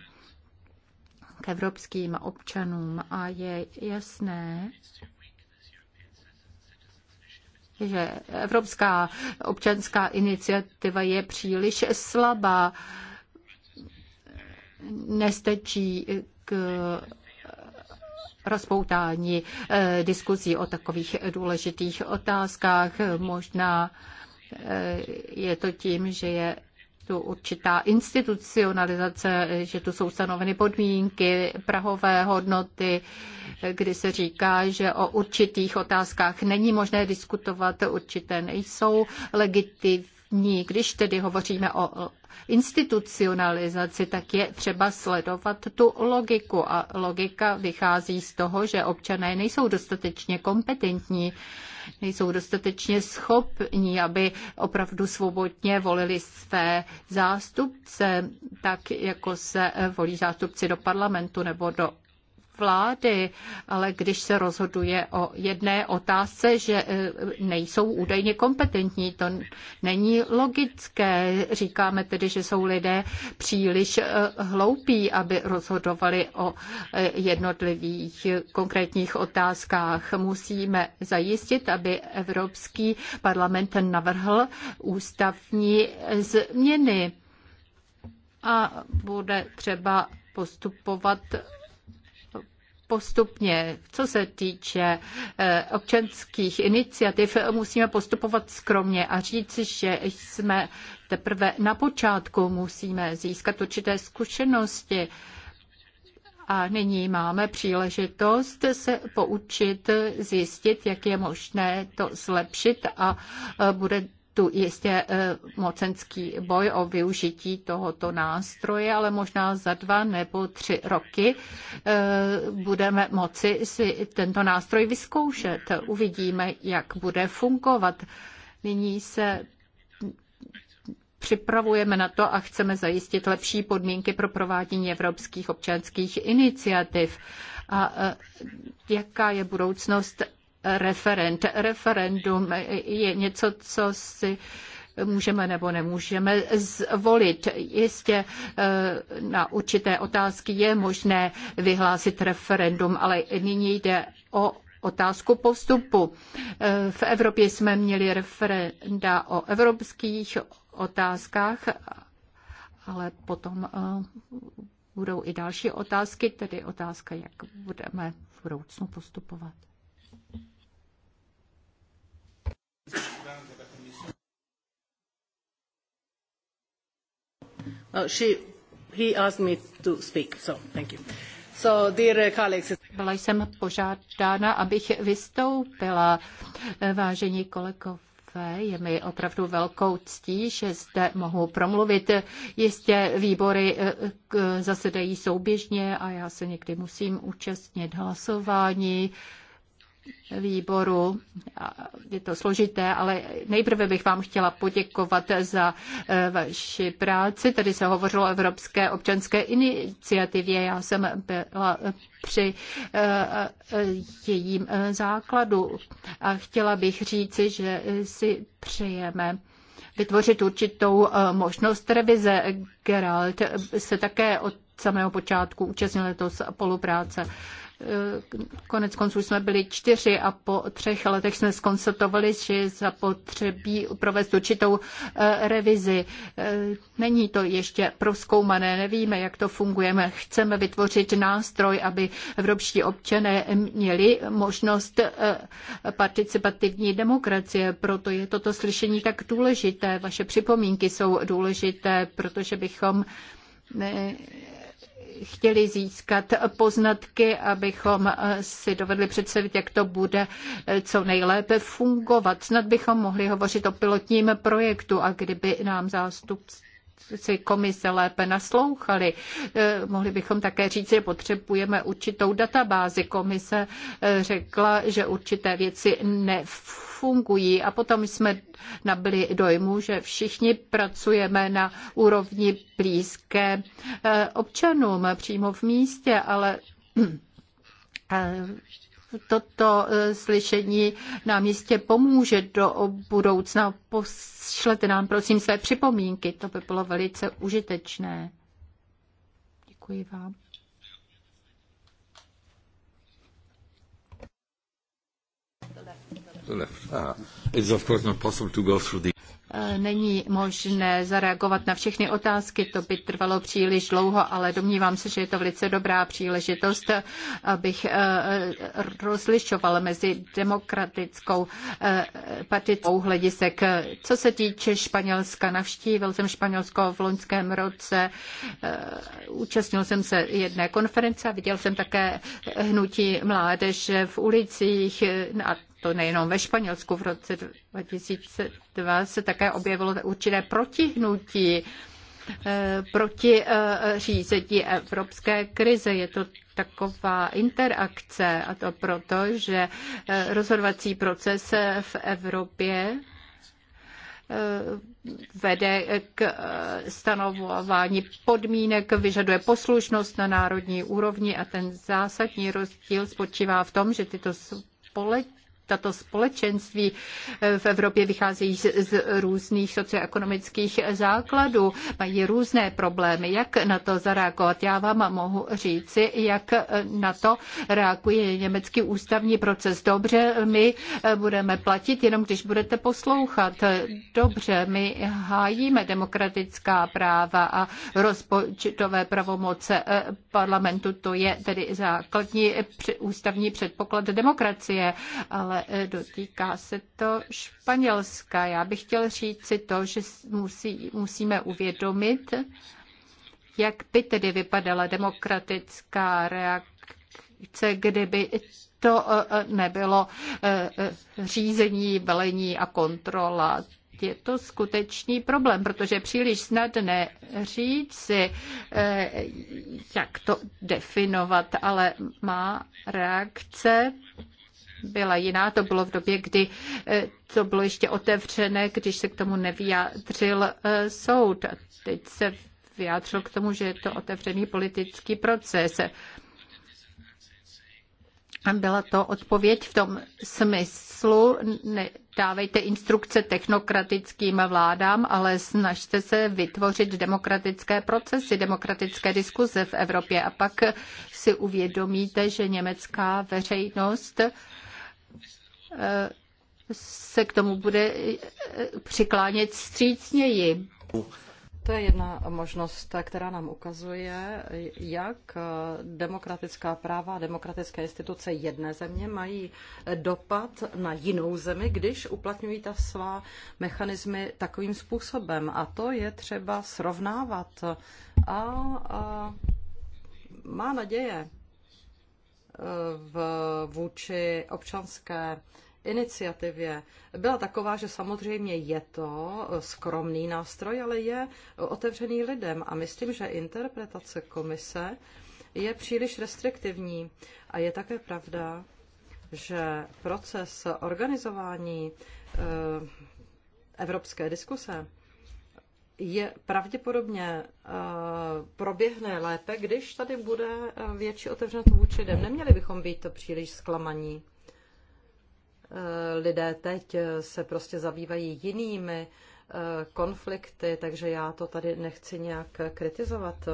k evropským občanům a je jasné, že Evropská občanská iniciativa je příliš slabá. Nestačí k rozpoutání eh, diskuzí o takových důležitých otázkách. Možná eh, je to tím, že je tu určitá institucionalizace, že tu jsou stanoveny podmínky, prahové hodnoty, kdy se říká, že o určitých otázkách není možné diskutovat, určité nejsou legitimní relevantní. Když tedy hovoříme o institucionalizaci, tak je třeba sledovat tu logiku. A logika vychází z toho, že občané nejsou dostatečně kompetentní, nejsou dostatečně schopní, aby opravdu svobodně volili své zástupce, tak jako se volí zástupci do parlamentu nebo do vlády, ale když se rozhoduje o jedné otázce, že e, nejsou údajně kompetentní, to není logické. Říkáme tedy, že jsou lidé příliš e, hloupí, aby rozhodovali o e, jednotlivých konkrétních otázkách. Musíme zajistit, aby Evropský parlament navrhl ústavní změny a bude třeba postupovat postupně. Co se týče eh, občanských iniciativ, musíme postupovat skromně a říci, že jsme teprve na počátku, musíme získat určité zkušenosti. A nyní máme příležitost se poučit, zjistit, jak je možné to zlepšit a eh, bude tu jistě e, mocenský boj o využití tohoto nástroje, ale možná za dva nebo tři roky e, budeme moci si tento nástroj vyzkoušet. Uvidíme, jak bude fungovat. Nyní se připravujeme na to a chceme zajistit lepší podmínky pro provádění evropských občanských iniciativ. A e, jaká je budoucnost referent. Referendum je něco, co si můžeme nebo nemůžeme zvolit. Jistě eh, na určité otázky je možné vyhlásit referendum, ale nyní jde o otázku postupu. Eh, v Evropě jsme měli referenda o evropských otázkách, ale potom eh, budou i další otázky, tedy otázka, jak budeme v budoucnu postupovat. Byla jsem požádána, abych vystoupila. Vážení kolegové, je mi opravdu velkou ctí, že zde mohu promluvit. Jistě výbory eh, zasedají souběžně a já se někdy musím účastnit hlasování výboru. Je to složité, ale nejprve bych vám chtěla poděkovat za eh, vaši práci. Tady se hovořilo o Evropské občanské iniciativě. Já jsem byla při eh, eh, jejím základu a chtěla bych říci, že si přejeme vytvořit určitou možnost revize. Gerald se také od samého počátku účastnil této spolupráce Konec konců jsme byli čtyři a po třech letech jsme skonstatovali, že zapotřebí provést určitou eh, revizi. Eh, není to ještě proskoumané, nevíme, jak to funguje. Chceme vytvořit nástroj, aby evropští občané měli možnost eh, participativní demokracie. Proto je toto slyšení tak důležité. Vaše připomínky jsou důležité, protože bychom chtěli získat poznatky, abychom si dovedli představit, jak to bude co nejlépe fungovat. Snad bychom mohli hovořit o pilotním projektu a kdyby nám zástupci si komise lépe naslouchali. Eh, mohli bychom také říct, že potřebujeme určitou databázi. Komise eh, řekla, že určité věci nefungují fungují. A potom jsme nabili dojmu, že všichni pracujeme na úrovni blízké eh, občanům přímo v místě, ale eh, toto eh, slyšení nám jistě pomůže do budoucna. Pošlete nám prosím své připomínky, to by bylo velice užitečné. Děkuji vám. Ah, eh, není možné zareagovat na všechny otázky, to by trvalo příliš dlouho, ale domnívám se, že je to velice dobrá příležitost, abych eh, eh, rozlišoval mezi demokratickou partitou hledisek. Co se týče Španělska, navštívil jsem Španělsko v loňském roce, účastnil jsem se jedné konference a viděl jsem také hnutí mládeže v ulicích na to nejenom ve Španělsku, v roce 2002 se také objevilo určité protihnutí eh, proti eh, řízení evropské krize. Je to taková interakce a to proto, že eh, rozhodovací proces v Evropě vede k stanovování podmínek, vyžaduje poslušnost na národní úrovni a ten zásadní rozdíl spočívá v tom, že tyto společnosti tato společenství eh, v Evropě vycházejí z, různých socioekonomických základů, mají různé problémy. Jak na to zareagovat? Já vám mohu říci, jak na to reaguje německý ústavní proces. Dobře, my eh, budeme platit, jenom když budete poslouchat. Dobře, my hájíme demokratická práva a rozpočtové pravomoce eh, parlamentu. To je tedy základní ústavní předpoklad demokracie, ale ale eh, dotýká se to Španělska. Já bych chtěl říct si to, že musí, musíme uvědomit, jak by tedy vypadala demokratická reakce, kdyby to eh, eh, nebylo řízení, velení a kontrola. Je to skutečný problém, protože příliš snadné říct si, jak to definovat, ale má reakce byla jiná. To bylo v době, kdy eh, to bylo ještě otevřené, když se k tomu nevyjádřil eh, soud. A teď se vyjádřil k tomu, že je to otevřený politický proces. Byla to odpověď v tom smyslu, dávejte instrukce technokratickým vládám, ale snažte se vytvořit demokratické procesy, demokratické diskuze v Evropě. A pak si uvědomíte, že německá veřejnost se k tomu bude eh, přiklánět střícněji. To je jedna možnost, která nám ukazuje, jak demokratická práva a demokratické instituce jedné země mají dopad na jinou zemi, když uplatňují ta svá mechanismy takovým způsobem. A to je třeba srovnávat. A, a má naděje, v, vůči občanské iniciativě byla taková, že samozřejmě je to skromný nástroj, ale je otevřený lidem. A myslím, že interpretace komise je příliš restriktivní. A je také pravda, že proces organizování eh, evropské diskuse je pravděpodobně eh, proběhne lépe, když tady bude eh, větší otevřenost vůči lidem. Neměli bychom být to příliš zklamaní. Eh, lidé teď se prostě zabývají jinými konflikty, takže já to tady nechci nějak kritizovat.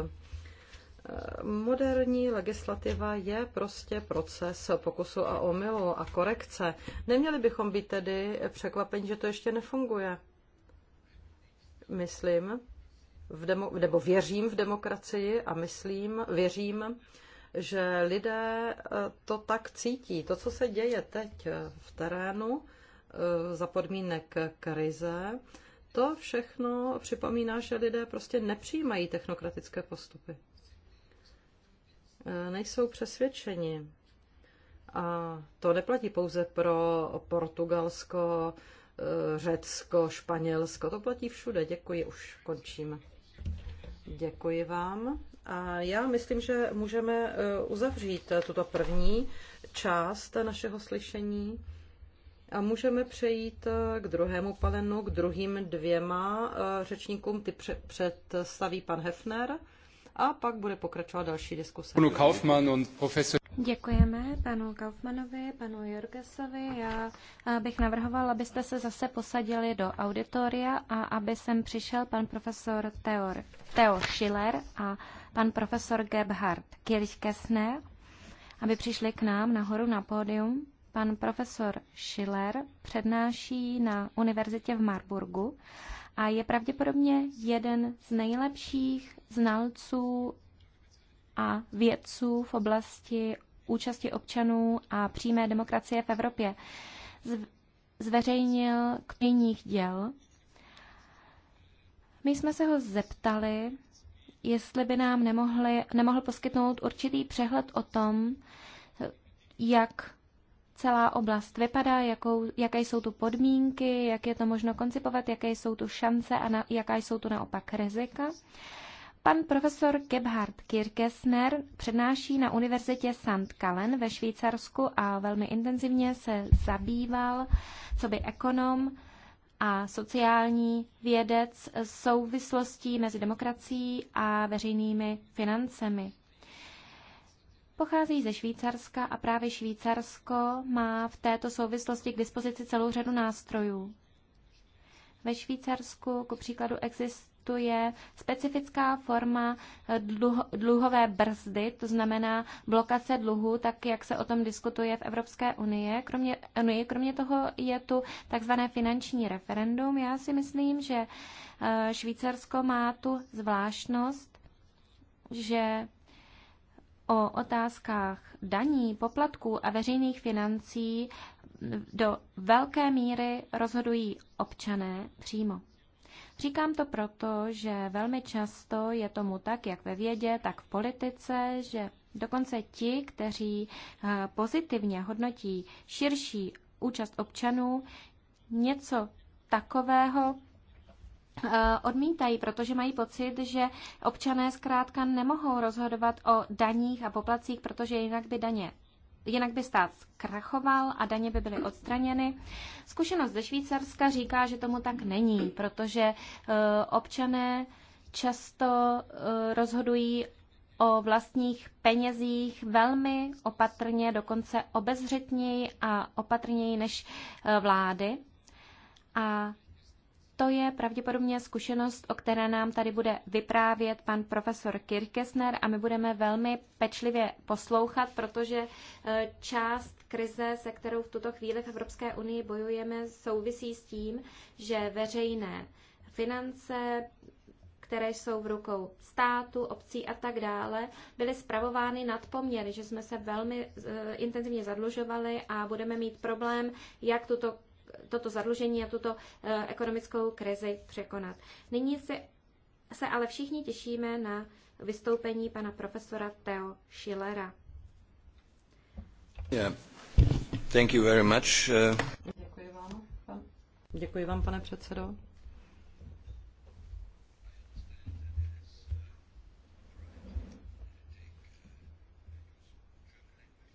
Moderní legislativa je prostě proces pokusu a omylu a korekce. Neměli bychom být tedy překvapeni, že to ještě nefunguje myslím, v demo, nebo věřím v demokracii a myslím, věřím, že lidé eh, to tak cítí. To, co se děje teď eh, v terénu eh, za podmínek krize, to všechno připomíná, že lidé prostě nepřijímají technokratické postupy. Nejsou přesvědčeni. A to neplatí pouze pro Portugalsko, Eh, Řecko, Španělsko, to platí všude. Děkuji, už končím. Děkuji vám. A já myslím, že můžeme eh, uzavřít eh, tuto první část našeho slyšení a můžeme přejít k druhému palenu, k druhým dvěma řečníkům. Ty představí pan Hefner a pak bude pokračovat další diskuse. Děkujeme panu Kaufmanovi, panu Jorgesovi. Já bych navrhoval, abyste se zase posadili do auditoria a aby sem přišel pan profesor Theor, Theo Schiller a pan profesor Gebhard Kirchkesner, aby přišli k nám nahoru na pódium. Pan profesor Schiller přednáší na univerzitě v Marburgu a je pravděpodobně jeden z nejlepších znalců a vědců v oblasti účasti občanů a přímé demokracie v Evropě. Zveřejnil knižních děl. My jsme se ho zeptali, jestli by nám nemohli, nemohl poskytnout určitý přehled o tom, jak celá oblast vypadá, jakou, jaké jsou tu podmínky, jak je to možno koncipovat, jaké jsou tu šance a na, jaká jsou tu naopak rizika. Pan profesor Gebhard Kirkesner přednáší na univerzitě St. Gallen ve Švýcarsku a velmi intenzivně se zabýval, co by ekonom a sociální vědec souvislostí mezi demokracií a veřejnými financemi. Pochází ze Švýcarska a právě Švýcarsko má v této souvislosti k dispozici celou řadu nástrojů. Ve Švýcarsku, ku příkladu, existuje specifická forma dluho, dluhové brzdy, to znamená blokace dluhu, tak jak se o tom diskutuje v Evropské unii. Kromě, unii, kromě toho je tu takzvané finanční referendum. Já si myslím, že eh, Švýcarsko má tu zvláštnost, že o otázkách daní, poplatků a veřejných financí do velké míry rozhodují občané přímo. Říkám to proto, že velmi často je tomu tak, jak ve vědě, tak v politice, že dokonce ti, kteří eh, pozitivně hodnotí širší účast občanů, něco takového Eh, odmítají, protože mají pocit, že občané zkrátka nemohou rozhodovat o daních a poplacích, protože jinak by daně jinak by stát zkrachoval a daně by byly odstraněny. Zkušenost ze Švýcarska říká, že tomu tak není, protože eh, občané často eh, rozhodují o vlastních penězích velmi opatrně, dokonce obezřetněji a opatrněji než vlády. A to je pravděpodobně zkušenost, o které nám tady bude vyprávět pan profesor Kirkesner a my budeme velmi pečlivě poslouchat, protože eh, část krize, se kterou v tuto chvíli v Evropské unii bojujeme, souvisí s tím, že veřejné finance, které jsou v rukou státu, obcí a tak dále, byly spravovány poměry, že jsme se velmi eh, intenzivně zadlužovali a budeme mít problém, jak tuto toto zadlužení a tuto eh, ekonomickou krizi překonat. Nyní se, se ale všichni těšíme na vystoupení pana profesora Theo Schillera. Yeah. Thank you very much. Uh... Děkuji vám, pan... Děkuji vám, pane předsedo.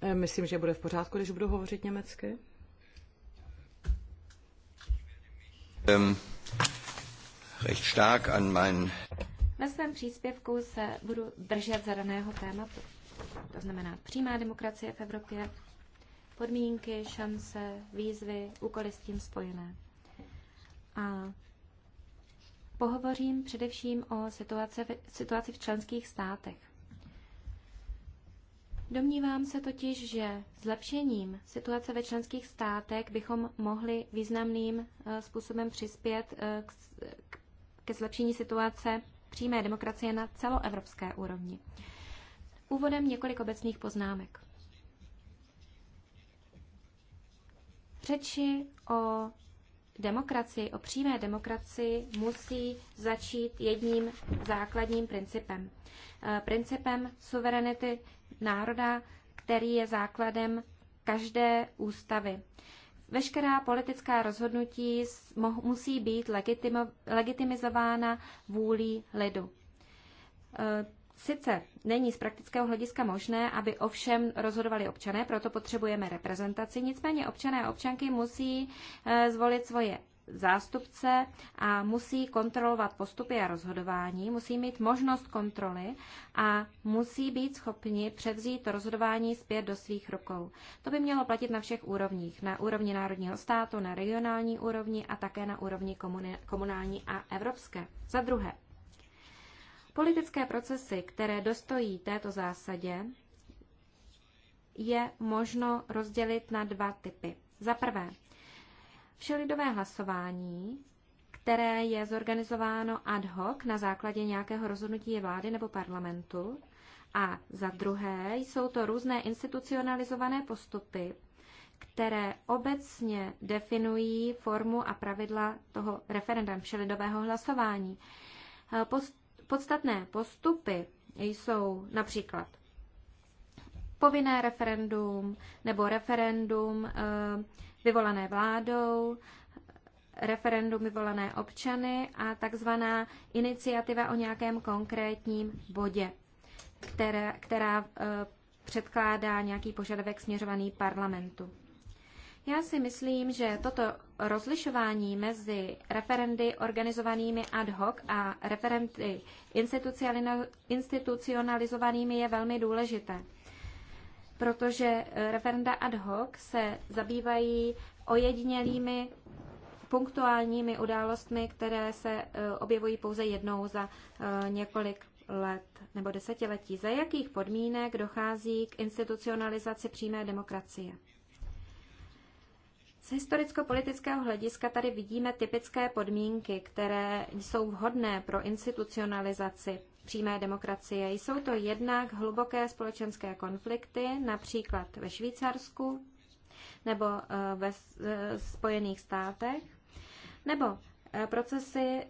Eh, myslím, že bude v pořádku, když budu hovořit německy. Ve ehm, svém příspěvku se budu držet zadaného tématu. To znamená přímá demokracie v Evropě, podmínky, šance, výzvy, úkoly s tím spojené. A pohovořím především o situaci, situaci v členských státech. Domnívám se totiž, že zlepšením situace ve členských státech bychom mohli významným eh, způsobem přispět eh, ke zlepšení situace přímé demokracie na celoevropské úrovni. Úvodem několik obecných poznámek. Řeči o demokracii, o přímé demokracii musí začít jedním základním principem. Eh, principem suverenity národa, který je základem každé ústavy. Veškerá politická rozhodnutí musí být legitimizována vůlí lidu. E, sice není z praktického hlediska možné, aby ovšem rozhodovali občané, proto potřebujeme reprezentaci, nicméně občané a občanky musí e, zvolit svoje zástupce a musí kontrolovat postupy a rozhodování, musí mít možnost kontroly a musí být schopni převzít to rozhodování zpět do svých rukou. To by mělo platit na všech úrovních, na úrovni národního státu, na regionální úrovni a také na úrovni komunální a evropské. Za druhé, politické procesy, které dostojí této zásadě, je možno rozdělit na dva typy. Za prvé, všelidové hlasování, které je zorganizováno ad hoc na základě nějakého rozhodnutí vlády nebo parlamentu. A za druhé jsou to různé institucionalizované postupy, které obecně definují formu a pravidla toho referenda všelidového hlasování. Post, podstatné postupy jsou například povinné referendum nebo referendum e, vyvolané vládou, referendum vyvolané občany a takzvaná iniciativa o nějakém konkrétním bodě, která, která předkládá nějaký požadavek směřovaný parlamentu. Já si myslím, že toto rozlišování mezi referendy organizovanými ad hoc a referendy institucionalizovanými je velmi důležité protože eh, referenda ad hoc se zabývají ojedinělými punktuálními událostmi, které se eh, objevují pouze jednou za eh, několik let nebo desetiletí. Za jakých podmínek dochází k institucionalizaci přímé demokracie? Z historicko-politického hlediska tady vidíme typické podmínky, které jsou vhodné pro institucionalizaci přímé demokracie. Jsou to jednak hluboké společenské konflikty, například ve Švýcarsku nebo eh, ve eh, Spojených státech, nebo eh, procesy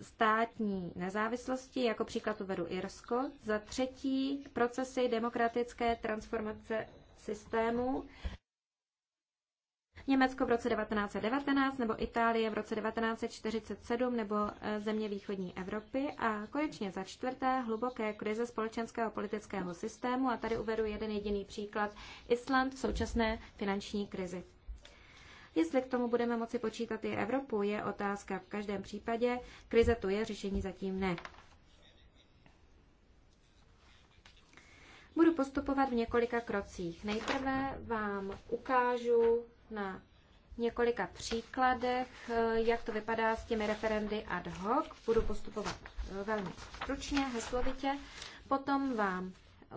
státní nezávislosti, jako příklad uvedu Irsko, za třetí procesy demokratické transformace systému, Německo v roce 1919 nebo Itálie v roce 1947 nebo eh, země východní Evropy a konečně za čtvrté hluboké krize společenského politického systému a tady uvedu jeden jediný příklad Island v současné finanční krizi. Jestli k tomu budeme moci počítat i Evropu, je otázka. V každém případě krize tu je, řešení zatím ne. Budu postupovat v několika krocích. Nejprve vám ukážu na několika příkladech, eh, jak to vypadá s těmi referendy ad hoc. Budu postupovat eh, velmi stručně, heslovitě. Potom vám eh,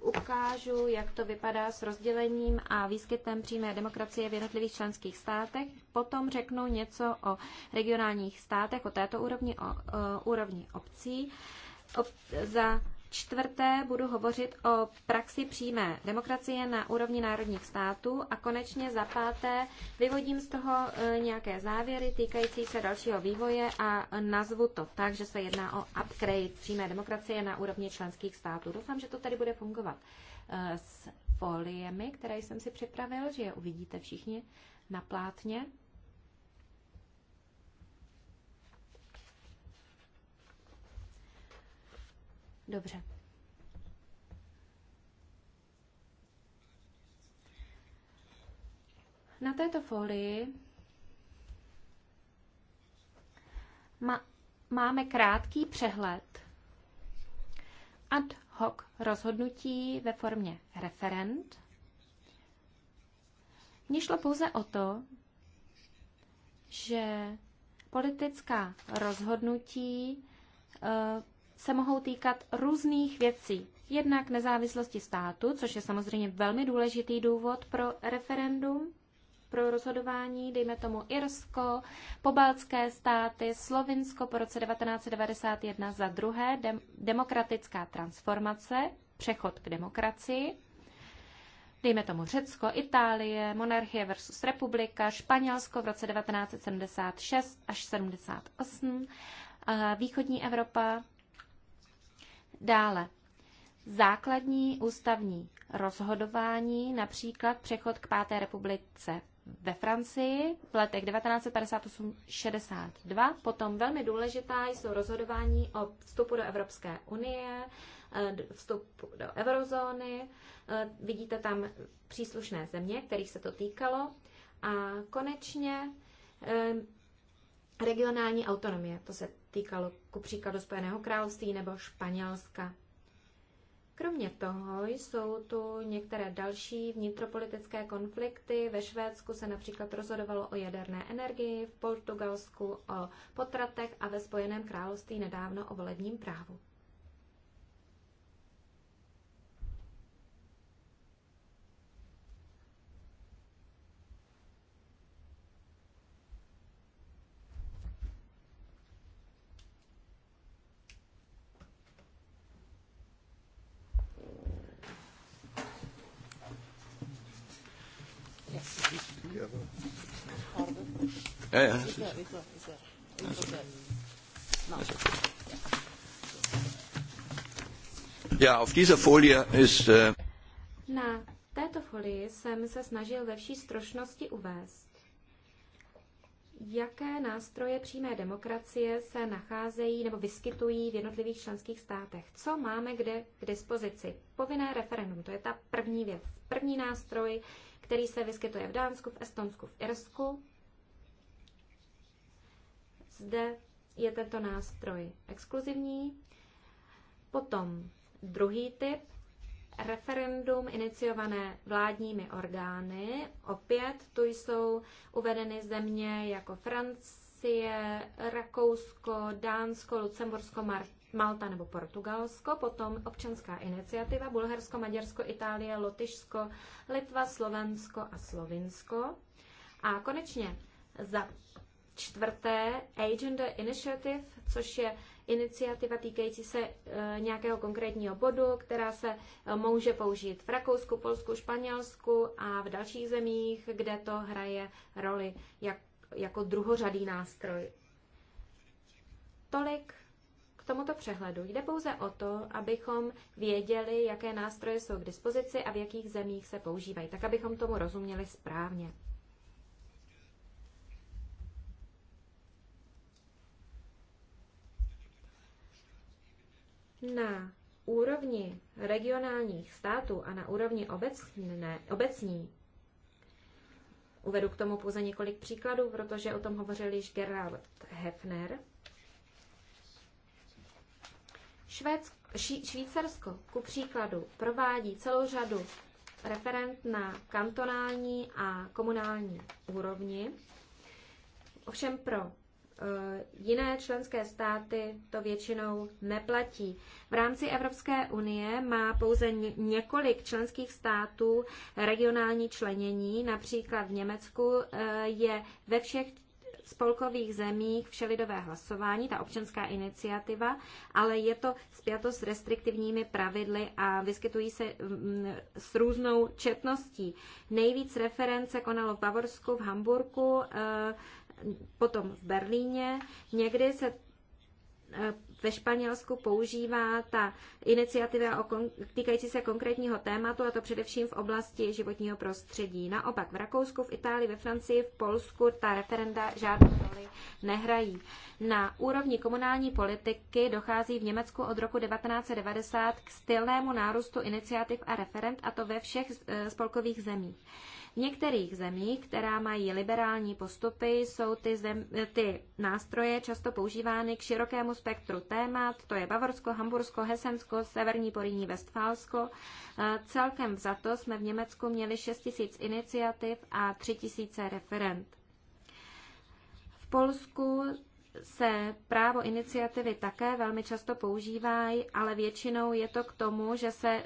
ukážu, jak to vypadá s rozdělením a výskytem přímé demokracie v jednotlivých členských státech. Potom řeknu něco o regionálních státech, o této úrovni, o, o úrovni obcí. Ob, za čtvrté budu hovořit o praxi přímé demokracie na úrovni národních států a konečně za páté vyvodím z toho e, nějaké závěry týkající se dalšího vývoje a nazvu to tak, že se jedná o upgrade přímé demokracie na úrovni členských států. Doufám, že to tady bude fungovat e, s foliemi, které jsem si připravil, že je uvidíte všichni na plátně. Dobře. Na této folii máme krátký přehled ad hoc rozhodnutí ve formě referent. Mně šlo pouze o to, že politická rozhodnutí eh, se mohou týkat různých věcí. Jednak nezávislosti státu, což je samozřejmě velmi důležitý důvod pro referendum, pro rozhodování, dejme tomu Irsko, pobaltské státy, Slovinsko po roce 1991 za druhé, dem, demokratická transformace, přechod k demokracii, dejme tomu Řecko, Itálie, monarchie versus republika, Španělsko v roce 1976 až 78, východní Evropa Dále, základní ústavní rozhodování, například přechod k Páté republice ve Francii v letech 1958-62. Potom velmi důležitá jsou rozhodování o vstupu do Evropské unie, eh, vstupu do eurozóny. Eh, vidíte tam příslušné země, kterých se to týkalo. A konečně eh, regionální autonomie. To se týkalo ku příkladu Spojeného království nebo Španělska. Kromě toho jsou tu některé další vnitropolitické konflikty. Ve Švédsku se například rozhodovalo o jaderné energii, v Portugalsku o potratech a ve Spojeném království nedávno o volebním právu. No. Ja, auf dieser Folie ist, äh... Na této folii jsem se snažil ve vší strošnosti uvést, jaké nástroje přímé demokracie se nacházejí nebo vyskytují v jednotlivých členských státech. Co máme kde k dispozici? Povinné referendum, to je ta první věc. První nástroj, který se vyskytuje v Dánsku, v Estonsku, v Irsku, zde je tento nástroj exkluzivní. Potom druhý typ, referendum iniciované vládními orgány. Opět tu jsou uvedeny země jako Francie, Rakousko, Dánsko, Lucembursko, Malta nebo Portugalsko, potom občanská iniciativa Bulharsko, Maďarsko, Itálie, Lotyšsko, Litva, Slovensko a Slovinsko. A konečně za čtvrté Agenda Initiative, což je iniciativa týkající se e, nějakého konkrétního bodu, která se e, může použít v Rakousku, Polsku, Španělsku a v dalších zemích, kde to hraje roli jak, jako druhořadý nástroj. Tolik k tomuto přehledu. Jde pouze o to, abychom věděli, jaké nástroje jsou k dispozici a v jakých zemích se používají, tak abychom tomu rozuměli správně. na úrovni regionálních států a na úrovni obecné, obecní Uvedu k tomu pouze několik příkladů, protože o tom hovořil již Gerald Hefner. Švédsko, ší, Švýcarsko, ku příkladu, provádí celou řadu referent na kantonální a komunální úrovni. Ovšem pro Eh, jiné členské státy to většinou neplatí. V rámci Evropské unie má pouze několik členských států regionální členění. Například v Německu eh, je ve všech spolkových zemích všelidové hlasování, ta občanská iniciativa, ale je to zpěto s restriktivními pravidly a vyskytují se mm, s různou četností. Nejvíc reference konalo v Bavorsku, v Hamburku, eh, potom v Berlíně. Někdy se eh, ve Španělsku používá ta iniciativa o kon, týkající se konkrétního tématu, a to především v oblasti životního prostředí. Naopak v Rakousku, v Itálii, ve Francii, v Polsku ta referenda žádnou roli nehrají. Na úrovni komunální politiky dochází v Německu od roku 1990 k stylnému nárůstu iniciativ a referent, a to ve všech eh, spolkových zemích. V některých zemích, která mají liberální postupy, jsou ty, zem, ty nástroje často používány k širokému spektru témat, to je Bavorsko, Hambursko, Hesensko, Severní Poríní, Vestfálsko. E, celkem za to jsme v Německu měli 6 000 iniciativ a 3 000 referent. V Polsku se právo iniciativy také velmi často používá, ale většinou je to k tomu, že se e,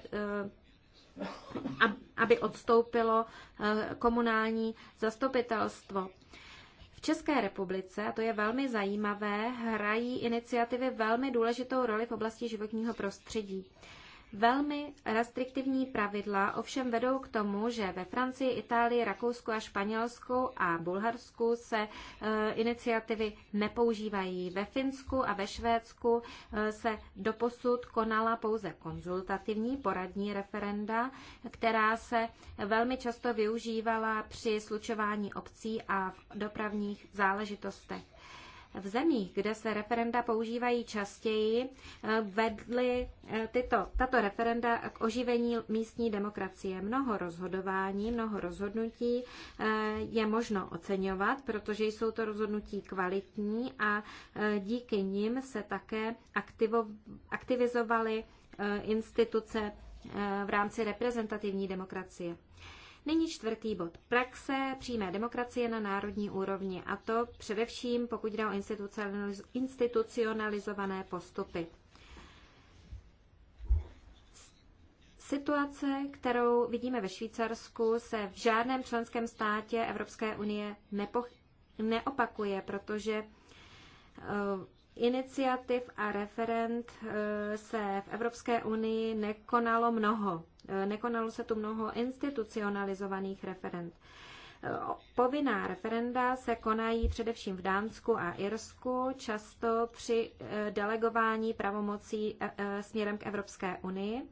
aby odstoupilo eh, komunální zastupitelstvo. V České republice, a to je velmi zajímavé, hrají iniciativy velmi důležitou roli v oblasti životního prostředí. Velmi restriktivní pravidla ovšem vedou k tomu, že ve Francii, Itálii, Rakousku a Španělsku a Bulharsku se e, iniciativy nepoužívají. Ve Finsku a ve Švédsku e, se doposud konala pouze konzultativní poradní referenda, která se velmi často využívala při slučování obcí a v dopravních záležitostech v zemích, kde se referenda používají častěji, eh, vedly eh, tyto, tato referenda k oživení místní demokracie. Mnoho rozhodování, mnoho rozhodnutí eh, je možno oceňovat, protože jsou to rozhodnutí kvalitní a díky nim se také aktivo, aktivizovaly instituce v rámci reprezentativní demokracie. Nyní čtvrtý bod. Praxe přímé demokracie na národní úrovni a to především pokud jde o institucionalizované postupy. Situace, kterou vidíme ve Švýcarsku, se v žádném členském státě Evropské unie neopakuje, protože eh, Iniciativ a referent eh, se v Evropské unii nekonalo mnoho. Eh, nekonalo se tu mnoho institucionalizovaných referent. Eh, povinná referenda se konají především v Dánsku a Irsku, často při delegování pravomocí směrem k Evropské unii.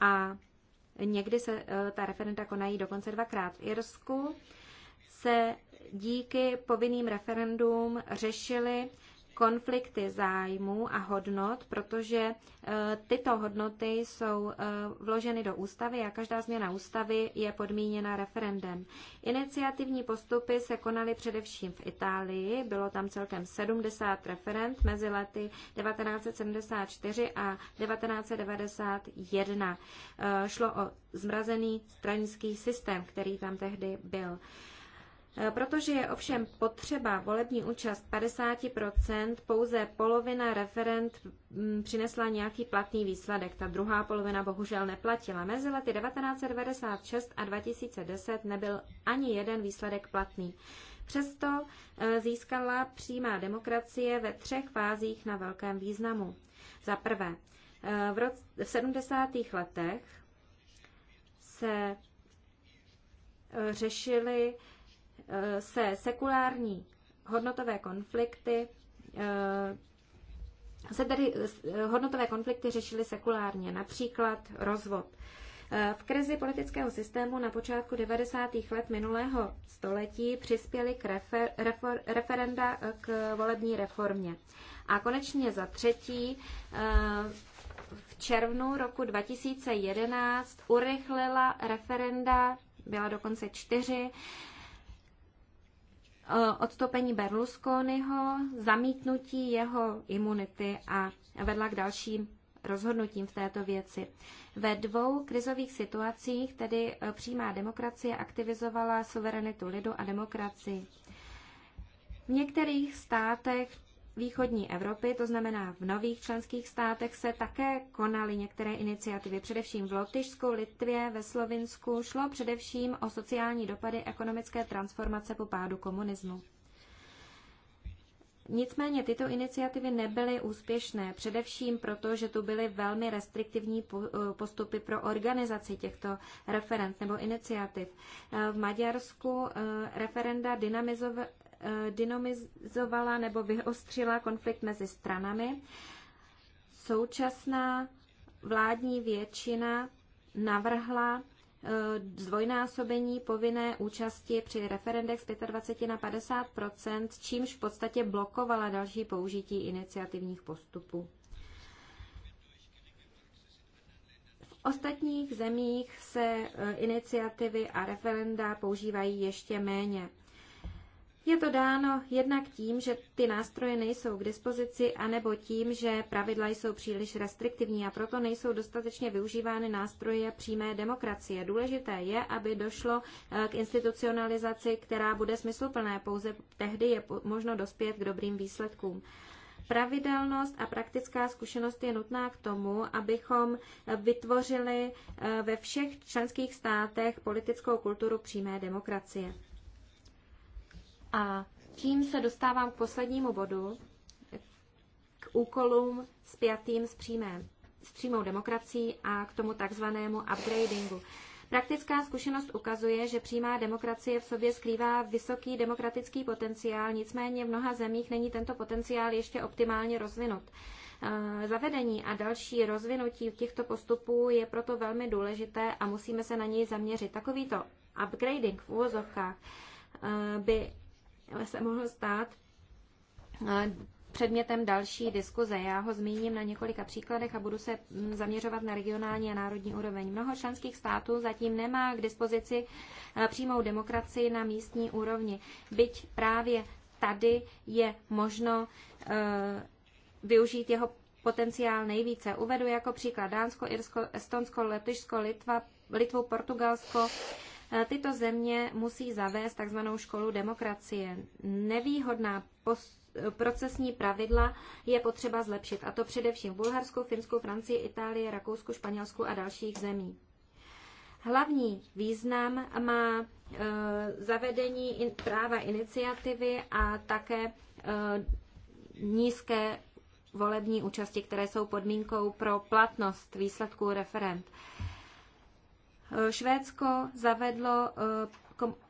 A někdy se ta referenda konají dokonce dvakrát. V Irsku se díky povinným referendům řešily konflikty zájmů a hodnot, protože e, tyto hodnoty jsou e, vloženy do ústavy a každá změna ústavy je podmíněna referendem. Iniciativní postupy se konaly především v Itálii, bylo tam celkem 70 referent mezi lety 1974 a 1991. E, šlo o zmrazený stranický systém, který tam tehdy byl. E, protože je ovšem potřeba volební účast 50%, pouze polovina referent mm, přinesla nějaký platný výsledek. Ta druhá polovina bohužel neplatila. Mezi lety 1996 a 2010 nebyl ani jeden výsledek platný. Přesto e, získala přímá demokracie ve třech fázích na velkém významu. Za prvé, e, v, roc, v 70. letech se řešily se sekulární hodnotové konflikty eh, se tedy eh, hodnotové konflikty řešily sekulárně, například rozvod. Eh, v krizi politického systému na počátku 90. let minulého století přispěly k refer, refer, referenda k volební reformě. A konečně za třetí, v červnu roku 2011 urychlila referenda, byla dokonce čtyři, odstoupení Berlusconiho, zamítnutí jeho imunity a vedla k dalším rozhodnutím v této věci. Ve dvou krizových situacích tedy e, přímá demokracie aktivizovala suverenitu lidu a demokracii. V některých státech východní Evropy, to znamená v nových členských státech, se také konaly některé iniciativy, především v Lotyšsku, Litvě, ve Slovinsku. Šlo především o sociální dopady ekonomické transformace po pádu komunismu. Nicméně tyto iniciativy nebyly úspěšné, především proto, že tu byly velmi restriktivní eh, postupy pro organizaci těchto referent nebo iniciativ. Eh, v Maďarsku eh, referenda Eh, dynamizovala nebo vyostřila konflikt mezi stranami. Současná vládní většina navrhla eh, zdvojnásobení povinné účasti při referendech z 25 na 50 čímž v podstatě blokovala další použití iniciativních postupů. V ostatních zemích se eh, iniciativy a referenda používají ještě méně. Je to dáno jednak tím, že ty nástroje nejsou k dispozici, anebo tím, že pravidla jsou příliš restriktivní a proto nejsou dostatečně využívány nástroje přímé demokracie. Důležité je, aby došlo eh, k institucionalizaci, která bude smysluplná. Pouze tehdy je možno dospět k dobrým výsledkům. Pravidelnost a praktická zkušenost je nutná k tomu, abychom eh, vytvořili eh, ve všech členských státech politickou kulturu přímé demokracie. A tím se dostávám k poslednímu bodu, k úkolům spjatým s, přímé, s přímou demokracií a k tomu takzvanému upgradingu. Praktická zkušenost ukazuje, že přímá demokracie v sobě skrývá vysoký demokratický potenciál, nicméně v mnoha zemích není tento potenciál ještě optimálně rozvinut. Eh, zavedení a další rozvinutí těchto postupů je proto velmi důležité a musíme se na něj zaměřit. Takovýto upgrading v úvozovkách eh, by se mohl stát eh, předmětem další diskuze. Já ho zmíním na několika příkladech a budu se mm, zaměřovat na regionální a národní úroveň. Mnoho členských států zatím nemá k dispozici eh, přímou demokracii na místní úrovni, byť právě tady je možno eh, využít jeho potenciál nejvíce. Uvedu jako příklad Dánsko, Irsko, Estonsko, Letyšsko, Litva, Litvu, Portugalsko, Tyto země musí zavést takzvanou školu demokracie. Nevýhodná procesní pravidla je potřeba zlepšit, a to především v Bulharsku, Finsku, Francii, Itálii, Rakousku, Španělsku a dalších zemí. Hlavní význam má e, zavedení práva iniciativy a také e, nízké volební účasti, které jsou podmínkou pro platnost výsledků referent. Švédsko zavedlo eh,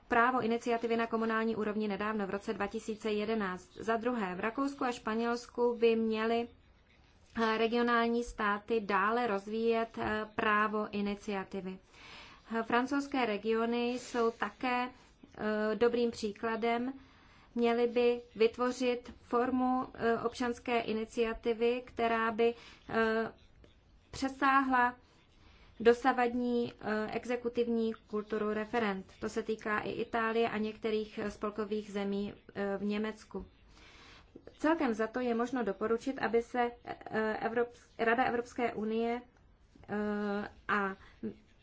právo iniciativy na komunální úrovni nedávno v roce 2011. Za druhé, v Rakousku a Španělsku by měly eh, regionální státy dále rozvíjet eh, právo iniciativy. Francouzské regiony jsou také dobrým příkladem. Měly by vytvořit formu občanské iniciativy, která by přesáhla dosavadní eh, exekutivní kulturu referent. To se týká i Itálie a některých eh, spolkových zemí eh, v Německu. Celkem za to je možno doporučit, aby se Rada Evropské unie a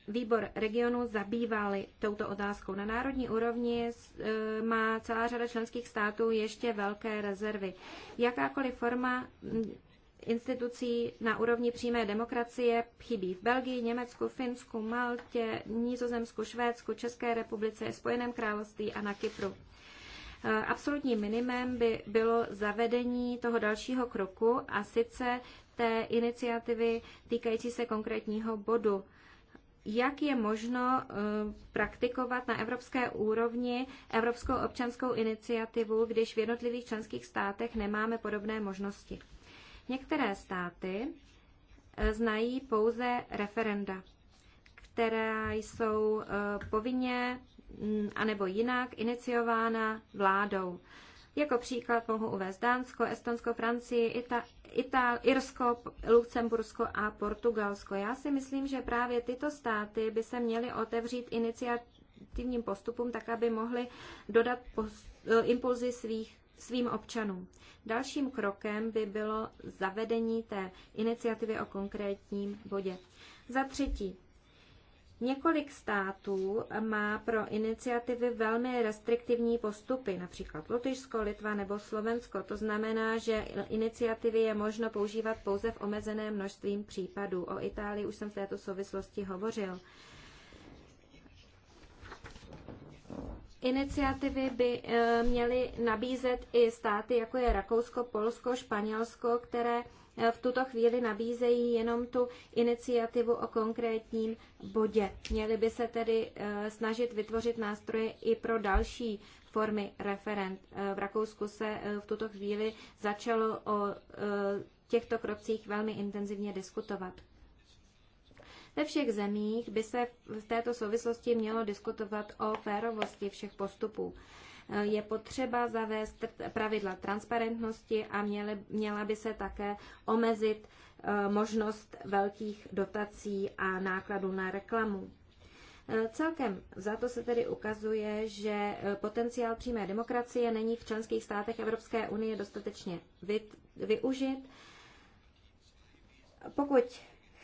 výbor regionu zabývali touto otázkou. Na národní úrovni má celá řada členských států ještě velké rezervy. Jakákoliv forma institucí na úrovni přímé demokracie chybí v Belgii, Německu, Finsku, Maltě, Nízozemsku, Švédsku, České republice, Spojeném království a na Kypru. Eh, Absolutním minimem by bylo zavedení toho dalšího kroku a sice té iniciativy týkající se konkrétního bodu. Jak je možno eh, praktikovat na evropské úrovni Evropskou občanskou iniciativu, když v jednotlivých členských státech nemáme podobné možnosti? Některé státy eh, znají pouze referenda, která jsou eh, povinně mm, anebo jinak iniciována vládou. Jako příklad mohu uvést Dánsko, Estonsko, Francii, Ita- Itál, Irsko, Lucembursko a Portugalsko. Já si myslím, že právě tyto státy by se měly otevřít iniciativním postupům, tak aby mohly dodat eh, impulzy svých svým občanům. Dalším krokem by bylo zavedení té iniciativy o konkrétním bodě. Za třetí, Několik států má pro iniciativy velmi restriktivní postupy, například Lotyšsko, Litva nebo Slovensko. To znamená, že iniciativy je možno používat pouze v omezeném množství případů. O Itálii už jsem v této souvislosti hovořil. Iniciativy by eh, měly nabízet i státy, jako je Rakousko, Polsko, Španělsko, které eh, v tuto chvíli nabízejí jenom tu iniciativu o konkrétním bodě. Měli by se tedy eh, snažit vytvořit nástroje i pro další formy referent. V Rakousku se v tuto chvíli začalo o těchto krocích velmi intenzivně diskutovat. Ve všech zemích by se v této souvislosti mělo diskutovat o férovosti všech postupů eh, je potřeba zavést pravidla transparentnosti a měly, měla by se také omezit eh, možnost velkých dotací a nákladů na reklamu. Eh, celkem za to se tedy ukazuje, že potenciál přímé demokracie není v členských státech Evropské unie dostatečně využit. Pokud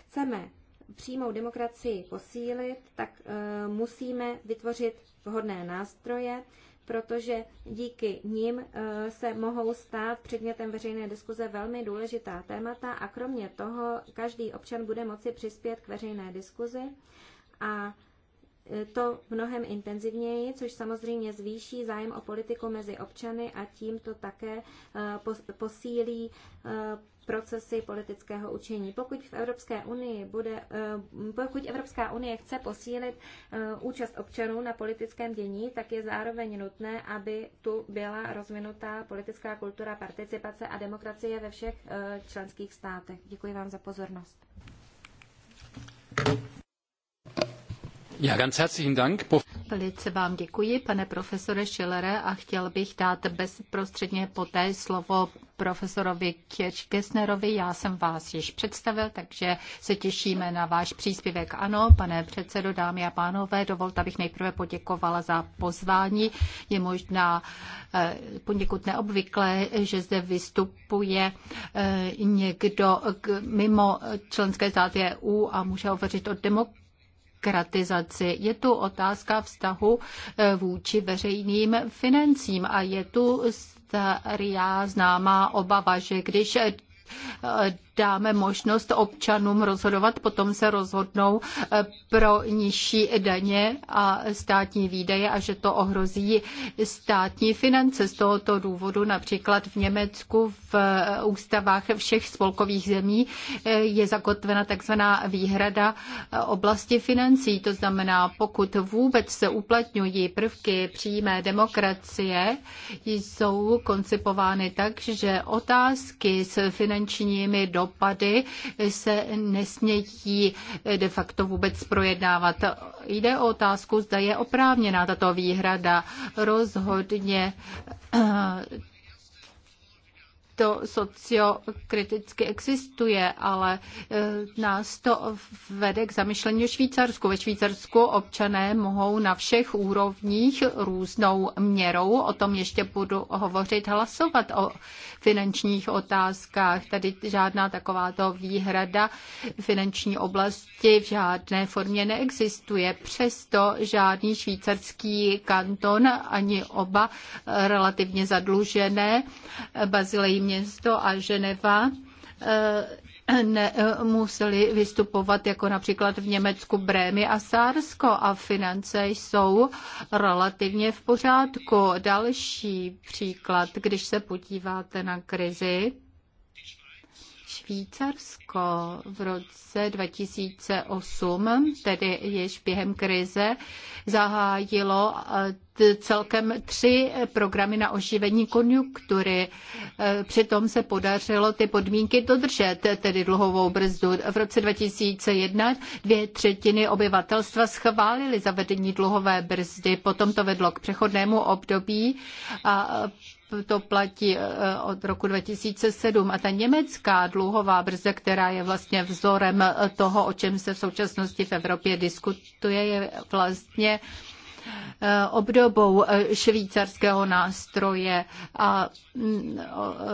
chceme přímou demokracii posílit, tak e, musíme vytvořit vhodné nástroje, protože díky nim e, se mohou stát předmětem veřejné diskuze velmi důležitá témata a kromě toho každý občan bude moci přispět k veřejné diskuzi a e, to mnohem intenzivněji, což samozřejmě zvýší zájem o politiku mezi občany a tím to také posílí procesy politického učení. Pokud v Evropské unii bude, eh, pokud Evropská unie chce posílit eh, účast občanů na politickém dění, tak je zároveň nutné, aby tu byla rozvinutá politická kultura participace a demokracie ve všech eh, členských státech. Děkuji vám za pozornost ganz herzlichen Dank. Velice vám děkuji, pane profesore Schillere, a chtěl bych dát bezprostředně poté slovo profesorovi Kirch Já jsem vás již představil, takže se těšíme na váš příspěvek. Ano, pane předsedo, dámy a pánové, dovolte, abych nejprve poděkovala za pozvání. Je možná eh, poněkud neobvyklé, že zde vystupuje eh, někdo mimo členské státy EU a může hovořit o demokracii byrokratizaci. Je tu otázka vztahu eh, vůči veřejným financím a je tu stará známá obava, že když dáme možnost občanům rozhodovat, potom se rozhodnou eh, pro nižší daně a státní výdaje a že to ohrozí státní finance. Z tohoto důvodu například v Německu v eh, ústavách všech spolkových zemí eh, je zakotvena takzvaná výhrada oblasti financí. To znamená, pokud vůbec se uplatňují prvky přímé demokracie, jsou koncipovány tak, že otázky s financí finančními dopady se nesmějí de facto vůbec projednávat. Jde o otázku, zda je oprávněná tato výhrada. Rozhodně to sociokriticky existuje, ale eh, nás to vede k zamyšlení o Švýcarsku. Ve Švýcarsku občané mohou na všech úrovních různou měrou, o tom ještě budu hovořit, hlasovat o finančních otázkách. Tady žádná takováto výhrada finanční oblasti v žádné formě neexistuje. Přesto žádný švýcarský kanton ani oba relativně zadlužené Bazilej město a Ženeva eh, ne, museli vystupovat jako například v Německu Brémy a Sársko a finance jsou relativně v pořádku. Další příklad, když se podíváte na krizi, Švýcarsko v roce 2008, tedy již během krize, zahájilo eh, celkem tři programy na oživení konjunktury. Eh, přitom se podařilo ty podmínky dodržet, tedy dluhovou brzdu. V roce 2001 dvě třetiny obyvatelstva schválili zavedení dluhové brzdy. Potom to vedlo k přechodnému období a to platí eh, od roku 2007 a ta německá dluhová brze, která je vlastně vzorem eh, toho, o čem se v současnosti v Evropě diskutuje, je vlastně Eh, obdobou eh, švýcarského nástroje a mm,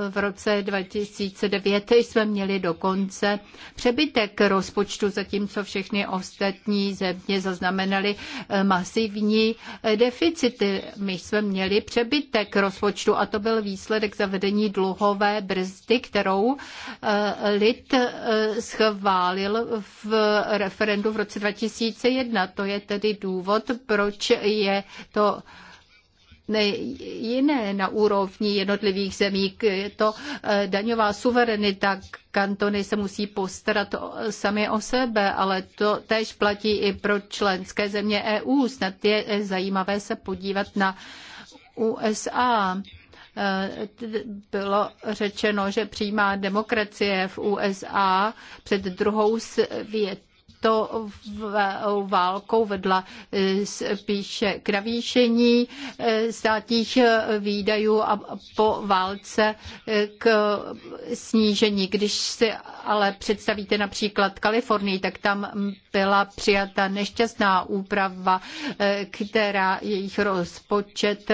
v roce 2009 jsme měli dokonce přebytek rozpočtu, zatímco všechny ostatní země zaznamenaly eh, masivní deficity. My jsme měli přebytek rozpočtu a to byl výsledek zavedení dluhové brzdy, kterou lid schválil v referendu v roce 2001. To je tedy důvod, proč je to jiné na úrovni jednotlivých zemí. Je to eh, daňová suverenita. Kantony se musí postarat sami o sebe, ale to tež platí i pro členské země EU. Snad je eh, zajímavé se podívat na USA. Eh, bylo řečeno, že přímá demokracie v USA před druhou svět to eh, válkou vedla eh, spíše k navýšení eh, státních výdajů a po válce k snížení. Když si ale představíte například Kalifornii, tak tam byla přijata nešťastná úprava, která jejich rozpočet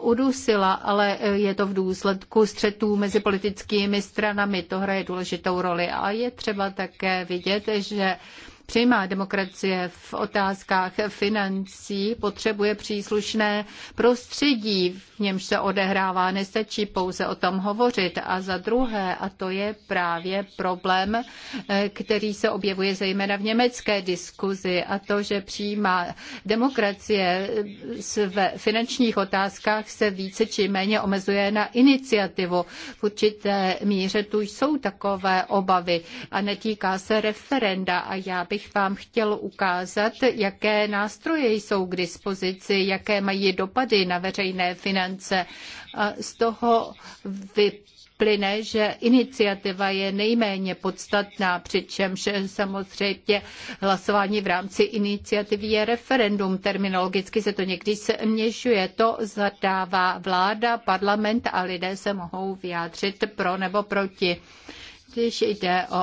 udusila, ale eh, je to v důsledku střetů mezi politickými stranami. To hraje důležitou roli. A je třeba také vidět, že přímá demokracie v otázkách financí potřebuje příslušné prostředí, v němž se odehrává. Nestačí pouze o tom hovořit. A za druhé, a to je právě problém, eh, který se objevuje zejména v německé diskuzi, a to, že přímá demokracie eh, v finančních otázkách se více či méně omezuje na iniciativu. V určité míře tu jsou takové obavy a netýká se referenda. A já bych bych vám chtěl ukázat, jaké nástroje jsou k dispozici, jaké mají dopady na veřejné finance. A z toho vypadá plyne, že iniciativa je nejméně podstatná, přičemž samozřejmě hlasování v rámci iniciativy je referendum. Terminologicky se to někdy směšuje. To zadává vláda, parlament a lidé se mohou vyjádřit pro nebo proti. Když jde o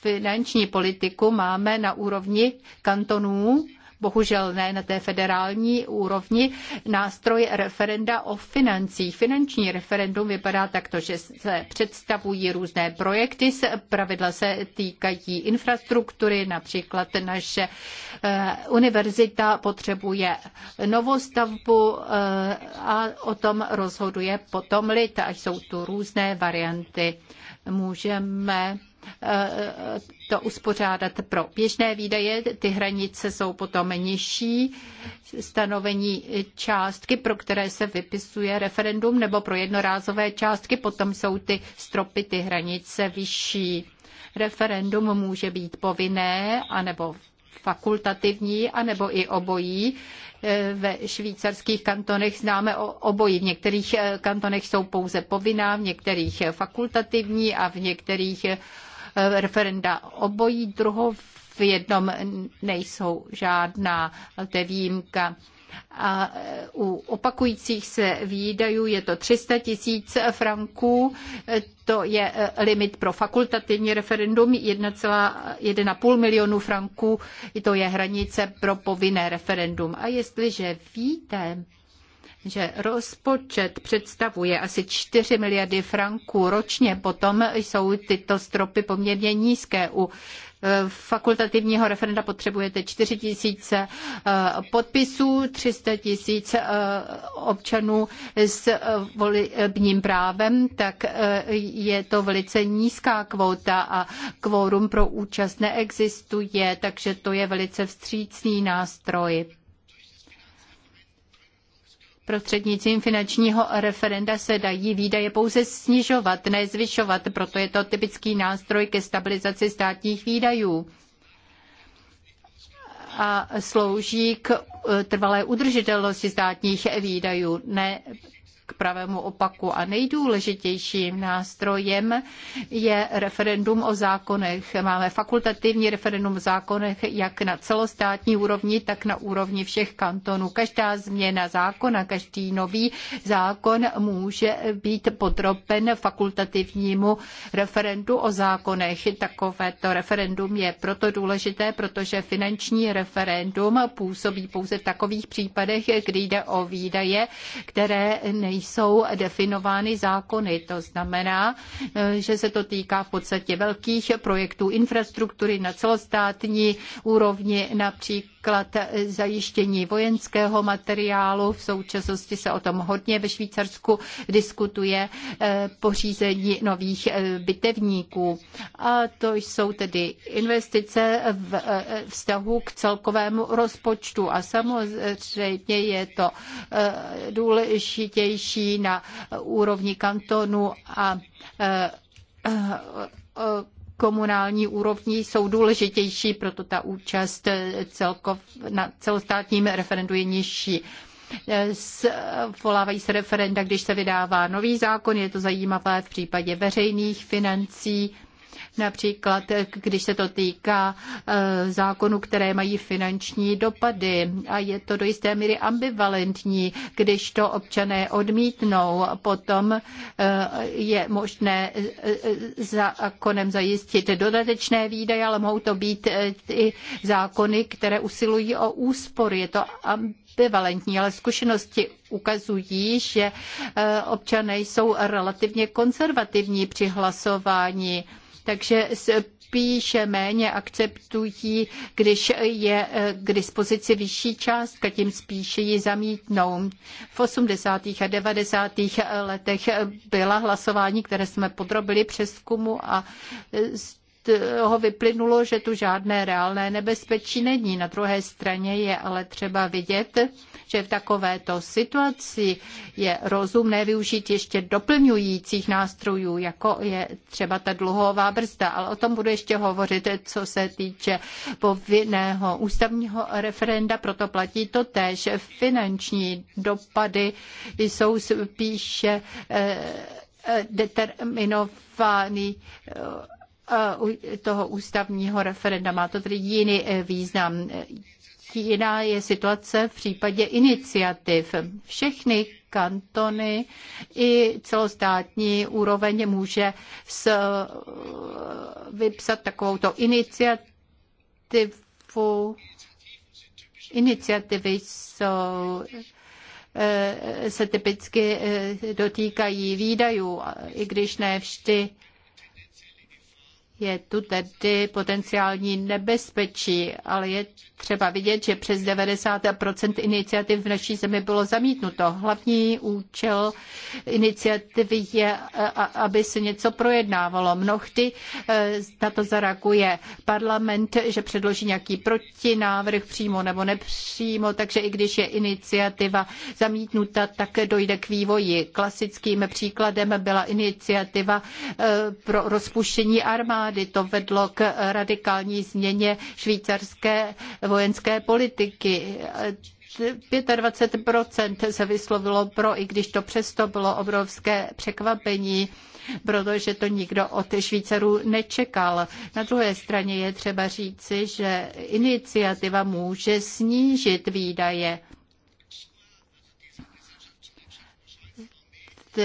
finanční politiku máme na úrovni kantonů, bohužel ne na té federální úrovni, nástroj referenda o financích. Finanční referendum vypadá takto, že se představují různé projekty, pravidla se týkají infrastruktury, například naše eh, univerzita potřebuje novostavbu eh, a o tom rozhoduje potom lid a jsou tu různé varianty. Můžeme to uspořádat pro běžné výdaje. Ty hranice jsou potom nižší. Stanovení částky, pro které se vypisuje referendum, nebo pro jednorázové částky, potom jsou ty stropy, ty hranice vyšší. Referendum může být povinné, anebo fakultativní, anebo i obojí. Ve švýcarských kantonech známe obojí. V některých kantonech jsou pouze povinná, v některých fakultativní a v některých Eh, referenda. Obojí druho v jednom nejsou žádná, to je výjimka. A eh, u opakujících se výdajů je to 300 tisíc franků, to je eh, limit pro fakultativní referendum, 1,5 milionu franků, to je hranice pro povinné referendum. A jestliže víte, že rozpočet představuje asi 4 miliardy franků ročně, potom jsou tyto stropy poměrně nízké. U e, fakultativního referenda potřebujete 4 tisíce e, podpisů, 300 tisíc e, občanů s volebním právem, tak je to velice nízká kvóta a kvórum pro účast neexistuje, takže to je velice vstřícný nástroj prostřednictvím finančního referenda se dají výdaje pouze snižovat, ne zvyšovat, proto je to typický nástroj ke stabilizaci státních výdajů a slouží k e, trvalé udržitelnosti státních výdajů, ne k pravému opaku. A nejdůležitějším nástrojem je referendum o zákonech. Máme fakultativní referendum o zákonech jak na celostátní úrovni, tak na úrovni všech kantonů. Každá změna zákona, každý nový zákon může být podroben fakultativnímu referendu o zákonech. Takovéto referendum je proto důležité, protože finanční referendum působí pouze v takových případech, kdy jde o výdaje, které nejsou jsou definovány zákony. To znamená, eh, že se to týká v podstatě velkých projektů infrastruktury na celostátní úrovni, například například zajištění vojenského materiálu. V současnosti se o tom hodně ve Švýcarsku diskutuje eh, pořízení nových eh, bitevníků. A to jsou tedy investice v eh, vztahu k celkovému rozpočtu. A samozřejmě je to důležitější na úrovni kantonu a komunální úrovni jsou důležitější, proto ta účast celkov, na celostátním referendu je nižší. Volávají se referenda, když se vydává nový zákon, je to zajímavé v případě veřejných financí například když se to týká eh, zákonů, které mají finanční dopady. A je to do jisté míry ambivalentní, když to občané odmítnou. Potom eh, je možné eh, zákonem zajistit dodatečné výdaje, ale mohou to být i zákony, které usilují o úspory. Je to ambivalentní, ale zkušenosti ukazují, že občané jsou relativně konzervativní při hlasování takže spíše méně akceptují, když je eh, k dispozici vyšší částka, tím spíše ji zamítnou. V 80. a 90. letech byla hlasování, které jsme podrobili přeskumu a z toho vyplynulo, že tu žádné reálné nebezpečí není. Na druhé straně je ale třeba vidět, že v takovéto situaci je rozumné využít ještě doplňujících nástrojů, jako je třeba ta dluhová brzda. Ale o tom budu ještě hovořit, co se týče povinného ústavního referenda, proto platí to též. Finanční dopady jsou spíše eh, determinovány eh, Eh, toho ústavního referenda. Má to tedy jiný eh, význam. Jiná je situace v případě iniciativ. Všechny kantony i celostátní úroveň může s, eh, vypsat takovouto iniciativu. Iniciativy jsou se typicky dotýkají výdajů, i když ne vždy je tu tedy potenciální nebezpečí, ale je třeba vidět, že přes 90 iniciativ v naší zemi bylo zamítnuto. Hlavní účel iniciativy je, aby se něco projednávalo. Mnohdy e, na to zareaguje parlament, že předloží nějaký protinávrh přímo nebo nepřímo, takže i když je iniciativa zamítnuta, tak dojde k vývoji. Klasickým příkladem byla iniciativa e, pro rozpuštění armády vlády. To vedlo k radikální změně švýcarské vojenské politiky. 25% se vyslovilo pro, i když to přesto bylo obrovské překvapení, protože to nikdo od Švýcarů nečekal. Na druhé straně je třeba říci, že iniciativa může snížit výdaje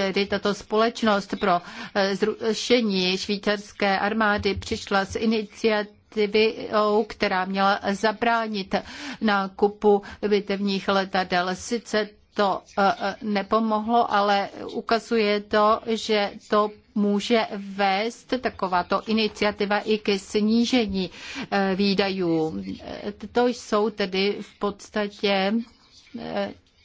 kdy tato společnost pro eh, zrušení švýcarské armády přišla s iniciativou, která měla zabránit nákupu bitevních letadel. Sice to eh, eh, nepomohlo, ale ukazuje to, že to může vést takováto iniciativa i ke snížení výdajů. To jsou tedy v podstatě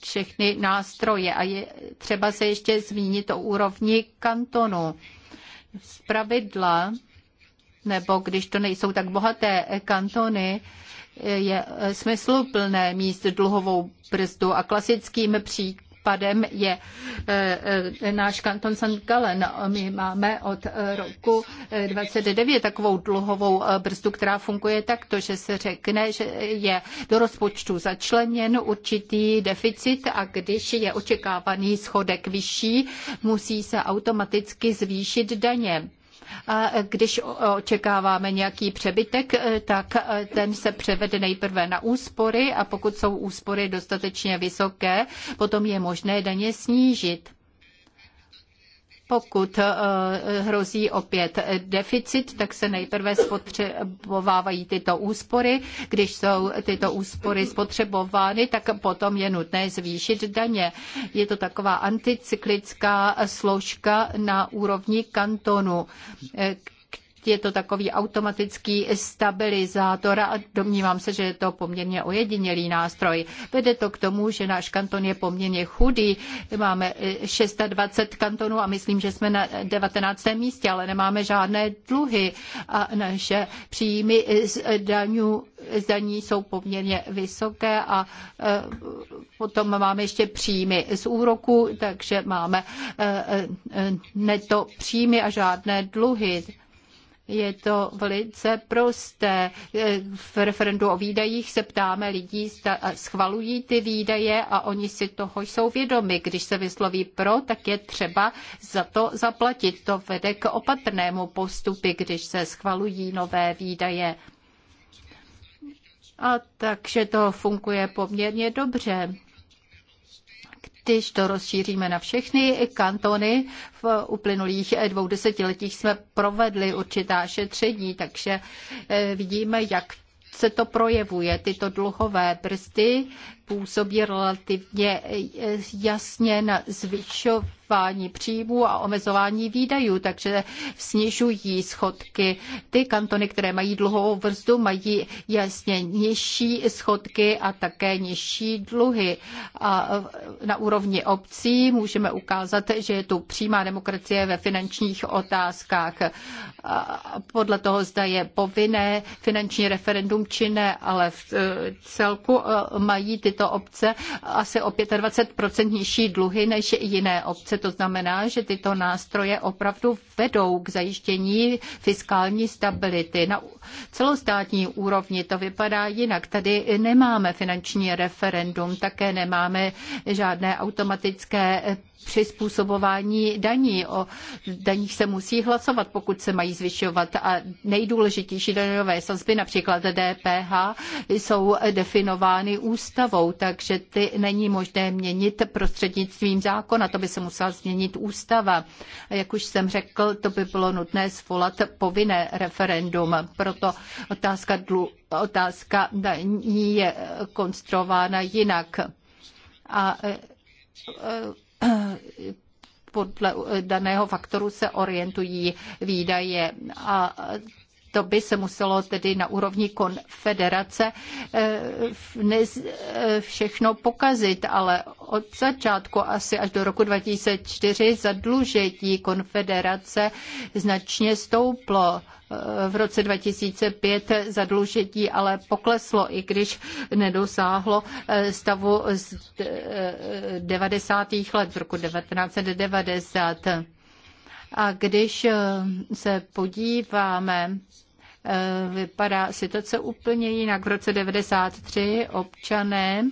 všechny nástroje. A je třeba se ještě zmínit o úrovni kantonu. Z pravidla, nebo když to nejsou tak bohaté kantony, je smysluplné míst dluhovou brzdu a klasickým příkladem případem je eh, eh, náš kanton St. Gallen. My máme od eh, roku 29 takovou dluhovou brzdu, která funguje takto, že se řekne, že je do rozpočtu začleněn určitý deficit a když je očekávaný schodek vyšší, musí se automaticky zvýšit daně. A když očekáváme nějaký přebytek, tak ten se převede nejprve na úspory a pokud jsou úspory dostatečně vysoké, potom je možné daně snížit. Pokud eh, hrozí opět deficit, tak se nejprve spotřebovávají tyto úspory. Když jsou tyto úspory spotřebovány, tak potom je nutné zvýšit daně. Je to taková anticyklická složka na úrovni kantonu, eh, je to takový automatický stabilizátor a domnívám se, že je to poměrně ojedinělý nástroj. Vede to k tomu, že náš kanton je poměrně chudý. Máme 620 eh, kantonů a myslím, že jsme na 19. místě, ale nemáme žádné dluhy a naše příjmy z daní, z daní jsou poměrně vysoké a eh, potom máme ještě příjmy z úroku, takže máme eh, neto příjmy a žádné dluhy. Je to velice prosté. Eh, v referendu o výdajích se ptáme lidí, eh, schvalují ty výdaje a oni si toho jsou vědomi. Když se vysloví pro, tak je třeba za to zaplatit. To vede k opatrnému postupy, když se schvalují nové výdaje. A takže to funguje poměrně dobře když to rozšíříme na všechny kantony, v uplynulých eh, dvou desetiletích jsme provedli určitá šetření, takže eh, vidíme, jak se to projevuje. Tyto dluhové prsty působí relativně eh, jasně na zvyšování příjmů a omezování výdajů, takže snižují schodky. Ty kantony, které mají dlouhou vrstu, mají jasně nižší schodky a také nižší dluhy. A eh, na úrovni obcí můžeme ukázat, že je tu přímá demokracie ve finančních otázkách. A podle toho zda je povinné finanční referendum či ne, ale v eh, celku mají ty tyto obce asi o 25% nižší dluhy než jiné obce. To znamená, že tyto nástroje opravdu vedou k zajištění fiskální stability. Na celostátní úrovni to vypadá jinak. Tady nemáme finanční referendum, také nemáme žádné automatické přizpůsobování daní. O daních se musí hlasovat, pokud se mají zvyšovat. A nejdůležitější daňové sazby, například DPH, jsou definovány ústavou, takže ty není možné měnit prostřednictvím zákona. To by se musela změnit ústava. A jak už jsem řekl, to by bylo nutné svolat povinné referendum. Proto otázka, dlu, otázka daní je konstruována jinak. A e, e, podle daného faktoru se orientují výdaje a to by se muselo tedy na úrovni konfederace eh, eh, všechno pokazit, ale od začátku asi až do roku 2004 zadlužení konfederace značně stouplo v roce 2005 zadlužení ale pokleslo, i když nedosáhlo eh, stavu z 90. Eh, let, z roku 1990. A když eh, se podíváme, vypadá situace úplně jinak. V roce 1993 občané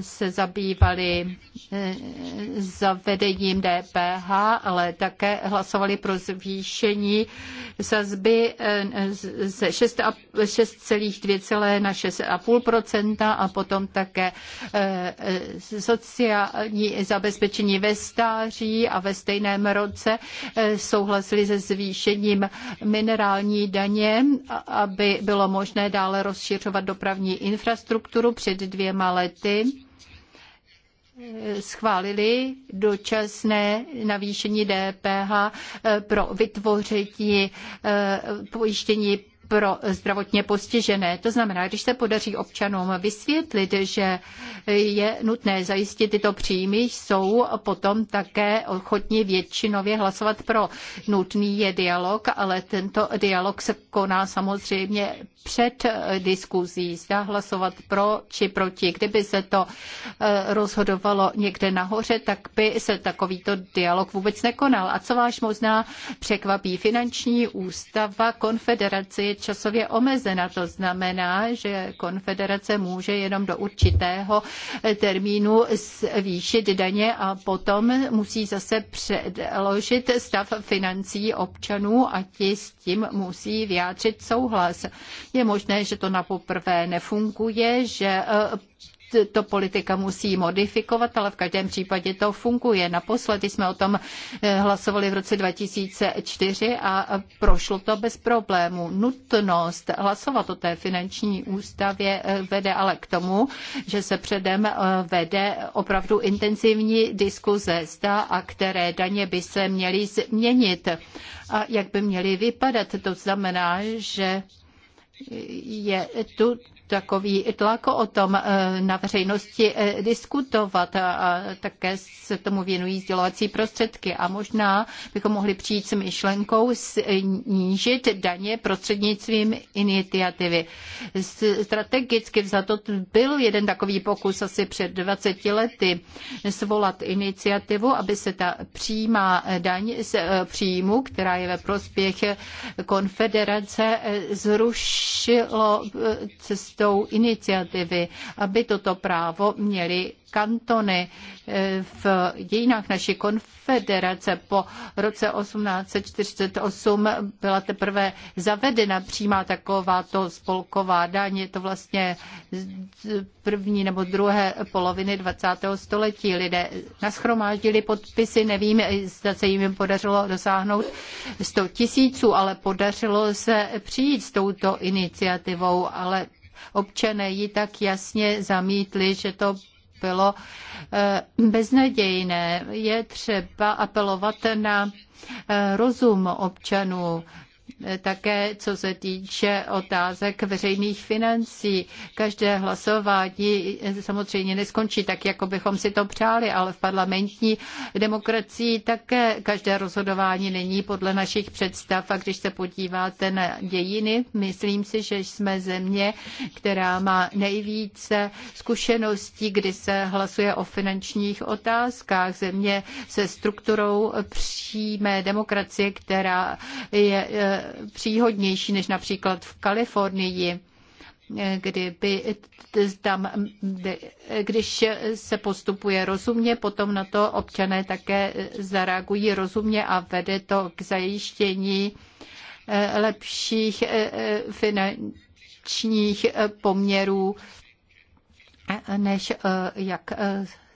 se zabývali eh, zavedením DPH, ale také hlasovali pro zvýšení sazby eh, ze 6,2 na 6,5 a potom také eh, sociální zabezpečení ve stáří a ve stejném roce souhlasili se zvýšením minerální daně, aby bylo možné dále rozšiřovat dopravní infrastrukturu před dvěma lety poslanci schválili dočasné navýšení DPH eh, pro vytvoření eh, pojištění pro zdravotně postižené. To znamená, když se podaří občanům vysvětlit, že je nutné zajistit tyto příjmy, jsou potom také ochotni většinově hlasovat pro. Nutný je dialog, ale tento dialog se koná samozřejmě před diskuzí, zda hlasovat pro či proti. Kdyby se to eh, rozhodovalo někde nahoře, tak by se takovýto dialog vůbec nekonal. A co váš možná překvapí, finanční ústava konfederace časově omezena. To znamená, že konfederace může jenom do určitého termínu zvýšit daně a potom musí zase předložit stav financí občanů a ti s tím musí vyjádřit souhlas. Je možné, že to na poprvé nefunguje, že to politika musí modifikovat, ale v každém případě to funguje. Naposledy jsme o tom eh, hlasovali v roce 2004 a prošlo to bez problémů. Nutnost hlasovat o té finanční ústavě eh, vede ale k tomu, že se předem eh, vede opravdu intenzivní diskuze, zda a které daně by se měly změnit a jak by měly vypadat. To znamená, že je tu takový tlak o tom eh, na veřejnosti eh, diskutovat a také se tomu věnují sdělovací prostředky. A možná bychom mohli přijít s myšlenkou snížit daně prostřednictvím iniciativy. Strategicky vzato byl jeden takový pokus asi před 20 lety svolat iniciativu, aby se ta přímá daň z eh, příjmu, která je ve prospěch konfederace, zrušilo cestu cestou iniciativy, aby toto právo měli kantony. Eh, v dějinách naší konfederace po roce 1848 byla teprve zavedena přímá takováto spolková daň. Je to vlastně první nebo druhé poloviny 20. století. Lidé naschromáždili podpisy, nevím, zda se jim podařilo dosáhnout 100 tisíců, ale podařilo se přijít s touto iniciativou, ale občané ji tak jasně zamítli, že to bylo eh, beznadějné. Je třeba apelovat na eh, rozum občanů, Eh, také co se týče otázek veřejných financí. Každé hlasování eh, samozřejmě neskončí tak, jako bychom si to přáli, ale v parlamentní demokracii také každé rozhodování není podle našich představ. A když se podíváte na dějiny, myslím si, že jsme země, která má nejvíce zkušeností, kdy se hlasuje o finančních otázkách. Země se strukturou přímé demokracie, která je eh, příhodnější než například v Kalifornii, kdyby tam, když se postupuje rozumně, potom na to občané také zareagují rozumně a vede to k zajištění eh, lepších eh, eh, finančních poměrů, než jak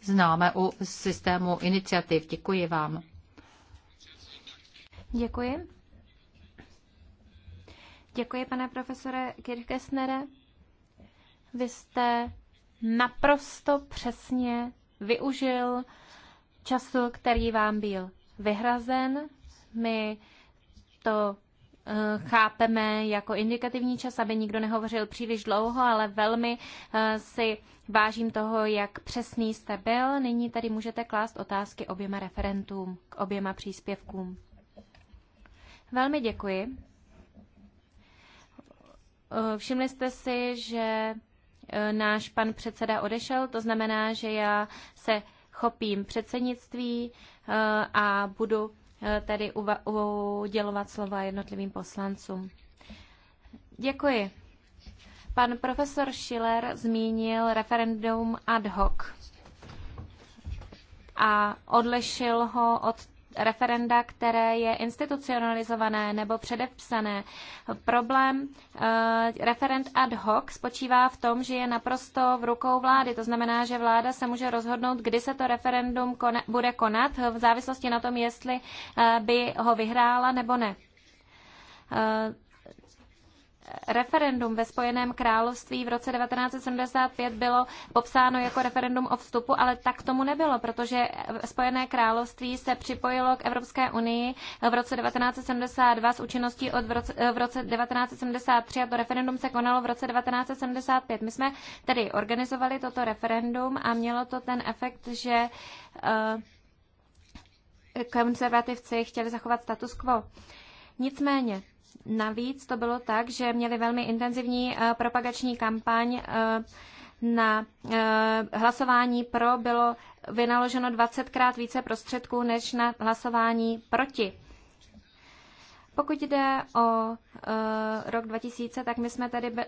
známe u systému iniciativ. Děkuji vám. Děkuji. Děkuji, pane profesore Kirkesnere. Vy jste naprosto přesně využil času, který vám byl vyhrazen. My to eh, chápeme jako indikativní čas, aby nikdo nehovořil příliš dlouho, ale velmi eh, si vážím toho, jak přesný jste byl. Nyní tady můžete klást otázky oběma referentům, k oběma příspěvkům. Velmi děkuji. Eh, všimli jste si, že eh, náš pan předseda odešel, to znamená, že já se chopím předsednictví eh, a budu tedy udělovat slova jednotlivým poslancům. Děkuji. Pan profesor Schiller zmínil referendum ad hoc a odlešil ho od referenda, které je institucionalizované nebo předepsané. Problém eh, referend ad hoc spočívá v tom, že je naprosto v rukou vlády. To znamená, že vláda se může rozhodnout, kdy se to referendum kone, bude konat, v závislosti na tom, jestli eh, by ho vyhrála nebo ne. Eh, referendum ve Spojeném království v roce 1975 bylo popsáno jako referendum o vstupu, ale tak tomu nebylo, protože Spojené království se připojilo k Evropské unii v roce 1972 s účinností od v roce, v roce 1973 a to referendum se konalo v roce 1975. My jsme tedy organizovali toto referendum a mělo to ten efekt, že eh, konzervativci chtěli zachovat status quo. Nicméně, Navíc to bylo tak, že měli velmi intenzivní eh, propagační kampaň eh, na eh, hlasování pro bylo vynaloženo 20krát více prostředků než na hlasování proti. Pokud jde o uh, rok 2000, tak my jsme tady uh,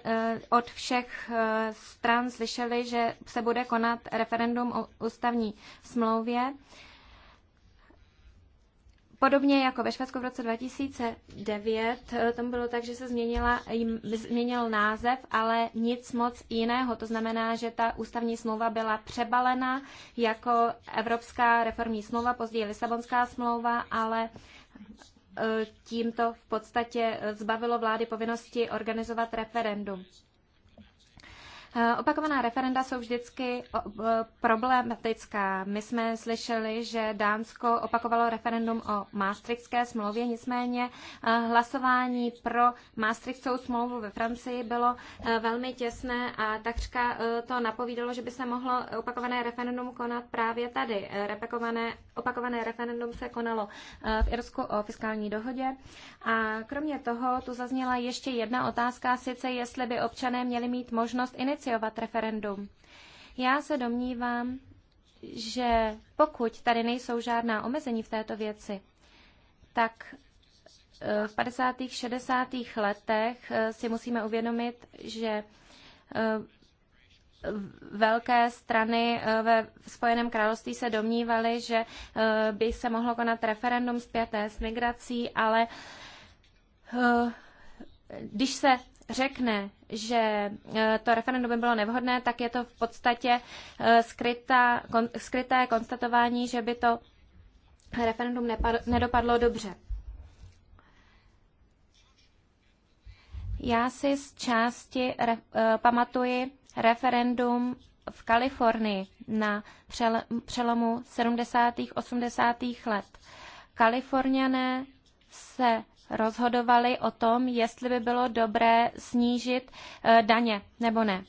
od všech uh, stran slyšeli, že se bude konat referendum o ústavní smlouvě. Podobně jako ve Švédsku v roce 2009, tomu eh, bylo tak, že se změnila, změnil název, ale nic moc jiného. To znamená, že ta ústavní smlouva byla přebalena jako Evropská reformní smlouva, později Lisabonská smlouva, ale eh, tímto v podstatě eh, zbavilo vlády povinnosti organizovat referendum. Eh, opakovaná referenda jsou vždycky eh, problematická. My jsme slyšeli, že Dánsko opakovalo referendum o Maastrichtské smlouvě, nicméně eh, hlasování pro Maastrichtskou smlouvu ve Francii bylo velmi těsné a takřka to napovídalo, že by se mohlo opakované referendum konat právě tady. Repakované, opakované referendum se konalo v Irsku o fiskální dohodě. A kromě toho tu zazněla ještě jedna otázka, sice jestli by občané měli mít možnost iniciativy iniciovat referendum. Já se domnívám, že pokud tady nejsou žádná omezení v této věci, tak eh, v 50. 60. letech eh, si musíme uvědomit, že eh, velké strany ve Spojeném království se domnívaly, že by se mohlo konat referendum zpěté s migrací, ale když se řekne, že eh, to referendum by bylo nevhodné, tak je to v podstatě eh, skrytá, kon, skryté konstatování, že by to referendum nepadlo, nedopadlo dobře. Já si z části re, eh, pamatuji referendum v Kalifornii na přelomu 70. 80. let. Kaliforniané se rozhodovali o tom, jestli by bylo dobré snížit eh, daně nebo ne.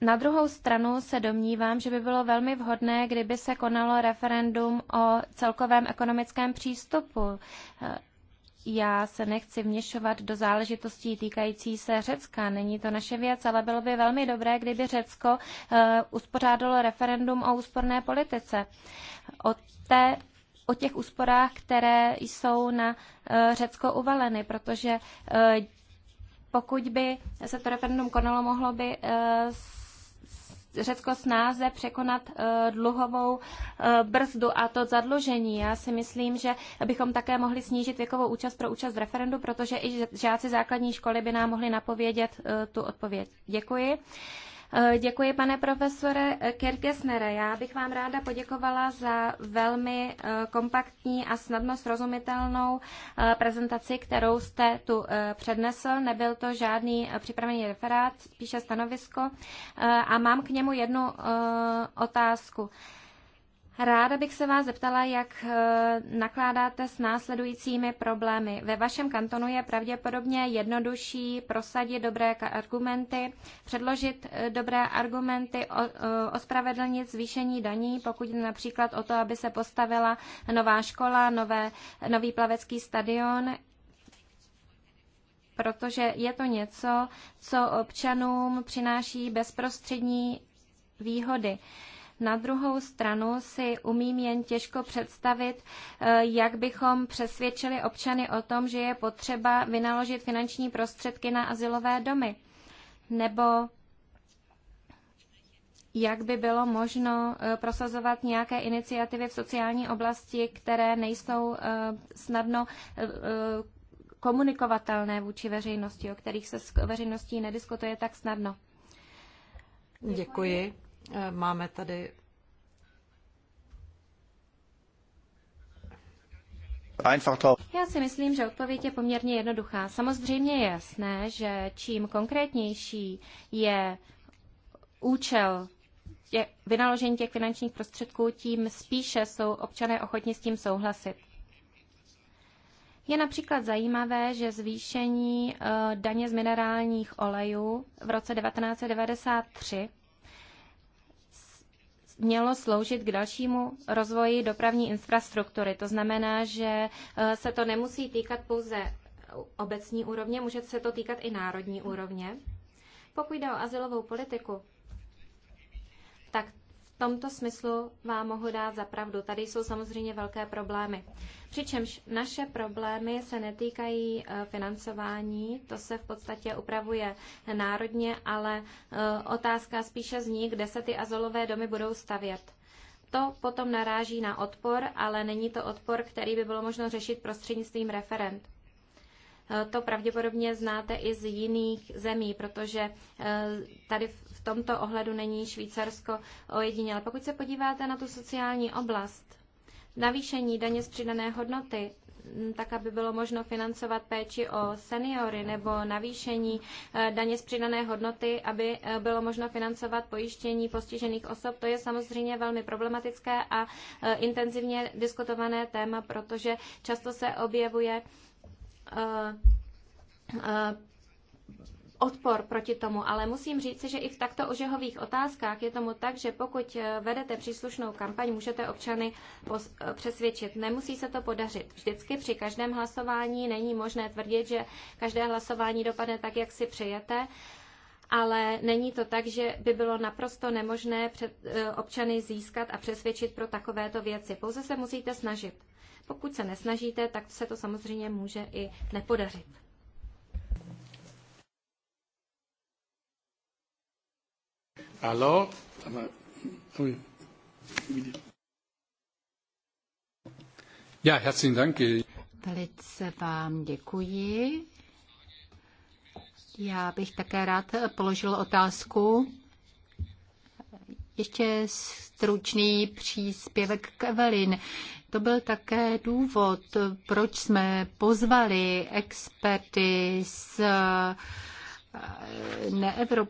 Na druhou stranu se domnívám, že by bylo velmi vhodné, kdyby se konalo referendum o celkovém ekonomickém přístupu. Eh, já se nechci vměšovat do záležitostí týkající se Řecka, není to naše věc, ale bylo by velmi dobré, kdyby Řecko eh, uspořádalo referendum o úsporné politice. O té o těch úsporách, které jsou na eh, Řecko uvaleny, protože eh, pokud by se to referendum konalo, mohlo by eh, Řecko snáze překonat dluhovou brzdu a to zadlužení. Já si myslím, že bychom také mohli snížit věkovou účast pro účast v referendu, protože i žáci základní školy by nám mohli napovědět tu odpověď. Děkuji. Eh, děkuji, pane profesore Kirkesnere. Já bych vám ráda poděkovala za velmi eh, kompaktní a snadno srozumitelnou eh, prezentaci, kterou jste tu přednesl. Nebyl to žádný připravený referát, spíše stanovisko. A mám k němu jednu otázku. Ráda bych se vás zeptala, jak eh, nakládáte s následujícími problémy. Ve vašem kantonu je pravděpodobně jednodušší prosadit dobré argumenty, předložit eh, dobré argumenty, eh, ospravedlnit zvýšení daní, pokud například o to, aby se postavila nová škola, nové, nový plavecký stadion, protože je to něco, co občanům přináší bezprostřední výhody. Na druhou stranu si umím jen těžko představit, eh, jak bychom přesvědčili občany o tom, že je potřeba vynaložit finanční prostředky na asilové domy. Nebo jak by bylo možno eh, prosazovat nějaké iniciativy v sociální oblasti, které nejsou eh, snadno komunikovatelné vůči veřejnosti, o kterých se s veřejností nediskutuje tak snadno. Děkuji. Děkuji. Eh, máme tady Já si myslím, že odpověď je poměrně jednoduchá. Samozřejmě je jasné, že čím konkrétnější je účel tě, vynaložení těch finančních prostředků, tím spíše jsou občané ochotni s tím souhlasit. Je například zajímavé, že zvýšení eh, daně z minerálních olejů v roce 1993 mělo sloužit k dalšímu rozvoji dopravní infrastruktury. To znamená, že eh, se to nemusí týkat pouze obecní úrovně, může se to týkat i národní úrovně. Pokud jde o asilovou politiku, tomto smyslu vám mohu dát za pravdu. Tady jsou samozřejmě velké problémy. Přičemž naše problémy se netýkají e, financování, to se v podstatě upravuje národně, ale e, otázka spíše zní, kde se ty azolové domy budou stavět. To potom naráží na odpor, ale není to odpor, který by bylo možno řešit prostřednictvím referent. E, to pravděpodobně znáte i z jiných zemí, protože tady tomto ohledu není Švýcarsko ojedinělé. Pokud se podíváte na tu sociální oblast, navýšení daně z přidané hodnoty, tak aby bylo možno financovat péči o seniory nebo navýšení e, daně z přidané hodnoty, aby e, bylo možno financovat pojištění postižených osob. To je samozřejmě velmi problematické a e, intenzivně diskutované téma, protože často se objevuje odpor proti tomu, ale musím říct, že i v takto ožehových otázkách je tomu tak, že pokud eh, vedete příslušnou kampaň, můžete občany eh, přesvědčit. Nemusí se to podařit. Vždycky při každém hlasování není možné tvrdit, že každé hlasování dopadne tak, jak si přejete ale není to tak, že by bylo naprosto nemožné před, eh, občany získat a přesvědčit pro takovéto věci. Pouze se musíte snažit. Pokud se nesnažíte, tak se to samozřejmě může i nepodařit. Alors, oui. Ja, herzlichen Dank. Velice vám děkuji. Já bych také rád položil otázku. Ještě stručný příspěvek k Evelyn. To byl také důvod, proč jsme pozvali experty z ne Evrop,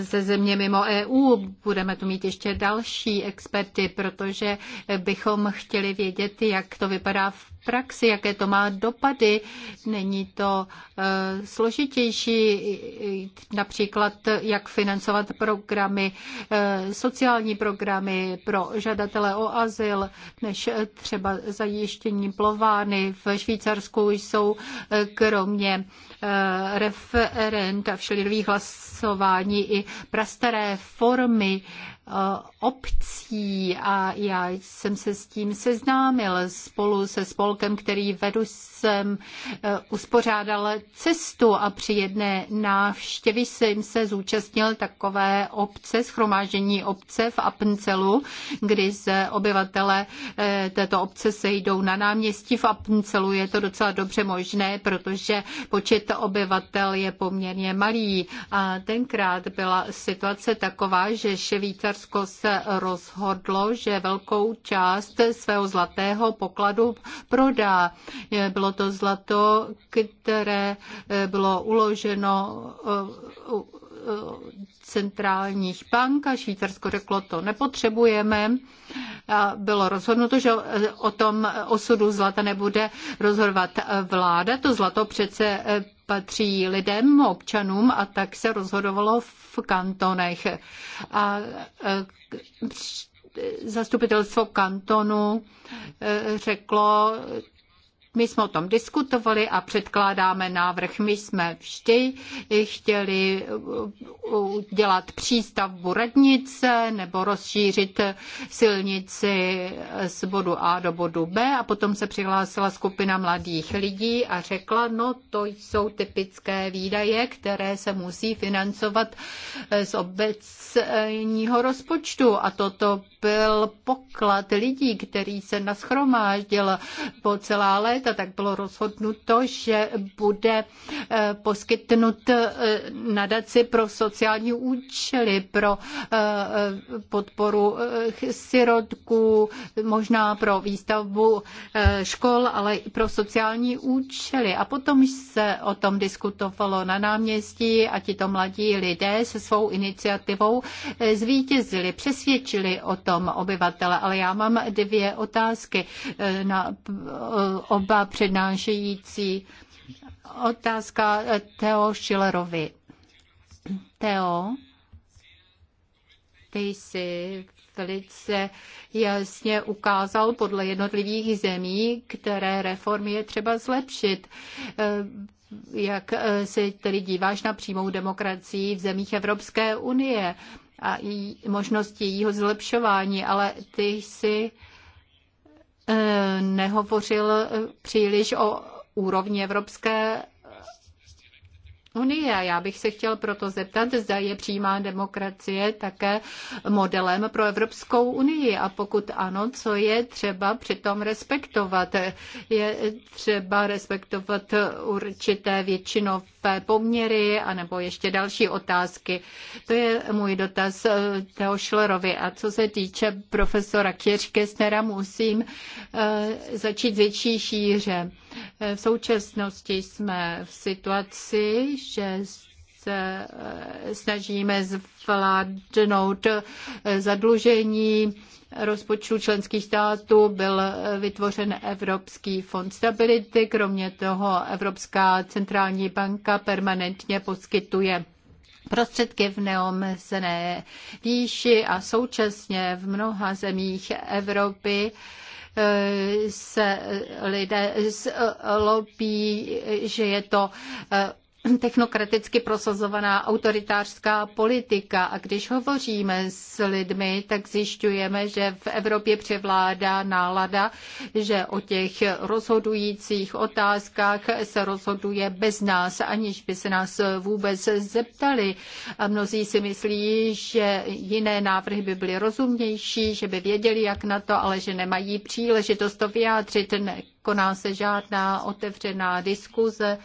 ze země mimo EU. Budeme tu mít ještě další experty, protože bychom chtěli vědět, jak to vypadá v praxi, jaké to má dopady. Není to uh, složitější, například jak financovat programy, uh, sociální programy pro žadatele o azyl, než třeba zajištění plovány. V Švýcarsku jsou uh, kromě uh, Eh, referent a všelidových hlasování i prastaré formy eh, obcí a já jsem se s tím seznámil spolu se spolkem, který vedu jsem eh, uspořádal cestu a při jedné návštěvě jsem se zúčastnil takové obce, schromáždění obce v Apncelu, kdy se obyvatele této obce sejdou na náměstí v Apncelu. Je to docela dobře možné, protože počet obyvatel je poměrně malý. A tenkrát byla situace taková, že Švýcarsko se rozhodlo, že velkou část svého zlatého pokladu prodá. Bylo to zlato, které eh, bylo uloženo eh, centrálních bank a Švýcarsko řeklo, to nepotřebujeme. A bylo rozhodnuto, že o tom osudu zlata nebude rozhodovat vláda. To zlato přece eh, patří lidem, občanům a tak se rozhodovalo v kantonech. A e, zastupitelstvo kantonu e, řeklo, my jsme o tom diskutovali a předkládáme návrh. My jsme vždy chtěli dělat přístavbu radnice nebo rozšířit silnici z bodu A do bodu B a potom se přihlásila skupina mladých lidí a řekla, no to jsou typické výdaje, které se musí financovat z obecního rozpočtu a toto byl poklad lidí, který se naschromáždil po celá léta, tak bylo rozhodnuto, že bude eh, poskytnut eh, nadaci pro sociální účely, pro eh, podporu sirotků, možná pro výstavbu škol, ale i pro sociální účely. A potom se o tom diskutovalo na náměstí a tito mladí lidé se svou iniciativou zvítězili, přesvědčili o tom, tom obyvatele. Ale já mám dvě otázky eh, na eh, oba přednášející. Otázka eh, Teo Schillerovi. Teo, ty jsi velice jasně ukázal podle jednotlivých zemí, které reformy je třeba zlepšit. Jak se tedy díváš na přímou demokracii v zemích Evropské unie? a možnosti jejího zlepšování, ale ty jsi eh, nehovořil eh, příliš o úrovni Evropské unie. Já bych se chtěl proto zeptat, zda je přímá demokracie také modelem pro Evropskou unii a pokud ano, co je třeba přitom respektovat. Je třeba respektovat určité většinové poměry anebo ještě další otázky. To je můj dotaz Teo Šlerovi. A co se týče profesora Kěřkesnera, musím eh, začít větší šíře v současnosti jsme v situaci, že se eh, snažíme zvládnout eh, zadlužení rozpočtu členských států byl eh, vytvořen Evropský fond stability. Kromě toho Evropská centrální banka permanentně poskytuje prostředky v neomezené výši a současně v mnoha zemích Evropy se lidé zlobí, že je to technokraticky prosazovaná autoritářská politika. A když hovoříme s lidmi, tak zjišťujeme, že v Evropě převládá nálada, že o těch rozhodujících otázkách se rozhoduje bez nás, aniž by se nás vůbec zeptali. A mnozí si myslí, že jiné návrhy by byly rozumnější, že by věděli, jak na to, ale že nemají příležitost to vyjádřit. Koná se žádná otevřená diskuze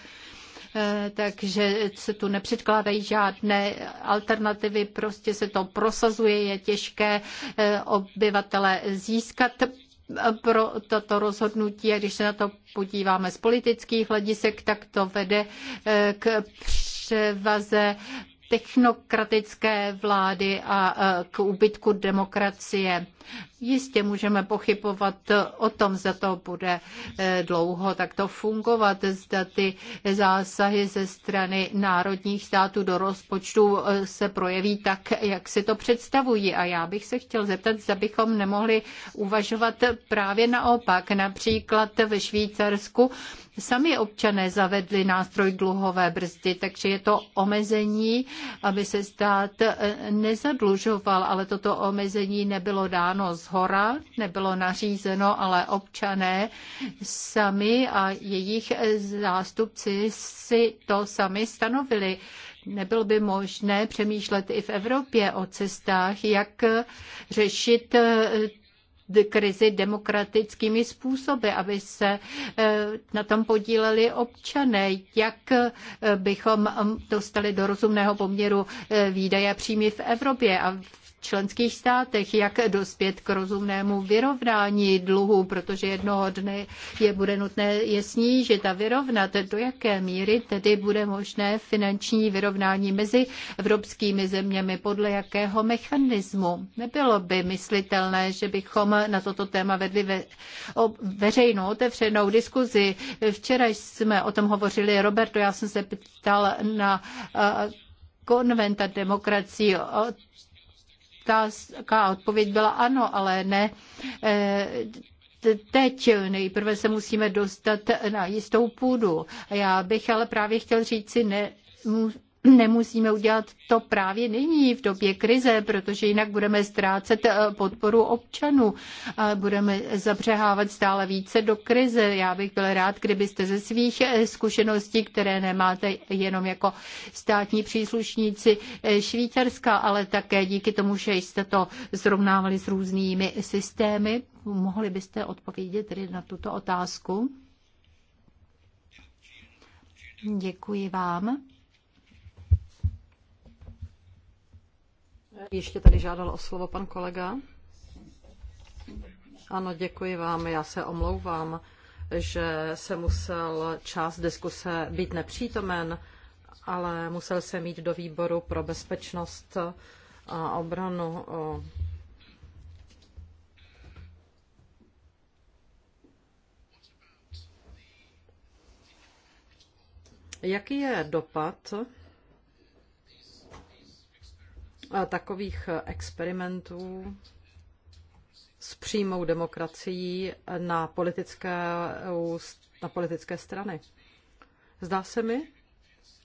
Eh, takže se tu nepředkládají žádné alternativy, prostě se to prosazuje, je těžké eh, obyvatele získat eh, pro toto rozhodnutí a když se na to podíváme z politických hledisek, tak to vede k převaze technokratické vlády a k úbytku demokracie. Jistě můžeme pochybovat o tom, zda to bude eh, dlouho takto fungovat, zda ty zásahy ze strany národních států do rozpočtu eh, se projeví tak, jak si to představují. A já bych se chtěl zeptat, zda bychom nemohli uvažovat právě naopak. Například ve Švýcarsku sami občané zavedli nástroj dluhové brzdy, takže je to omezení, aby se stát eh, nezadlužoval, ale toto omezení nebylo dáno dáno z hora, nebylo nařízeno, ale občané sami a jejich zástupci si to sami stanovili. Nebylo by možné přemýšlet i v Evropě o cestách, jak řešit eh, krizi demokratickými způsoby, aby se eh, na tom podíleli občané, jak eh, bychom mm, dostali do rozumného poměru výdaje příjmy v Evropě. A členských státech, jak dospět k rozumnému vyrovnání dluhu, protože jednoho dne je bude nutné je snížit a vyrovnat. Do jaké míry tedy bude možné finanční vyrovnání mezi evropskými zeměmi, podle jakého mechanismu? Nebylo by myslitelné, že bychom na toto téma vedli ve, o veřejnou otevřenou diskuzi. Včera jsme o tom hovořili, Roberto, já jsem se ptal na eh, konventa demokracii o otázka odpověď byla ano, ale ne eh, teď. Nejprve se musíme dostat na jistou půdu. Já bych ale právě chtěl říci, ne, nemusíme udělat to právě nyní v době krize, protože jinak budeme ztrácet eh, podporu občanů a budeme zabřehávat stále více do krize. Já bych byl rád, kdybyste ze svých eh, zkušeností, které nemáte jenom jako státní příslušníci eh, Švýcarska, ale také díky tomu, že jste to zrovnávali s různými systémy, mohli byste odpovědět tedy na tuto otázku? Děkuji vám. Ještě tady žádal o slovo pan kolega. Ano, děkuji vám. Já se omlouvám, že se musel část diskuse být nepřítomen, ale musel jsem jít do výboru pro bezpečnost a obranu. Jaký je dopad Eh, takových experimentů s přímou demokracií na politické, eh, na politické strany. Zdá se mi,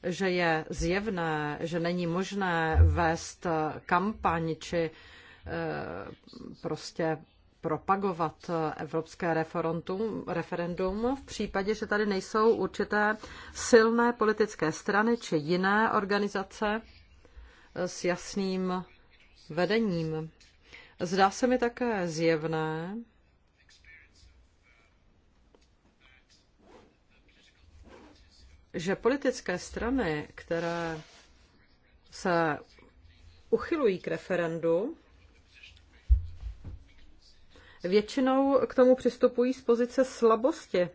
že je zjevné, že není možné vést kampaň či eh, prostě propagovat evropské referendum, referendum v případě, že tady nejsou určité silné politické strany či jiné organizace, s jasným vedením. Zdá se mi také zjevné, že politické strany, které se uchylují k referendu, většinou k tomu přistupují z pozice slabosti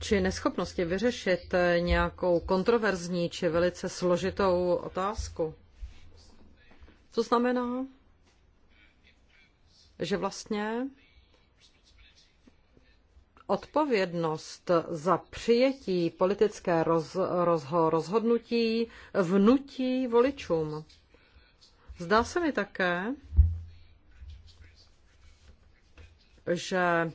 či neschopnosti vyřešit nějakou kontroverzní či velice složitou otázku. Co znamená, že vlastně odpovědnost za přijetí politické roz, rozho, rozhodnutí vnutí voličům. Zdá se mi také, že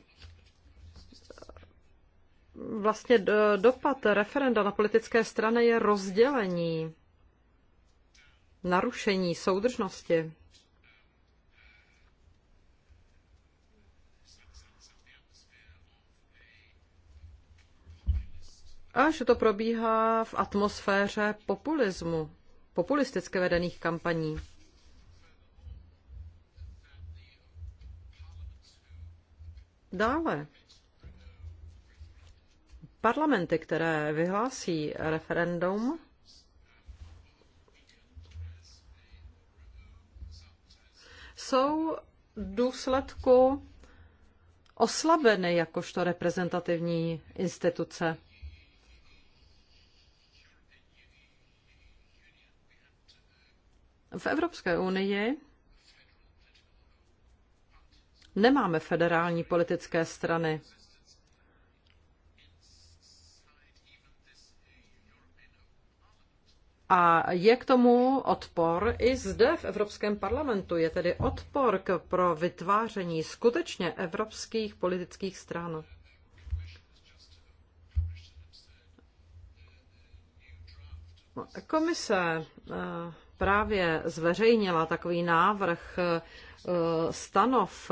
vlastně dopad referenda na politické strany je rozdělení, narušení soudržnosti. A že to probíhá v atmosféře populismu, populisticky vedených kampaní. Dále. Parlamenty, které vyhlásí referendum, jsou důsledku oslabeny jakožto reprezentativní instituce. V Evropské unii nemáme federální politické strany. A je k tomu odpor i zde v Evropském parlamentu. Je tedy odpor k, pro vytváření skutečně evropských politických stran. Komise eh, právě zveřejnila takový návrh eh, stanov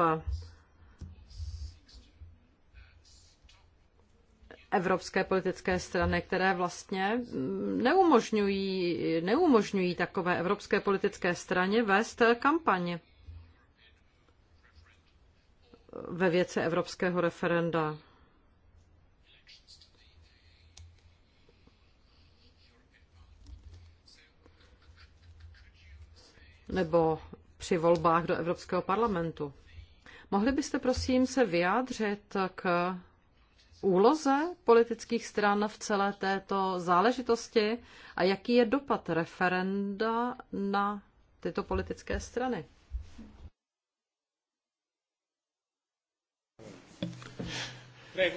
evropské politické strany, které vlastně mm, neumožňují, neumožňují takové evropské politické straně vést kampaň ve věci evropského referenda. Nebo při volbách do Evropského parlamentu. Mohli byste prosím se vyjádřit k úloze politických stran v celé této záležitosti a jaký je dopad referenda na tyto politické strany? Äh,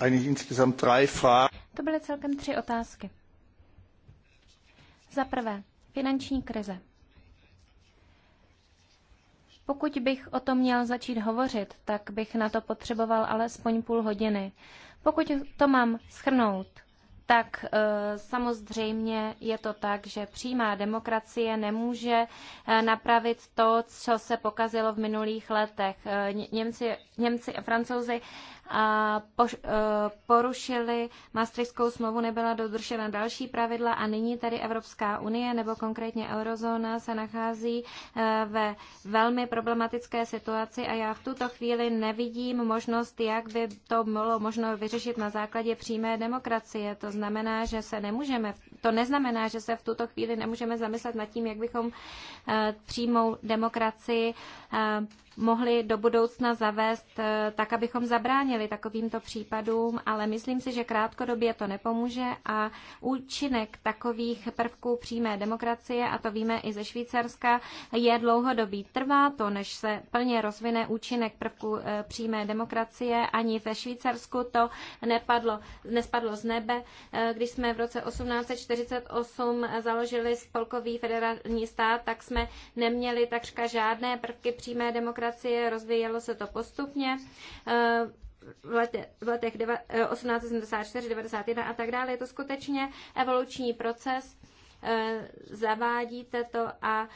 äh, to byly celkem tři otázky. Za prvé, finanční krize. Pokud bych o tom měl začít hovořit, tak bych na to potřeboval alespoň půl hodiny. Pokud to mám schrnout, tak eh, samozřejmě je to tak, že přímá demokracie nemůže eh, napravit to, co se pokazilo v minulých letech. Eh, Němci, Němci a Francouzi a eh, porušili Maastrichtskou smlouvu, nebyla dodržena další pravidla a nyní tady Evropská unie nebo konkrétně eurozóna se nachází eh, ve velmi problematické situaci a já v tuto chvíli nevidím možnost, jak by to bylo možno vyřešit na základě přímé demokracie. To znamená, že se nemůžeme, to neznamená, že se v tuto chvíli nemůžeme zamyslet nad tím, jak bychom eh, přímou demokracii mohli do budoucna zavést eh, tak, abychom zabránili takovýmto případům, ale myslím si, že krátkodobě to nepomůže a účinek takových prvků přímé demokracie, a to víme i ze Švýcarska, je dlouhodobý. Trvá to, než se plně rozvine účinek prvků eh, přímé demokracie. Ani ve Švýcarsku to nepadlo, nespadlo z nebe. Eh, když jsme v roce 1848 založili spolkový federální stát, tak jsme neměli takřka žádné prvky přímé demokracie demokracie, rozvíjelo se to postupně eh, v, letech 1874, 91 eh, a tak dále. Je to skutečně evoluční proces. Eh, zavádíte to a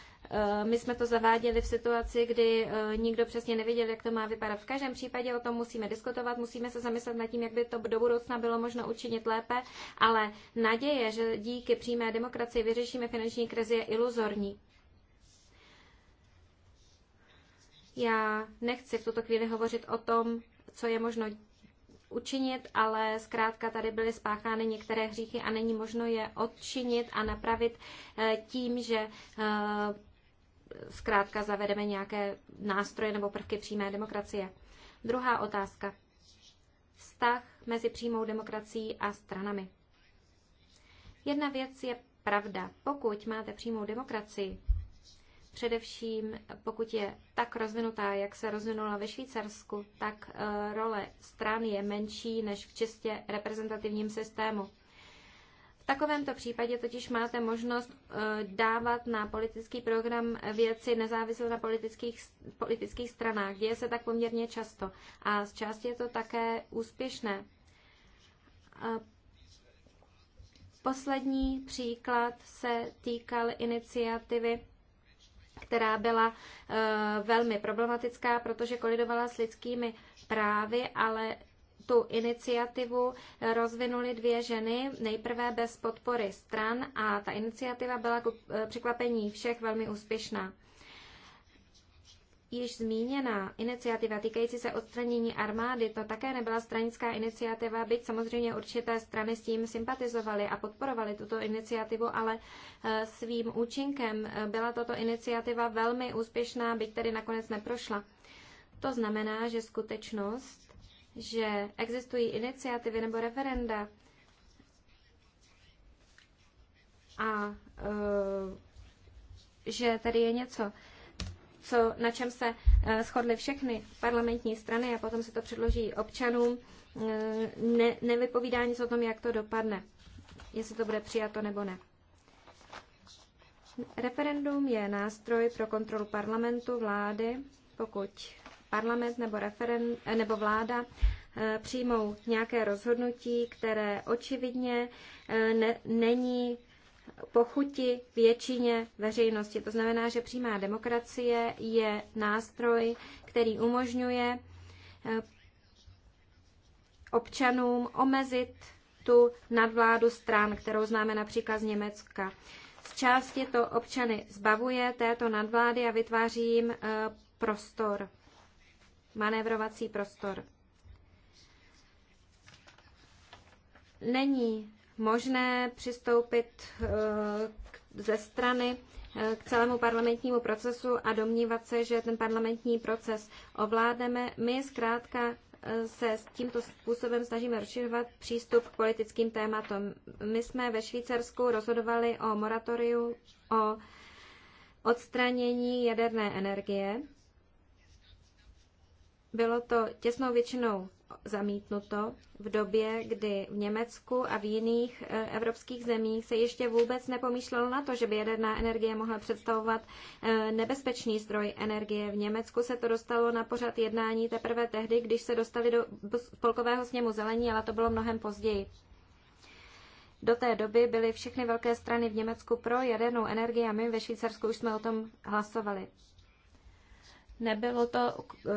my jsme to zaváděli v situaci, kdy nikdo přesně nevěděl, jak to má vypadat. V každém případě o tom musíme diskutovat, musíme se zamyslet nad tím, jak by to do budoucna bylo možno učinit lépe, ale naděje, že díky přímé demokracii vyřešíme finanční krizi, je iluzorní. Já nechci v tuto chvíli hovořit o tom, co je možno učinit, ale zkrátka tady byly spáchány některé hříchy a není možno je odčinit a napravit eh, tím, že eh, zkrátka zavedeme nějaké nástroje nebo prvky přímé demokracie. Druhá otázka. Vztah mezi přímou demokracií a stranami. Jedna věc je pravda. Pokud máte přímou demokracii, Především, pokud je tak rozvinutá, jak se rozvinula ve Švýcarsku, tak eh, role stran je menší než v čistě reprezentativním systému. V takovémto případě totiž máte možnost eh, dávat na politický program věci nezávisle na politických, politických stranách. Děje se tak poměrně často a z části je to také úspěšné. Eh, poslední příklad se týkal iniciativy která byla eh, velmi problematická, protože kolidovala s lidskými právy, ale tu iniciativu rozvinuly dvě ženy, nejprve bez podpory stran a ta iniciativa byla k eh, překvapení všech velmi úspěšná již zmíněná iniciativa týkající se odstranění armády, to také nebyla stranická iniciativa, byť samozřejmě určité strany s tím sympatizovaly a podporovaly tuto iniciativu, ale eh, svým účinkem eh, byla tato iniciativa velmi úspěšná, byť tedy nakonec neprošla. To znamená, že skutečnost, že existují iniciativy nebo referenda a eh, že tady je něco co, na čem se eh, shodly všechny parlamentní strany a potom se to předloží občanům, eh, ne, nevypovídá nic o tom, jak to dopadne, jestli to bude přijato nebo ne. Referendum je nástroj pro kontrolu parlamentu, vlády, pokud parlament nebo, referen, eh, nebo vláda přijmou nějaké rozhodnutí, které očividně ne, není pochuti většině veřejnosti. To znamená, že přímá demokracie je nástroj, který umožňuje eh, občanům omezit tu nadvládu stran, kterou známe například z Německa. Z části to občany zbavuje této nadvlády a vytváří jim eh, prostor, manévrovací prostor. Není možné přistoupit eh, ze strany eh, k celému parlamentnímu procesu a domnívat se, že ten parlamentní proces ovládneme. My zkrátka eh, se s tímto způsobem snažíme rozšiřovat přístup k politickým tématům. My jsme ve Švýcarsku rozhodovali o moratoriu, o odstranění jaderné energie. Bylo to těsnou většinou zamítnuto v době, kdy v Německu a v jiných eh, evropských zemích se ještě vůbec nepomýšlelo na to, že by jaderná energie mohla představovat eh, nebezpečný zdroj energie. V Německu se to dostalo na pořad jednání teprve tehdy, když se dostali do spolkového sněmu zelení, ale to bylo mnohem později. Do té doby byly všechny velké strany v Německu pro jadernou energii a my ve Švýcarsku už jsme o tom hlasovali. Nebylo to eh,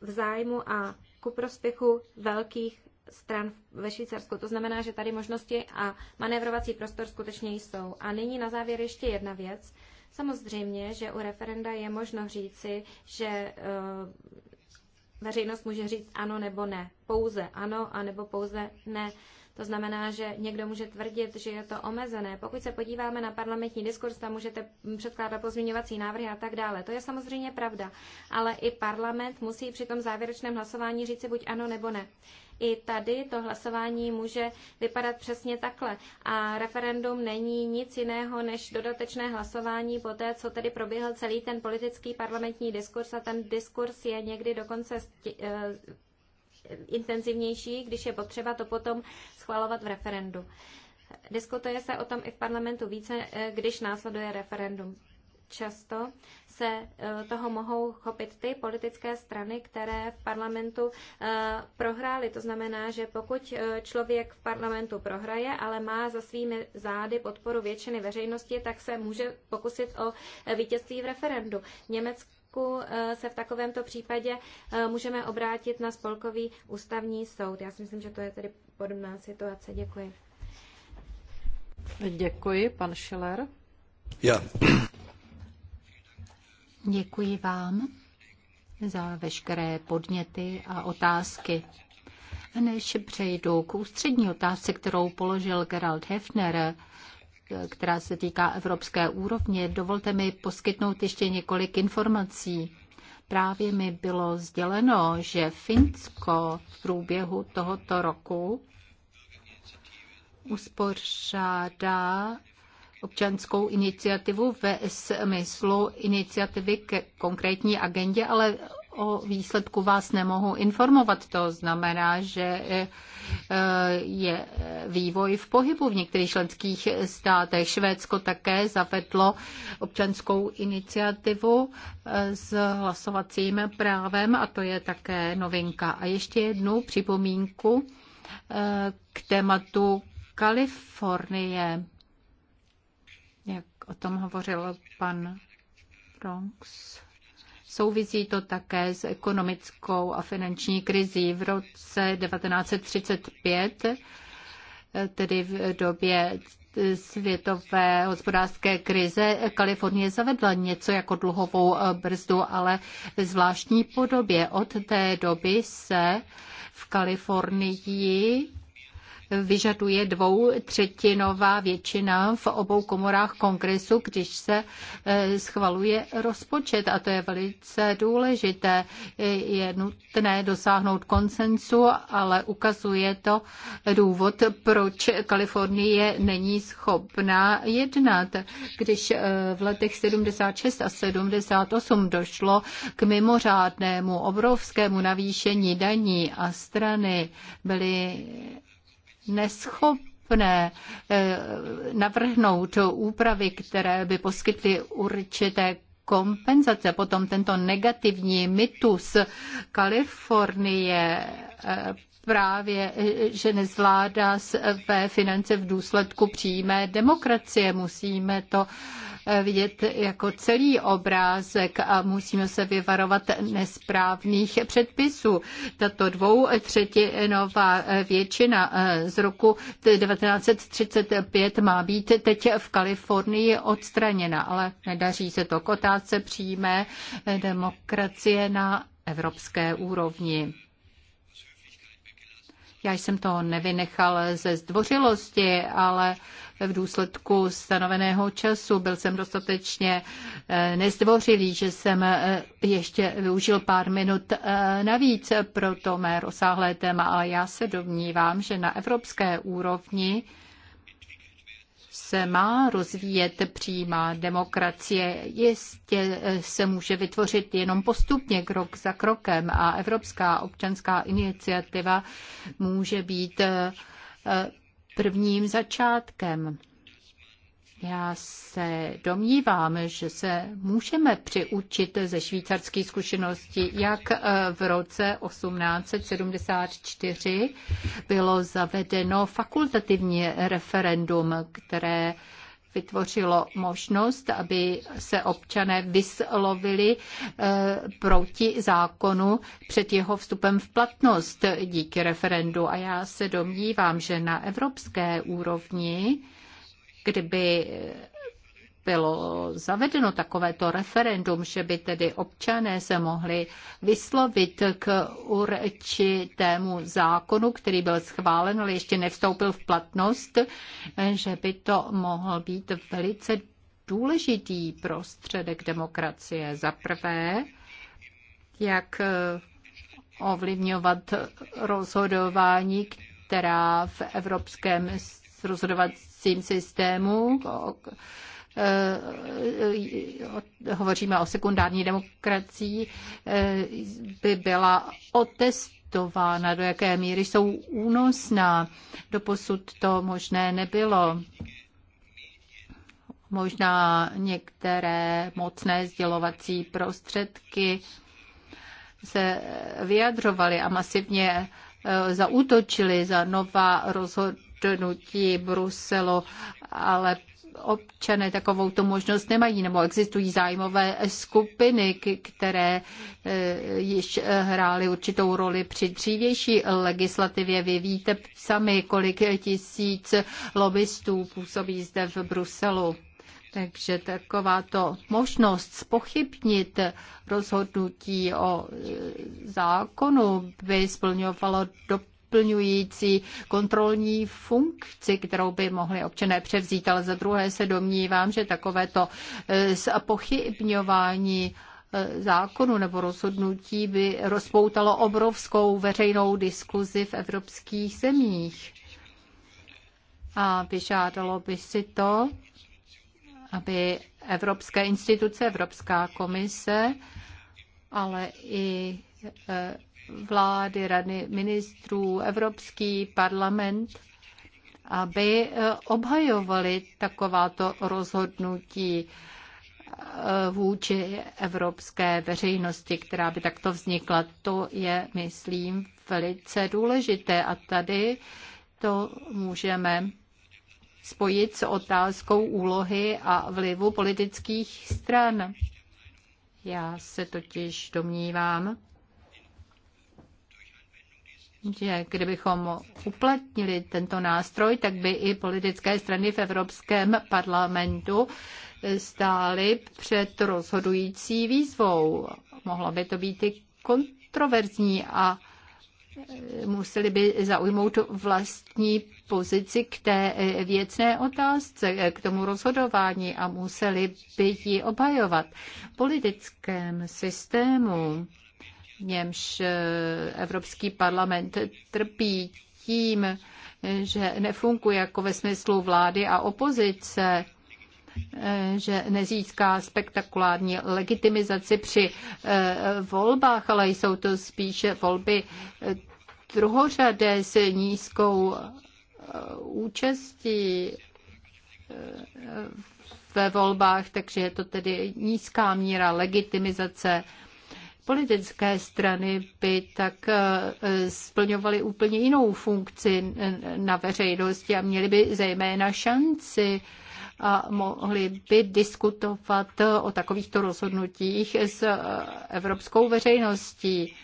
v zájmu a ku prospěchu velkých stran ve Švýcarsku. To znamená, že tady možnosti a manévrovací prostor skutečně jsou. A nyní na závěr ještě jedna věc. Samozřejmě, že u referenda je možno říci, že eh, veřejnost může říct ano nebo ne. Pouze ano a nebo pouze ne. To znamená, že někdo může tvrdit, že je to omezené. Pokud se podíváme na parlamentní diskurs, tam můžete předkládat pozměňovací návrhy a tak dále. To je samozřejmě pravda, ale i parlament musí při tom závěrečném hlasování říci buď ano nebo ne. I tady to hlasování může vypadat přesně takhle. A referendum není nic jiného než dodatečné hlasování po té, co tedy proběhl celý ten politický parlamentní diskurs a ten diskurs je někdy dokonce eh, intenzivnější, když je potřeba to potom schvalovat v referendu. Diskutuje se o tom i v parlamentu více, eh, když následuje referendum. Často se eh, toho mohou chopit ty politické strany, které v parlamentu eh, prohrály. To znamená, že pokud člověk v parlamentu prohraje, ale má za svými zády podporu většiny veřejnosti, tak se může pokusit o vítězství v referendu. Německo pořádku, eh, se v takovémto případě eh, můžeme obrátit na spolkový ústavní soud. Já si myslím, že to je tedy podobná situace. Děkuji. Děkuji, pan Schiller. Já. Děkuji vám za veškeré podněty a otázky. Než přejdu k ústřední otázce, kterou položil Gerald Hefner, která se týká evropské úrovně, dovolte mi poskytnout ještě několik informací. Právě mi bylo sděleno, že Finsko v průběhu tohoto roku uspořádá občanskou iniciativu ve smyslu iniciativy ke konkrétní agendě, ale o výsledku vás nemohu informovat. To znamená, že e, je vývoj v pohybu v některých členských státech. Švédsko také zavedlo občanskou iniciativu e, s hlasovacím právem a to je také novinka. A ještě jednu připomínku e, k tématu Kalifornie, jak o tom hovořil pan Bronx. Souvisí to také s ekonomickou a finanční krizí. V roce 1935, tedy v době světové hospodářské krize Kalifornie zavedla něco jako dluhovou brzdu, ale ve zvláštní podobě. Od té doby se v Kalifornii vyžaduje dvou třetinová většina v obou komorách kongresu, když se eh, schvaluje rozpočet. A to je velice důležité. Je nutné dosáhnout konsensu, ale ukazuje to důvod, proč Kalifornie není schopná jednat. Když eh, v letech 76 a 78 došlo k mimořádnému obrovskému navýšení daní a strany byly neschopné eh, navrhnout úpravy, které by poskytly určité kompenzace. Potom tento negativní mytus Kalifornie eh, právě, eh, že nezvládá své finance v důsledku přímé demokracie. Musíme to Eh, vidět jako celý obrázek a musíme se vyvarovat nesprávných předpisů. Tato dvou třetinová eh, většina eh, z roku 1935 má být teď v Kalifornii odstraněna, ale nedaří se to. Kotáce přijme demokracie na evropské úrovni. Já jsem to nevynechal ze zdvořilosti, ale v důsledku stanoveného času. Byl jsem dostatečně eh, nezdvořilý, že jsem eh, ještě využil pár minut eh, navíc pro to mé rozsáhlé téma, ale já se domnívám, že na evropské úrovni se má rozvíjet přímá demokracie. Jistě se může vytvořit jenom postupně, krok za krokem a Evropská občanská iniciativa může být prvním začátkem. Já se domnívám, že se můžeme přiučit ze švýcarské zkušenosti, jak eh, v roce 1874 bylo zavedeno fakultativní referendum, které vytvořilo možnost, aby se občané vyslovili eh, proti zákonu před jeho vstupem v platnost díky referendu. A já se domnívám, že na evropské úrovni, kdyby bylo zavedeno takovéto referendum, že by tedy občané se mohli vyslovit k určitému zákonu, který byl schválen, ale ještě nevstoupil v platnost, že by to mohl být velice důležitý prostředek demokracie. Za prvé, jak ovlivňovat rozhodování, která v evropském rozhodovacím systému Eh, eh, hovoříme o sekundární demokracii, eh, by byla otestována, do jaké míry jsou únosná. Doposud to možné nebylo. Možná některé mocné sdělovací prostředky se vyjadřovaly a masivně zaútočili za nová rozhodnutí Bruselu, ale občané takovou tu možnost nemají, nebo existují zájmové skupiny, které eh, již hrály určitou roli při dřívější legislativě. Vy víte sami, kolik tisíc lobbystů působí zde v Bruselu. Takže takováto možnost spochybnit rozhodnutí o eh, zákonu by splňovalo do doplňující kontrolní funkci, kterou by mohli občané převzít, ale za druhé se domnívám, že takovéto e, pochybňování e, zákonu nebo rozhodnutí by rozpoutalo obrovskou veřejnou diskuzi v evropských zemích. A vyžádalo by si to, aby evropské instituce, Evropská komise, ale i e, vlády, rady ministrů, Evropský parlament, aby eh, obhajovali takováto rozhodnutí eh, vůči evropské veřejnosti, která by takto vznikla. To je, myslím, velice důležité. A tady to můžeme spojit s otázkou úlohy a vlivu politických stran. Já se totiž domnívám, že kdybychom uplatnili tento nástroj, tak by i politické strany v Evropském parlamentu stály před rozhodující výzvou. Mohlo by to být i kontroverzní a museli by zaujmout vlastní pozici k té věcné otázce, k tomu rozhodování a museli by ji obhajovat. V politickém systému němž eh, Evropský parlament trpí tím, že nefunguje jako ve smyslu vlády a opozice, eh, že nezíská spektakulární legitimizaci při eh, volbách, ale jsou to spíše volby druhořadé s nízkou účastí ve volbách, takže je to tedy nízká míra legitimizace politické strany by tak eh, splňovaly úplně jinou funkci na veřejnosti a měly by zejména šanci a mohli by diskutovat o takovýchto rozhodnutích s eh, evropskou veřejností.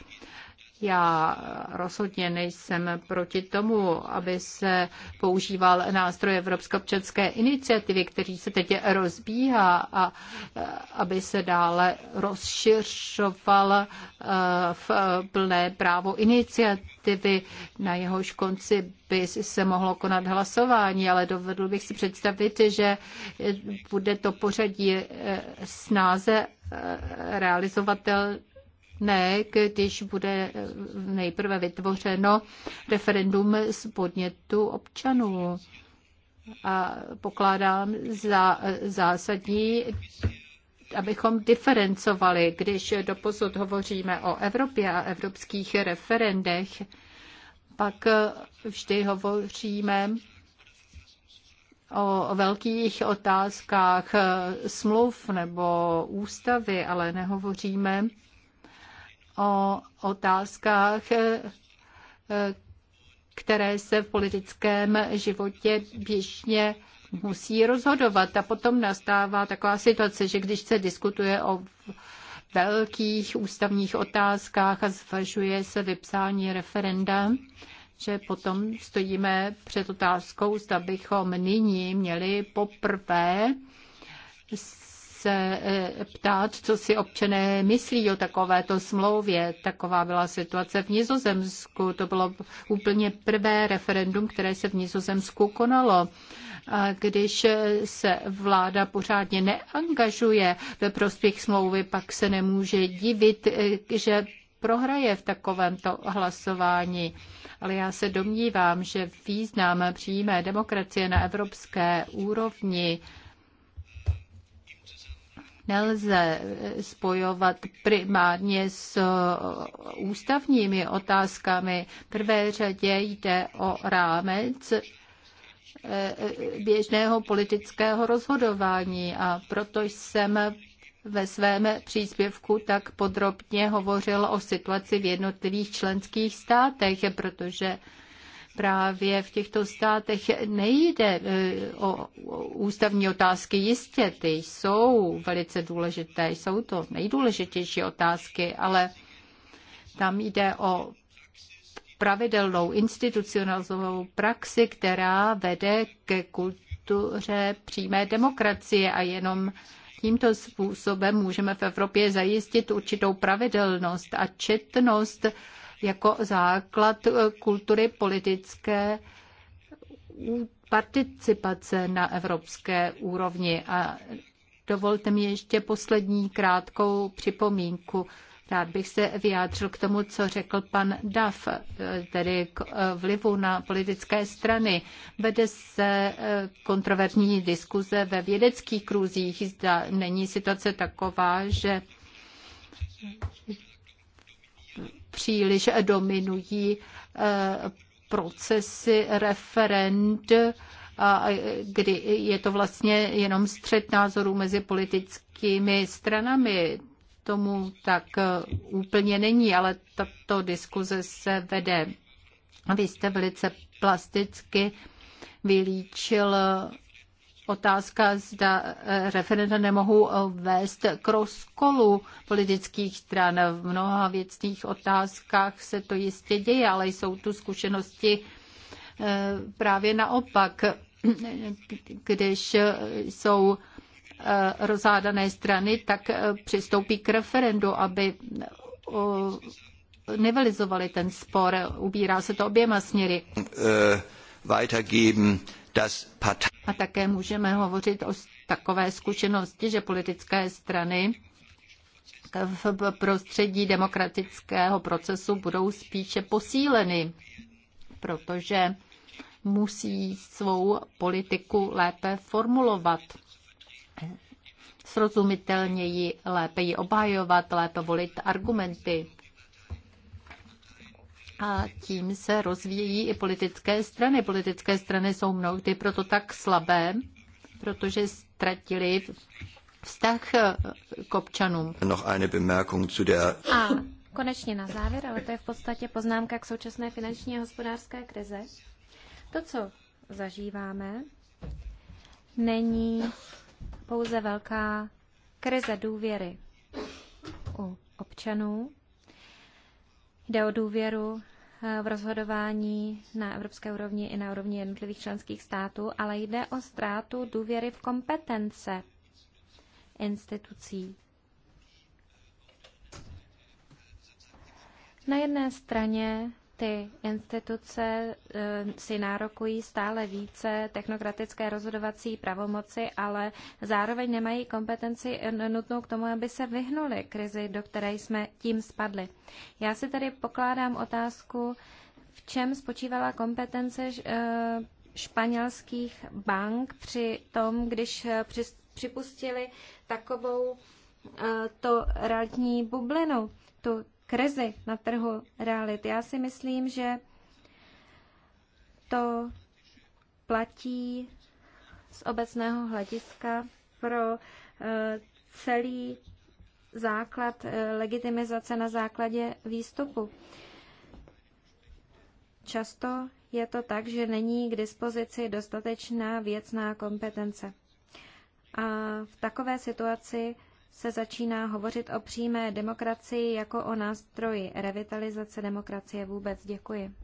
Já rozhodně nejsem proti tomu, aby se používal nástroj Evropské občanské iniciativy, který se teď rozbíhá a aby se dále rozšiřoval eh, v plné právo iniciativy. Na jehož konci by se mohlo konat hlasování, ale dovedl bych si představit, že bude to pořadí eh, snáze eh, realizovatelné ne, když bude eh, nejprve vytvořeno referendum z podnětu občanů. A pokládám za eh, zásadní, abychom diferencovali, když doposud hovoříme o Evropě a evropských referendech, pak eh, vždy hovoříme o velkých otázkách smluv nebo ústavy, ale nehovoříme o otázkách, eh, které se v politickém životě běžně musí rozhodovat. A potom nastává taková situace, že když se diskutuje o velkých ústavních otázkách a zvažuje se vypsání referenda, že potom stojíme před otázkou, zda bychom nyní měli poprvé se e, ptát, co si občané myslí o takovéto smlouvě. Taková byla situace v Nizozemsku. To bylo úplně prvé referendum, které se v Nizozemsku konalo. A když se vláda pořádně neangažuje ve prospěch smlouvy, pak se nemůže divit, e, že prohraje v takovémto hlasování. Ale já se domnívám, že význam přímé demokracie na evropské úrovni nelze eh, spojovat primárně s eh, ústavními otázkami. V prvé řadě jde o rámec eh, běžného politického rozhodování a proto jsem ve svém příspěvku tak podrobně hovořil o situaci v jednotlivých členských státech, protože právě v těchto státech nejde e, o ústavní otázky. Jistě, ty jsou velice důležité, jsou to nejdůležitější otázky, ale tam jde o pravidelnou institucionalizovanou praxi, která vede ke kultuře přímé demokracie a jenom tímto způsobem můžeme v Evropě zajistit určitou pravidelnost a četnost jako základ eh, kultury politické participace na evropské úrovni. A dovolte mi ještě poslední krátkou připomínku. Rád bych se vyjádřil k tomu, co řekl pan Duff, eh, tedy k eh, vlivu na politické strany. Vede se kontroverzní diskuze ve vědeckých kruzích. Zda není situace taková, že příliš dominují eh, procesy referend, a kdy je to vlastně jenom střed názorů mezi politickými stranami. Tomu tak eh, úplně není, ale tato diskuze se vede. Vy jste velice plasticky vylíčil otázka, zda eh, referenda nemohou eh, vést k rozkolu politických stran. V mnoha věcných otázkách se to jistě děje, ale jsou tu zkušenosti eh, právě naopak, <clears throat> když jsou rozhádané strany, tak přistoupí k referendu, aby nivelizovali ten spor. Ubírá se to oběma směry. Weitergeben a také můžeme hovořit o takové zkušenosti, že politické strany v prostředí demokratického procesu budou spíše posíleny, protože musí svou politiku lépe formulovat, srozumitelněji lépe ji obhajovat, lépe volit argumenty. A tím se rozvíjí i politické strany. Politické strany jsou mnohdy proto tak slabé, protože ztratili vztah k občanům. A konečně na závěr, ale to je v podstatě poznámka k současné finanční a hospodářské krize. To, co zažíváme, není pouze velká krize důvěry u občanů. Jde o důvěru v rozhodování na evropské úrovni i na úrovni jednotlivých členských států, ale jde o ztrátu důvěry v kompetence institucí. Na jedné straně ty instituce eh, si nárokují stále více technokratické rozhodovací pravomoci, ale zároveň nemají kompetenci nutnou k tomu, aby se vyhnuli krizi, do které jsme tím spadli. Já si tady pokládám otázku, v čem spočívala kompetence eh, španělských bank při tom, když eh, připustili takovou to realitní bublinu, tu krizi na trhu realit. Já si myslím, že to platí z obecného hlediska pro eh, celý základ eh, legitimizace na základě výstupu. Často je to tak, že není k dispozici dostatečná věcná kompetence. A v takové situaci se začíná hovořit o přímé demokracii jako o nástroji revitalizace demokracie vůbec. Děkuji.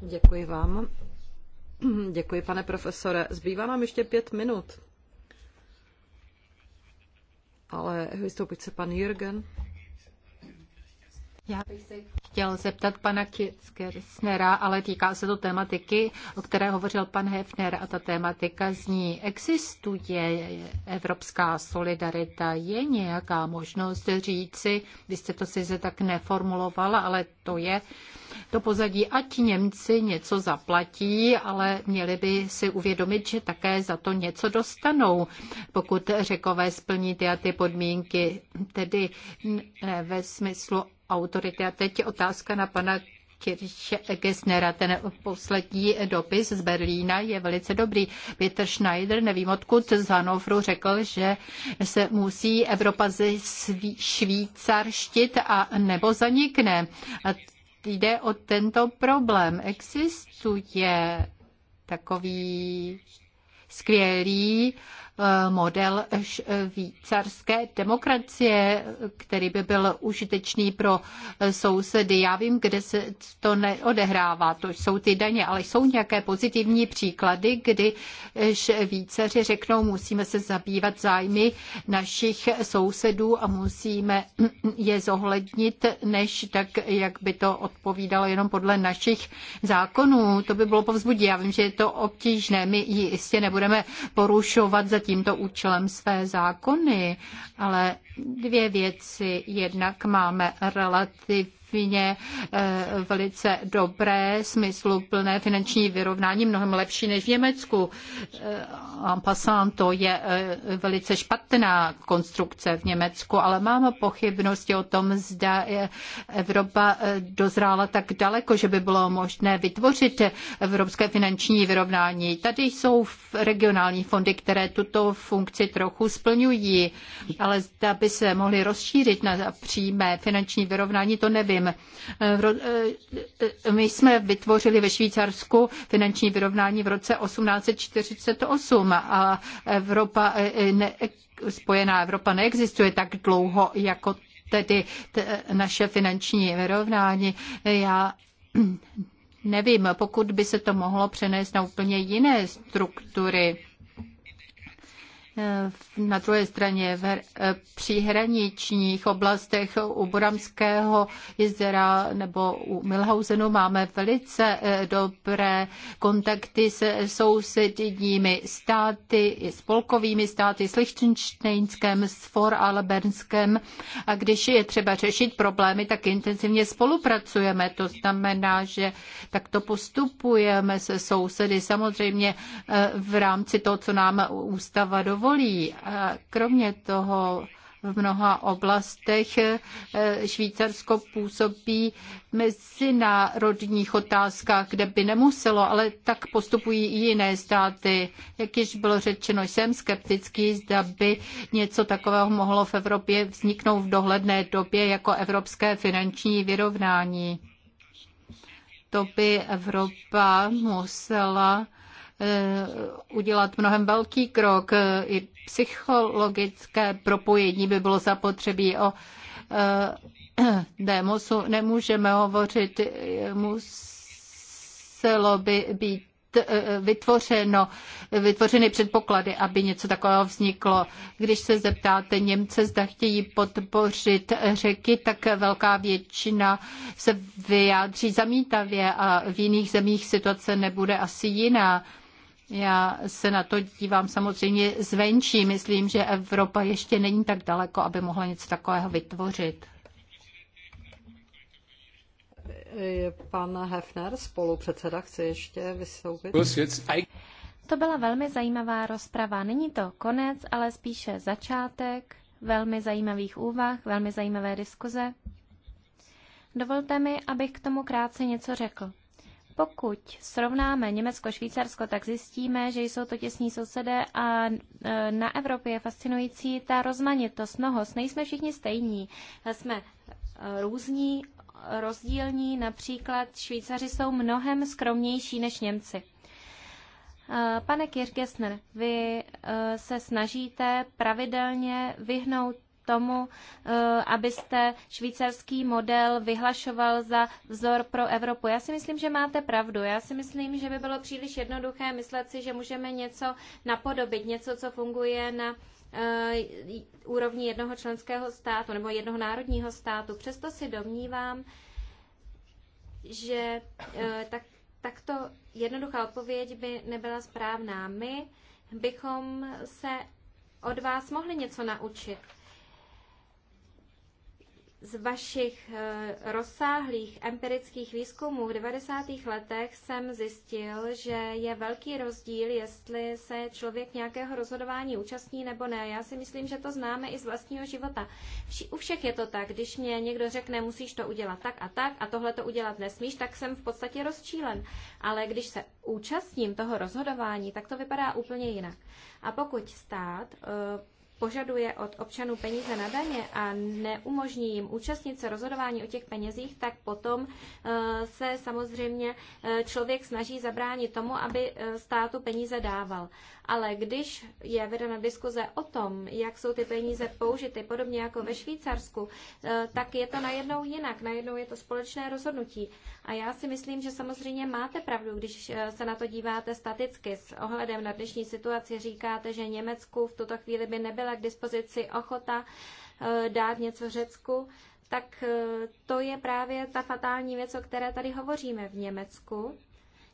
Děkuji vám. Děkuji, pane profesore. Zbývá nám ještě pět minut. Ale vystoupit se pan Jürgen. Já bych se chtěl zeptat pana Kirchnera, ale týká se to tématiky, o které hovořil pan Hefner a ta tématika zní, existuje evropská solidarita, je nějaká možnost říci, vy jste to se tak neformulovala, ale to je to pozadí, ať Němci něco zaplatí, ale měli by si uvědomit, že také za to něco dostanou, pokud řekové splní ty a ty podmínky, tedy ne ve smyslu autority. A teď otázka na pana Kirche Gessnera. Ten poslední dopis z Berlína je velice dobrý. Peter Schneider, nevím odkud, z Hanofru řekl, že se musí Evropa ze švýcarštit a nebo zanikne. A jde o tento problém. Existuje takový skvělý uh, model švýcarské demokracie, který by byl užitečný pro sousedy. Já vím, kde se to neodehrává, to jsou ty daně, ale jsou nějaké pozitivní příklady, kdy Švýcaři řeknou, musíme se zabývat zájmy našich sousedů a musíme je zohlednit, než tak, jak by to odpovídalo jenom podle našich zákonů. To by bylo povzbudí. Já vím, že je to obtížné. My jistě nebudeme porušovat za tímto účelem své zákony, ale dvě věci. Jednak máme relativ relativně eh, velice dobré, smysluplné finanční vyrovnání, mnohem lepší než v Německu. Ampassant eh, to je eh, velice špatná konstrukce v Německu, ale mám pochybnosti o tom, zda Evropa dozrála tak daleko, že by bylo možné vytvořit evropské finanční vyrovnání. Tady jsou regionální fondy, které tuto funkci trochu splňují, ale zda by se mohly rozšířit na přímé finanční vyrovnání, to nevím E, e, my jsme vytvořili ve Švýcarsku finanční vyrovnání v roce 1848 a Evropa e, ne, spojená Evropa neexistuje tak dlouho jako tedy naše finanční vyrovnání. Já nevím, pokud by se to mohlo přenést na úplně jiné struktury Eh, na druhé straně v eh, příhraničních oblastech u Boramského jezera nebo u Milhausenu máme velice eh, dobré kontakty se sousedními státy, i spolkovými státy, s Lichtensteinskem, s Foralbernskem. A když je třeba řešit problémy, tak intenzivně spolupracujeme. To znamená, že takto postupujeme se sousedy. Samozřejmě v rámci toho, co nám ústava dovolí, volí. A kromě toho v mnoha oblastech eh, Švýcarsko působí mezinárodních otázkách, kde by nemuselo, ale tak postupují i jiné státy. Jak již bylo řečeno, jsem skeptický, zda by něco takového mohlo v Evropě vzniknout v dohledné době jako evropské finanční vyrovnání. To by Evropa musela Eh, udělat mnohem velký krok. I psychologické propojení by bylo zapotřebí o eh, <clears throat> démosu. Nemůžeme hovořit, muselo by být eh, vytvořeno, vytvořeny předpoklady, aby něco takového vzniklo. Když se zeptáte Němce, zda chtějí podpořit řeky, tak velká většina se vyjádří zamítavě a v jiných zemích situace nebude asi jiná. Já se na to dívám samozřejmě zvenčí. Myslím, že Evropa ještě není tak daleko, aby mohla něco takového vytvořit. Pan Hefner, spolupředseda, chce ještě vystoupit. To byla velmi zajímavá rozprava. Není to konec, ale spíše začátek velmi zajímavých úvah, velmi zajímavé diskuze. Dovolte mi, abych k tomu krátce něco řekl. Pokud srovnáme Německo a Švýcarsko, tak zjistíme, že jsou to těsní sousedé a e, na Evropě je fascinující ta rozmanitost, mnohost. Nejsme všichni stejní, jsme e, různí, rozdílní. Například Švýcaři jsou mnohem skromnější než Němci. E, pane Kirchgesner, vy se snažíte pravidelně vyhnout tomu, eh, abyste švýcarský model vyhlašoval za vzor pro Evropu. Já si myslím, že máte pravdu. Já si myslím, že by bylo příliš jednoduché myslet si, že můžeme něco napodobit, něco, co funguje na eh, úrovni jednoho členského státu nebo jednoho národního státu. Přesto si domnívám, že eh, tak, takto jednoduchá odpověď by nebyla správná. My bychom se od vás mohli něco naučit z vašich eh, rozsáhlých empirických výzkumů v 90. letech jsem zjistil, že je velký rozdíl, jestli se člověk nějakého rozhodování účastní nebo ne. Já si myslím, že to známe i z vlastního života. u všech je to tak. Když mě někdo řekne, musíš to udělat tak a tak a tohle to udělat nesmíš, tak jsem v podstatě rozčílen. Ale když se účastním toho rozhodování, tak to vypadá úplně jinak. A pokud stát eh, požaduje od občanů peníze na daně a neumožní jim účastnit se rozhodování o těch penězích, tak potom eh, se samozřejmě eh, člověk snaží zabránit tomu, aby eh, státu peníze dával ale když je vedena diskuze o tom, jak jsou ty peníze použity, podobně jako ve Švýcarsku, eh, tak je to najednou jinak, najednou je to společné rozhodnutí. A já si myslím, že samozřejmě máte pravdu, když eh, se na to díváte staticky s ohledem na dnešní situaci. Říkáte, že Německu v tuto chvíli by nebyla k dispozici ochota eh, dát něco Řecku, tak to je právě ta fatální věc, o které tady hovoříme v Německu.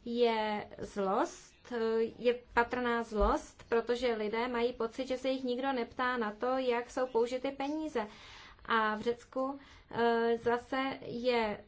Je zlost, Eh, je patrná zlost, protože lidé mají pocit, že se jich nikdo neptá na to, jak jsou použity peníze. A v Řecku eh, zase je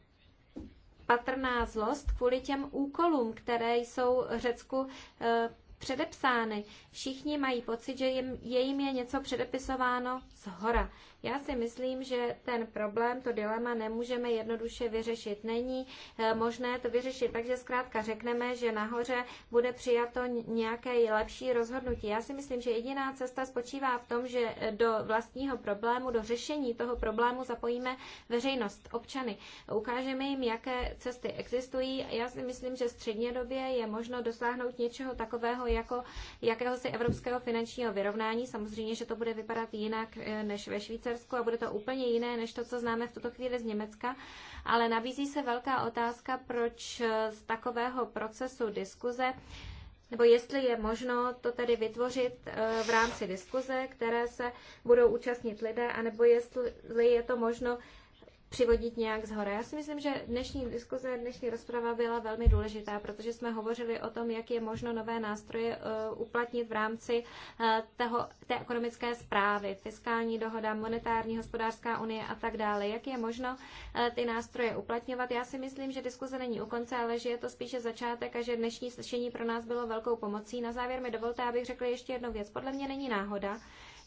patrná zlost kvůli těm úkolům, které jsou Řecku eh, předepsány. Všichni mají pocit, že jim, je jim je něco předepisováno z hora. Já si myslím, že ten problém, to dilema nemůžeme jednoduše vyřešit. Není eh, možné to vyřešit tak, že zkrátka řekneme, že nahoře bude přijato nějaké lepší rozhodnutí. Já si myslím, že jediná cesta spočívá v tom, že eh, do vlastního problému, do řešení toho problému zapojíme veřejnost, občany. Ukážeme jim, jaké cesty existují. Já si myslím, že střednědobě je možno dosáhnout něčeho takového jako jakéhosi evropského finančního vyrovnání. Samozřejmě, že to bude vypadat jinak eh, než ve Švýcarsku Maďarsku a bude to úplně jiné než to, co známe v tuto chvíli z Německa. Ale nabízí se velká otázka, proč z takového procesu diskuze nebo jestli je možno to tedy vytvořit eh, v rámci diskuze, které se budou účastnit lidé, anebo jestli je to možno přivodit nějak z hora. Já si myslím, že dnešní diskuze, dnešní rozprava byla velmi důležitá, protože jsme hovořili o tom, jak je možno nové nástroje eh, uplatnit v rámci eh, toho, té ekonomické zprávy, fiskální dohoda, monetární, hospodářská unie a tak dále. Jak je možno eh, ty nástroje uplatňovat? Já si myslím, že diskuze není u konce, ale že je to spíše začátek a že dnešní slyšení pro nás bylo velkou pomocí. Na závěr mi dovolte, abych řekla ještě jednu věc. Podle mě není náhoda,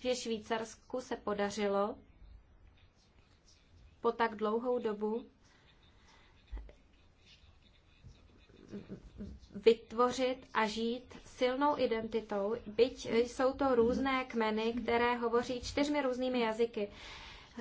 že Švýcarsku se podařilo po tak dlouhou dobu vytvořit a žít silnou identitou, byť jsou to různé kmeny, které hovoří čtyřmi různými jazyky.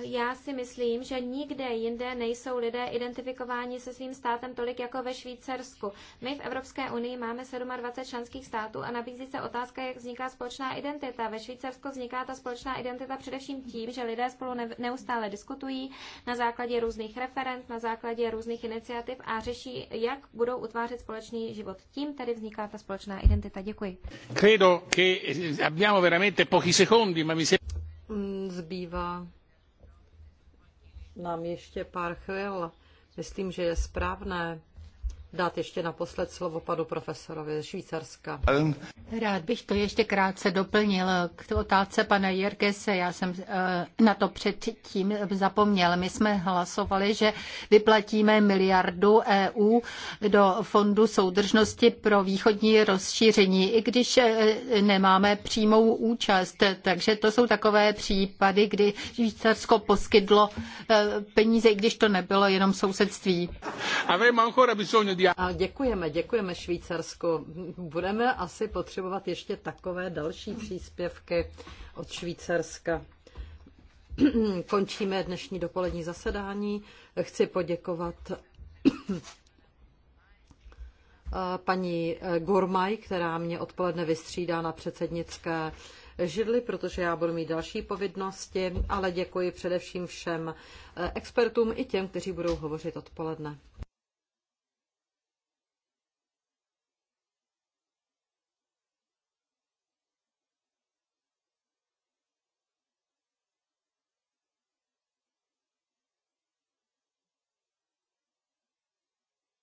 Já si myslím, že nikde jinde nejsou lidé identifikováni se svým státem tolik jako ve Švýcarsku. My v Evropské unii máme 27 členských států a nabízí se otázka, jak vzniká společná identita. Ve Švýcarsku vzniká ta společná identita především tím, že lidé spolu neustále diskutují na základě různých referent, na základě různých iniciativ a řeší, jak budou utvářet společný život. Tím tedy vzniká ta společná identita. Děkuji. Credo che abbiamo veramente pochi secondi, ma mi se... Mm, zbývá nám ještě pár chvil. Myslím, že je správné dát ještě naposled slovo panu profesorovi ze Švýcarska. Rád bych to ještě krátce doplnil k otázce pana Jirkese. Já jsem eh, na to předtím zapomněl. My jsme hlasovali, že vyplatíme miliardu EU do Fondu soudržnosti pro východní rozšíření, i když eh, nemáme přímou účast. Takže to jsou takové případy, kdy Švýcarsko poskytlo eh, peníze, i když to nebylo jenom sousedství. A ancora bisogno a děkujeme, děkujeme Švýcarsku. Budeme asi potřebovat ještě takové další příspěvky od Švýcarska. <clears throat> Končíme dnešní dopolední zasedání. Chci poděkovat <clears throat> paní Gurmaj, která mě odpoledne vystřídá na předsednické židli, protože já budu mít další povinnosti, ale děkuji především všem expertům i těm, kteří budou hovořit odpoledne.